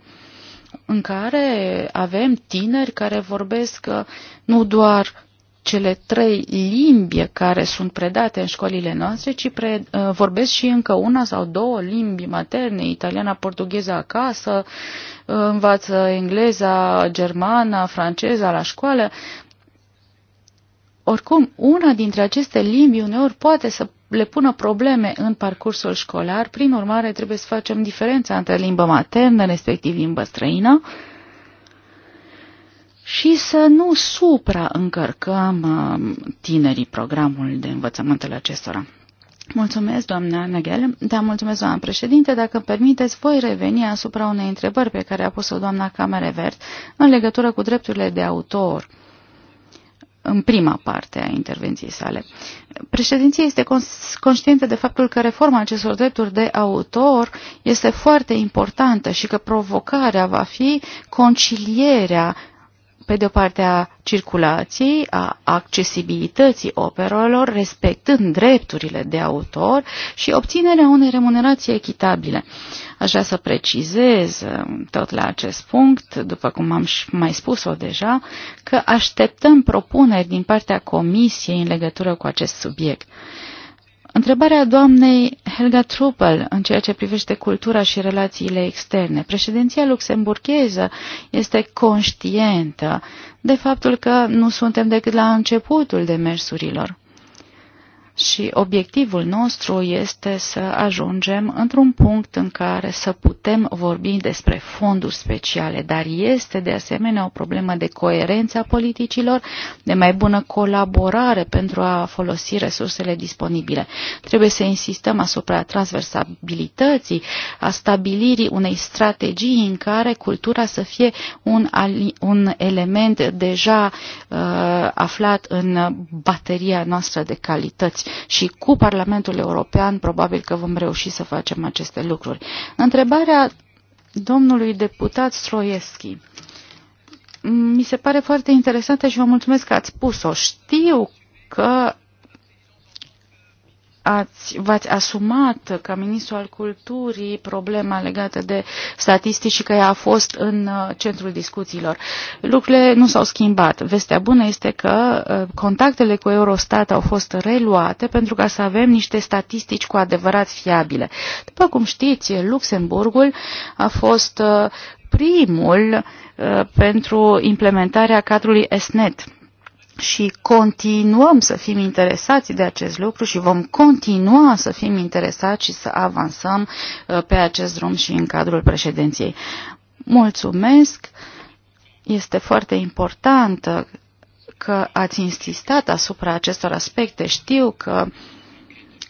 în care avem tineri care vorbesc uh, nu doar cele trei limbi care sunt predate în școlile noastre, ci pre, uh, vorbesc și încă una sau două limbi materne, italiana, portugheza acasă, uh, învață engleza, germana, franceza la școală. Oricum, una dintre aceste limbi uneori poate să le pună probleme în parcursul școlar, prin urmare trebuie să facem diferența între limbă maternă, respectiv limbă străină, uh, și să nu supraîncărcăm um, tinerii programul de învățământele acestora. Mulțumesc, doamna Neghel. Da, mulțumesc, doamna președinte. Dacă îmi permiteți, voi reveni asupra unei întrebări pe care a pus-o doamna Vert în legătură cu drepturile de autor în prima parte a intervenției sale. Președinția este conștientă de faptul că reforma acestor drepturi de autor este foarte importantă și că provocarea va fi concilierea pe de o parte, a circulației, a accesibilității operelor, respectând drepturile de autor și obținerea unei remunerații echitabile. Aș vrea să precizez um, tot la acest punct, după cum am mai spus-o deja, că așteptăm propuneri din partea Comisiei în legătură cu acest subiect. Întrebarea doamnei Helga Truppel în ceea ce privește cultura și relațiile externe. Președinția luxemburgheză este conștientă de faptul că nu suntem decât la începutul demersurilor. Și obiectivul nostru este să ajungem într-un punct în care să putem vorbi despre fonduri speciale, dar este de asemenea o problemă de coerență a politicilor, de mai bună colaborare pentru a folosi resursele disponibile. Trebuie să insistăm asupra transversabilității, a stabilirii unei strategii în care cultura să fie un, un element deja uh, aflat în bateria noastră de calități și cu Parlamentul European probabil că vom reuși să facem aceste lucruri. Întrebarea domnului deputat Stroieschi mi se pare foarte interesantă și vă mulțumesc că ați spus-o. Știu că ați, v-ați asumat ca ministru al culturii problema legată de statistici și că ea a fost în uh, centrul discuțiilor. Lucrurile nu s-au schimbat. Vestea bună este că uh, contactele cu Eurostat au fost reluate pentru ca să avem niște statistici cu adevărat fiabile. După cum știți, Luxemburgul a fost uh, primul pentru implementarea cadrului ESNET și continuăm să fim interesați de acest lucru și vom continua să fim interesați și să avansăm uh, pe acest drum și în cadrul președinției. Mulțumesc! Este foarte important că ați insistat asupra acestor aspecte. Știu că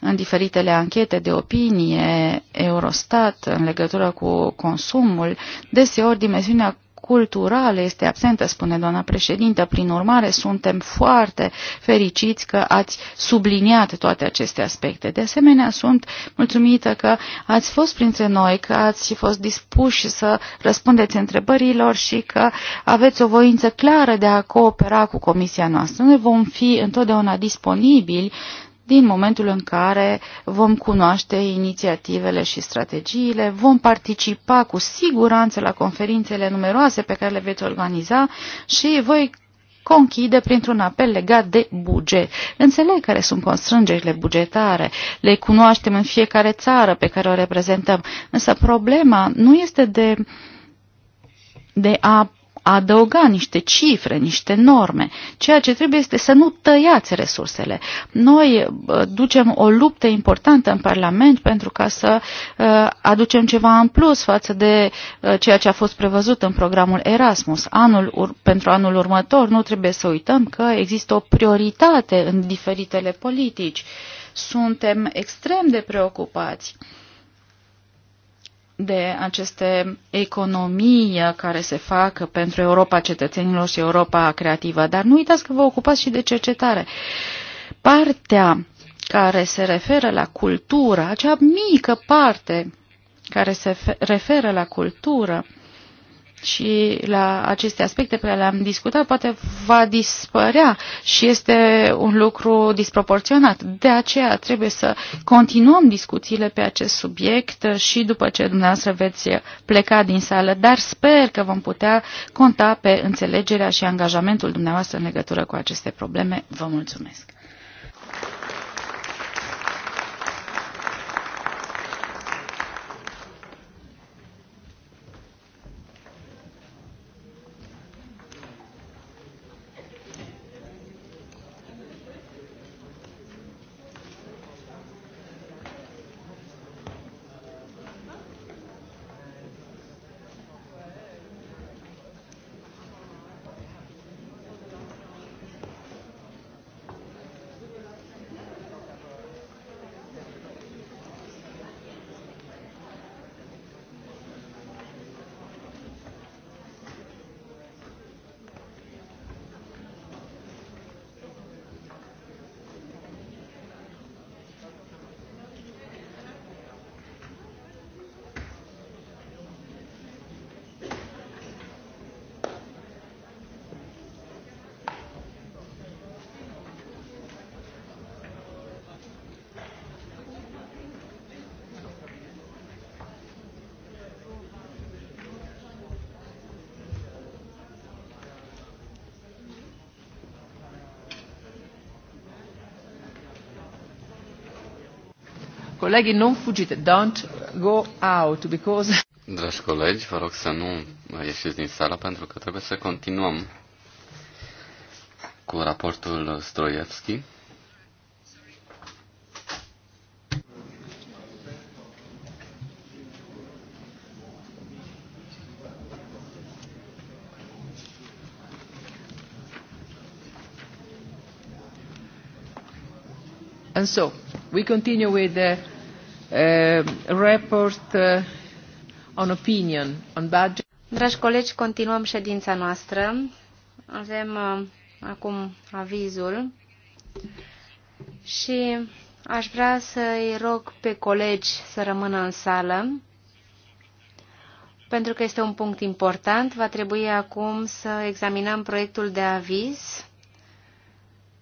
în diferitele anchete de opinie Eurostat în legătură cu consumul, deseori dimensiunea culturală este absentă, spune doamna președintă. Prin urmare, suntem foarte fericiți că ați subliniat toate aceste aspecte. De asemenea, sunt mulțumită că ați fost printre noi, că ați fost dispuși să răspundeți întrebărilor și că aveți o voință clară de a coopera cu comisia noastră. Noi vom fi întotdeauna disponibili din momentul în care vom cunoaște inițiativele și strategiile, vom participa cu siguranță la conferințele numeroase pe care le veți organiza și voi conchide printr-un apel legat de buget. Înțeleg care sunt constrângerile bugetare, le cunoaștem în fiecare țară pe care o reprezentăm, însă problema nu este de, de a adăuga niște cifre, niște norme. Ceea ce trebuie este să nu tăiați resursele. Noi uh, ducem o luptă importantă în Parlament pentru ca să uh, aducem ceva în plus față de uh, ceea ce a fost prevăzut în programul Erasmus. Anul, pentru anul următor nu trebuie să uităm că există o prioritate în diferitele politici. Suntem extrem de preocupați de aceste economii care se fac pentru Europa cetățenilor și Europa creativă. Dar nu uitați că vă ocupați și de cercetare. Partea care se referă la cultură, acea mică parte care se referă la cultură, și la aceste aspecte pe care le-am discutat poate va dispărea și este un lucru disproporționat. De aceea trebuie să continuăm discuțiile pe acest subiect și după ce dumneavoastră veți pleca din sală, dar sper că vom putea conta pe înțelegerea și angajamentul dumneavoastră în legătură cu aceste probleme. Vă mulțumesc! colegi, non fuggite, don't go out, because... Dragi colegi, vă rog să nu ieșiți din sala pentru că trebuie să continuăm cu raportul Stroievski. And so, we continue with the Uh, report uh, on opinion on budget. Dragi colegi, continuăm ședința noastră. Avem uh, acum avizul și aș vrea să-i rog pe colegi să rămână în sală, pentru că este un punct important. Va trebui acum să examinăm proiectul de aviz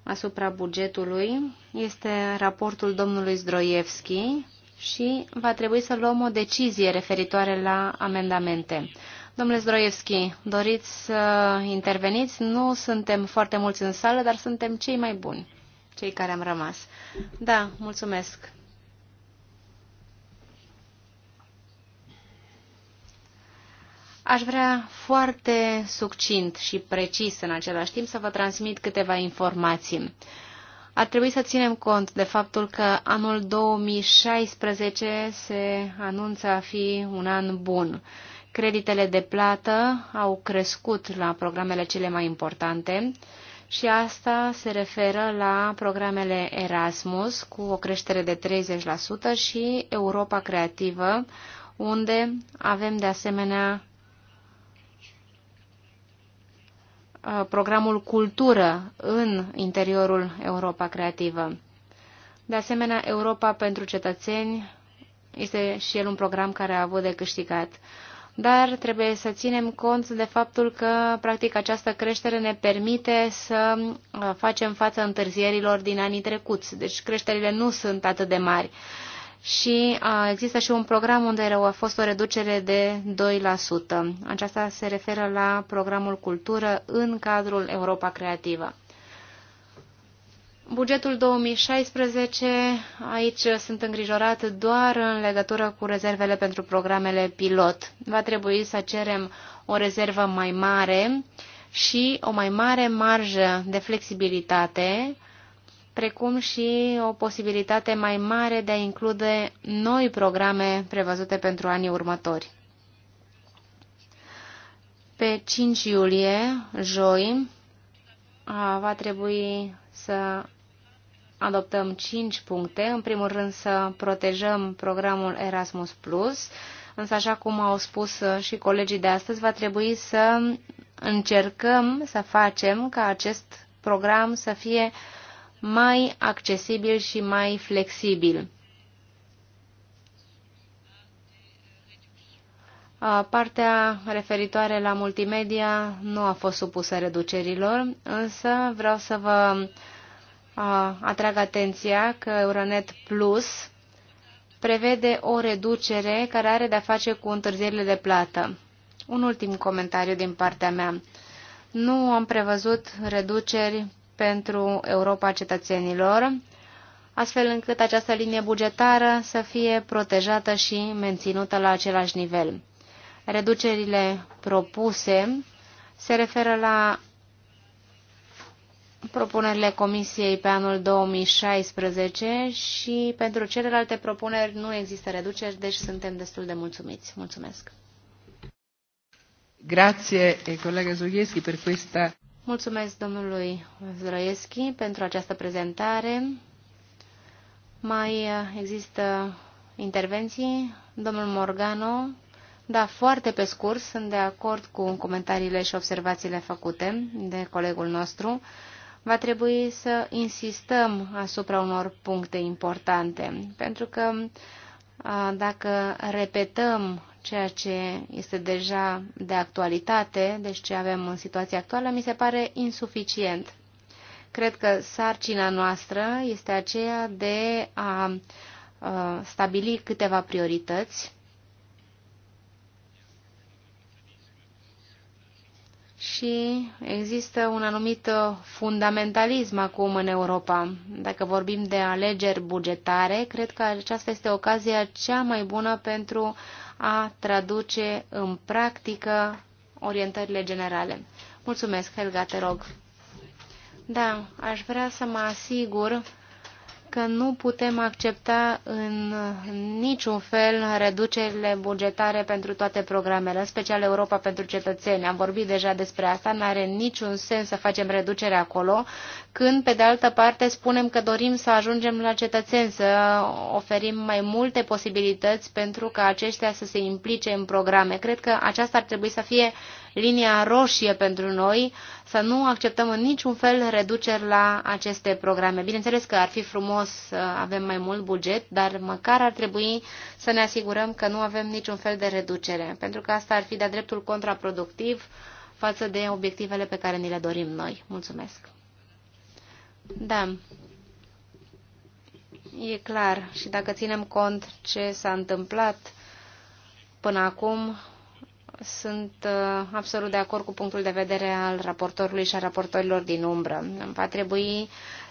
asupra bugetului. Este raportul domnului Zdroievski și va trebui să luăm o decizie referitoare la amendamente. Domnule Zdroievski, doriți să interveniți? Nu suntem foarte mulți în sală, dar suntem cei mai buni, cei care am rămas. Da, mulțumesc. Aș vrea foarte succint și precis în același timp să vă transmit câteva informații. Ar trebui să ținem cont de faptul că anul 2016 se anunță a fi un an bun. Creditele de plată au crescut la programele cele mai importante și asta se referă la programele Erasmus cu o creștere de 30% și Europa Creativă, unde avem de asemenea Uh, programul Cultură în interiorul Europa Creativă. De asemenea, Europa pentru cetățeni este și el un program care a avut de câștigat. Dar trebuie să ținem cont de faptul că, practic, această creștere ne permite să uh, facem față întârzierilor din anii trecuți. Deci creșterile nu sunt atât de mari și a, există și un program unde a fost o reducere de 2%. Aceasta se referă la programul cultură în cadrul Europa Creativă. Bugetul 2016, aici sunt îngrijorat doar în legătură cu rezervele pentru programele pilot. Va trebui să cerem o rezervă mai mare și o mai mare marjă de flexibilitate precum și o posibilitate mai mare de a include noi programe prevăzute pentru anii următori. Pe 5 iulie, joi, va trebui să adoptăm 5 puncte. În primul rând să protejăm programul Erasmus+, însă așa cum au spus și colegii de astăzi, va trebui să încercăm să facem ca acest program să fie uh, mai accesibil și mai flexibil. Partea referitoare la multimedia nu a fost supusă reducerilor, însă vreau să vă atrag atenția că Euronet Plus prevede o reducere care are de-a face cu întârzierile de plată. Un ultim comentariu din partea mea. Nu am prevăzut reduceri pentru Europa cetățenilor, astfel încât această linie bugetară să fie protejată și menținută la același nivel. Reducerile propuse se referă la propunerile Comisiei pe anul 2016 și pentru celelalte propuneri nu există reduceri, deci suntem destul de mulțumiți. Mulțumesc! Grazie, colega Zugheschi, per questa... Mulțumesc domnului Zdroieschi pentru această prezentare. Mai există intervenții. Domnul Morgano, da, foarte pe scurs, sunt de acord cu comentariile și observațiile făcute de colegul nostru. Va trebui să insistăm asupra unor puncte importante, pentru că uh, dacă repetăm ceea ce este deja de actualitate, deci ce avem în situația actuală, mi se pare insuficient. Cred că sarcina noastră este aceea de a stabili câteva priorități și există un anumit uh, fundamentalism acum în Europa. Dacă vorbim de alegeri bugetare, cred că aceasta este ocazia cea mai bună pentru a traduce în practică orientările generale. Mulțumesc, Helga, te rog. Da, aș vrea să mă asigur că nu putem accepta în niciun fel reducerile bugetare pentru toate programele, în special Europa pentru cetățeni. Am vorbit deja despre asta, nu are niciun sens să facem reducere acolo, când, pe de altă parte, spunem că dorim să ajungem la cetățeni, să oferim mai multe posibilități pentru ca aceștia să se implice în programe. Cred că aceasta ar trebui să fie linia roșie pentru noi să nu acceptăm în niciun fel reduceri la aceste programe. Bineînțeles că ar fi frumos să avem mai mult buget, dar măcar ar trebui să ne asigurăm că nu avem niciun fel de reducere, pentru că asta ar fi de-a dreptul contraproductiv față de obiectivele pe care ni le dorim noi. Mulțumesc! Da, e clar. Și dacă ținem cont ce s-a întâmplat până acum, sunt uh, absolut de acord cu punctul de vedere al raportorului și a raportorilor din umbră. Va trebui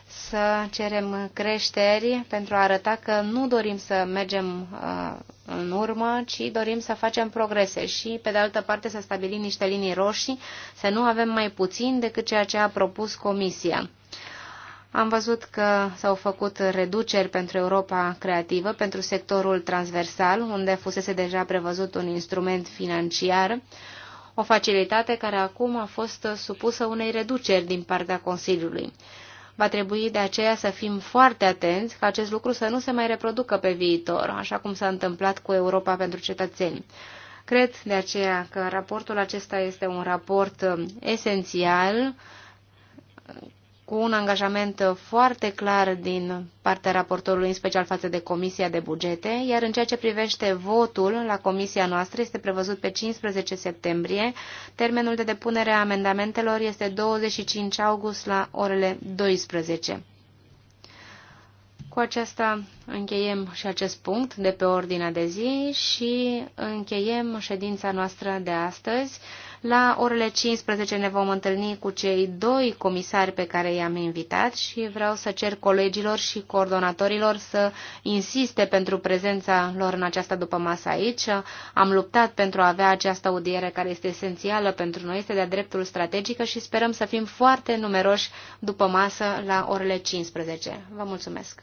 să cerem creșteri pentru a arăta că nu dorim să mergem uh, în urmă, ci dorim să facem progrese și, pe de altă parte, să stabilim niște linii roșii, să nu avem mai puțin decât ceea ce a propus Comisia. Am văzut că s-au făcut reduceri pentru Europa Creativă, pentru sectorul transversal, unde fusese deja prevăzut un instrument financiar, o facilitate care acum a fost supusă unei reduceri din partea Consiliului. Va trebui de aceea să fim foarte atenți ca acest lucru să nu se mai reproducă pe viitor, așa cum s-a întâmplat cu Europa pentru cetățeni. Cred de aceea că raportul acesta este un raport um, esențial, cu un angajament foarte clar din partea raportorului, în special față de Comisia de Bugete, iar în ceea ce privește votul la Comisia noastră este prevăzut pe 15 septembrie. Termenul de depunere a amendamentelor este 25 august la orele 12. Cu aceasta încheiem și acest punct de pe ordinea de zi și încheiem ședința noastră de astăzi. La orele 15 ne vom întâlni cu cei doi comisari pe care i-am invitat și vreau să cer colegilor și coordonatorilor să insiste pentru prezența lor în această dupămasă aici. Am luptat pentru a avea această audiere care este esențială pentru noi, este de-a dreptul strategică și sperăm să fim foarte numeroși după masă la orele 15. Vă mulțumesc!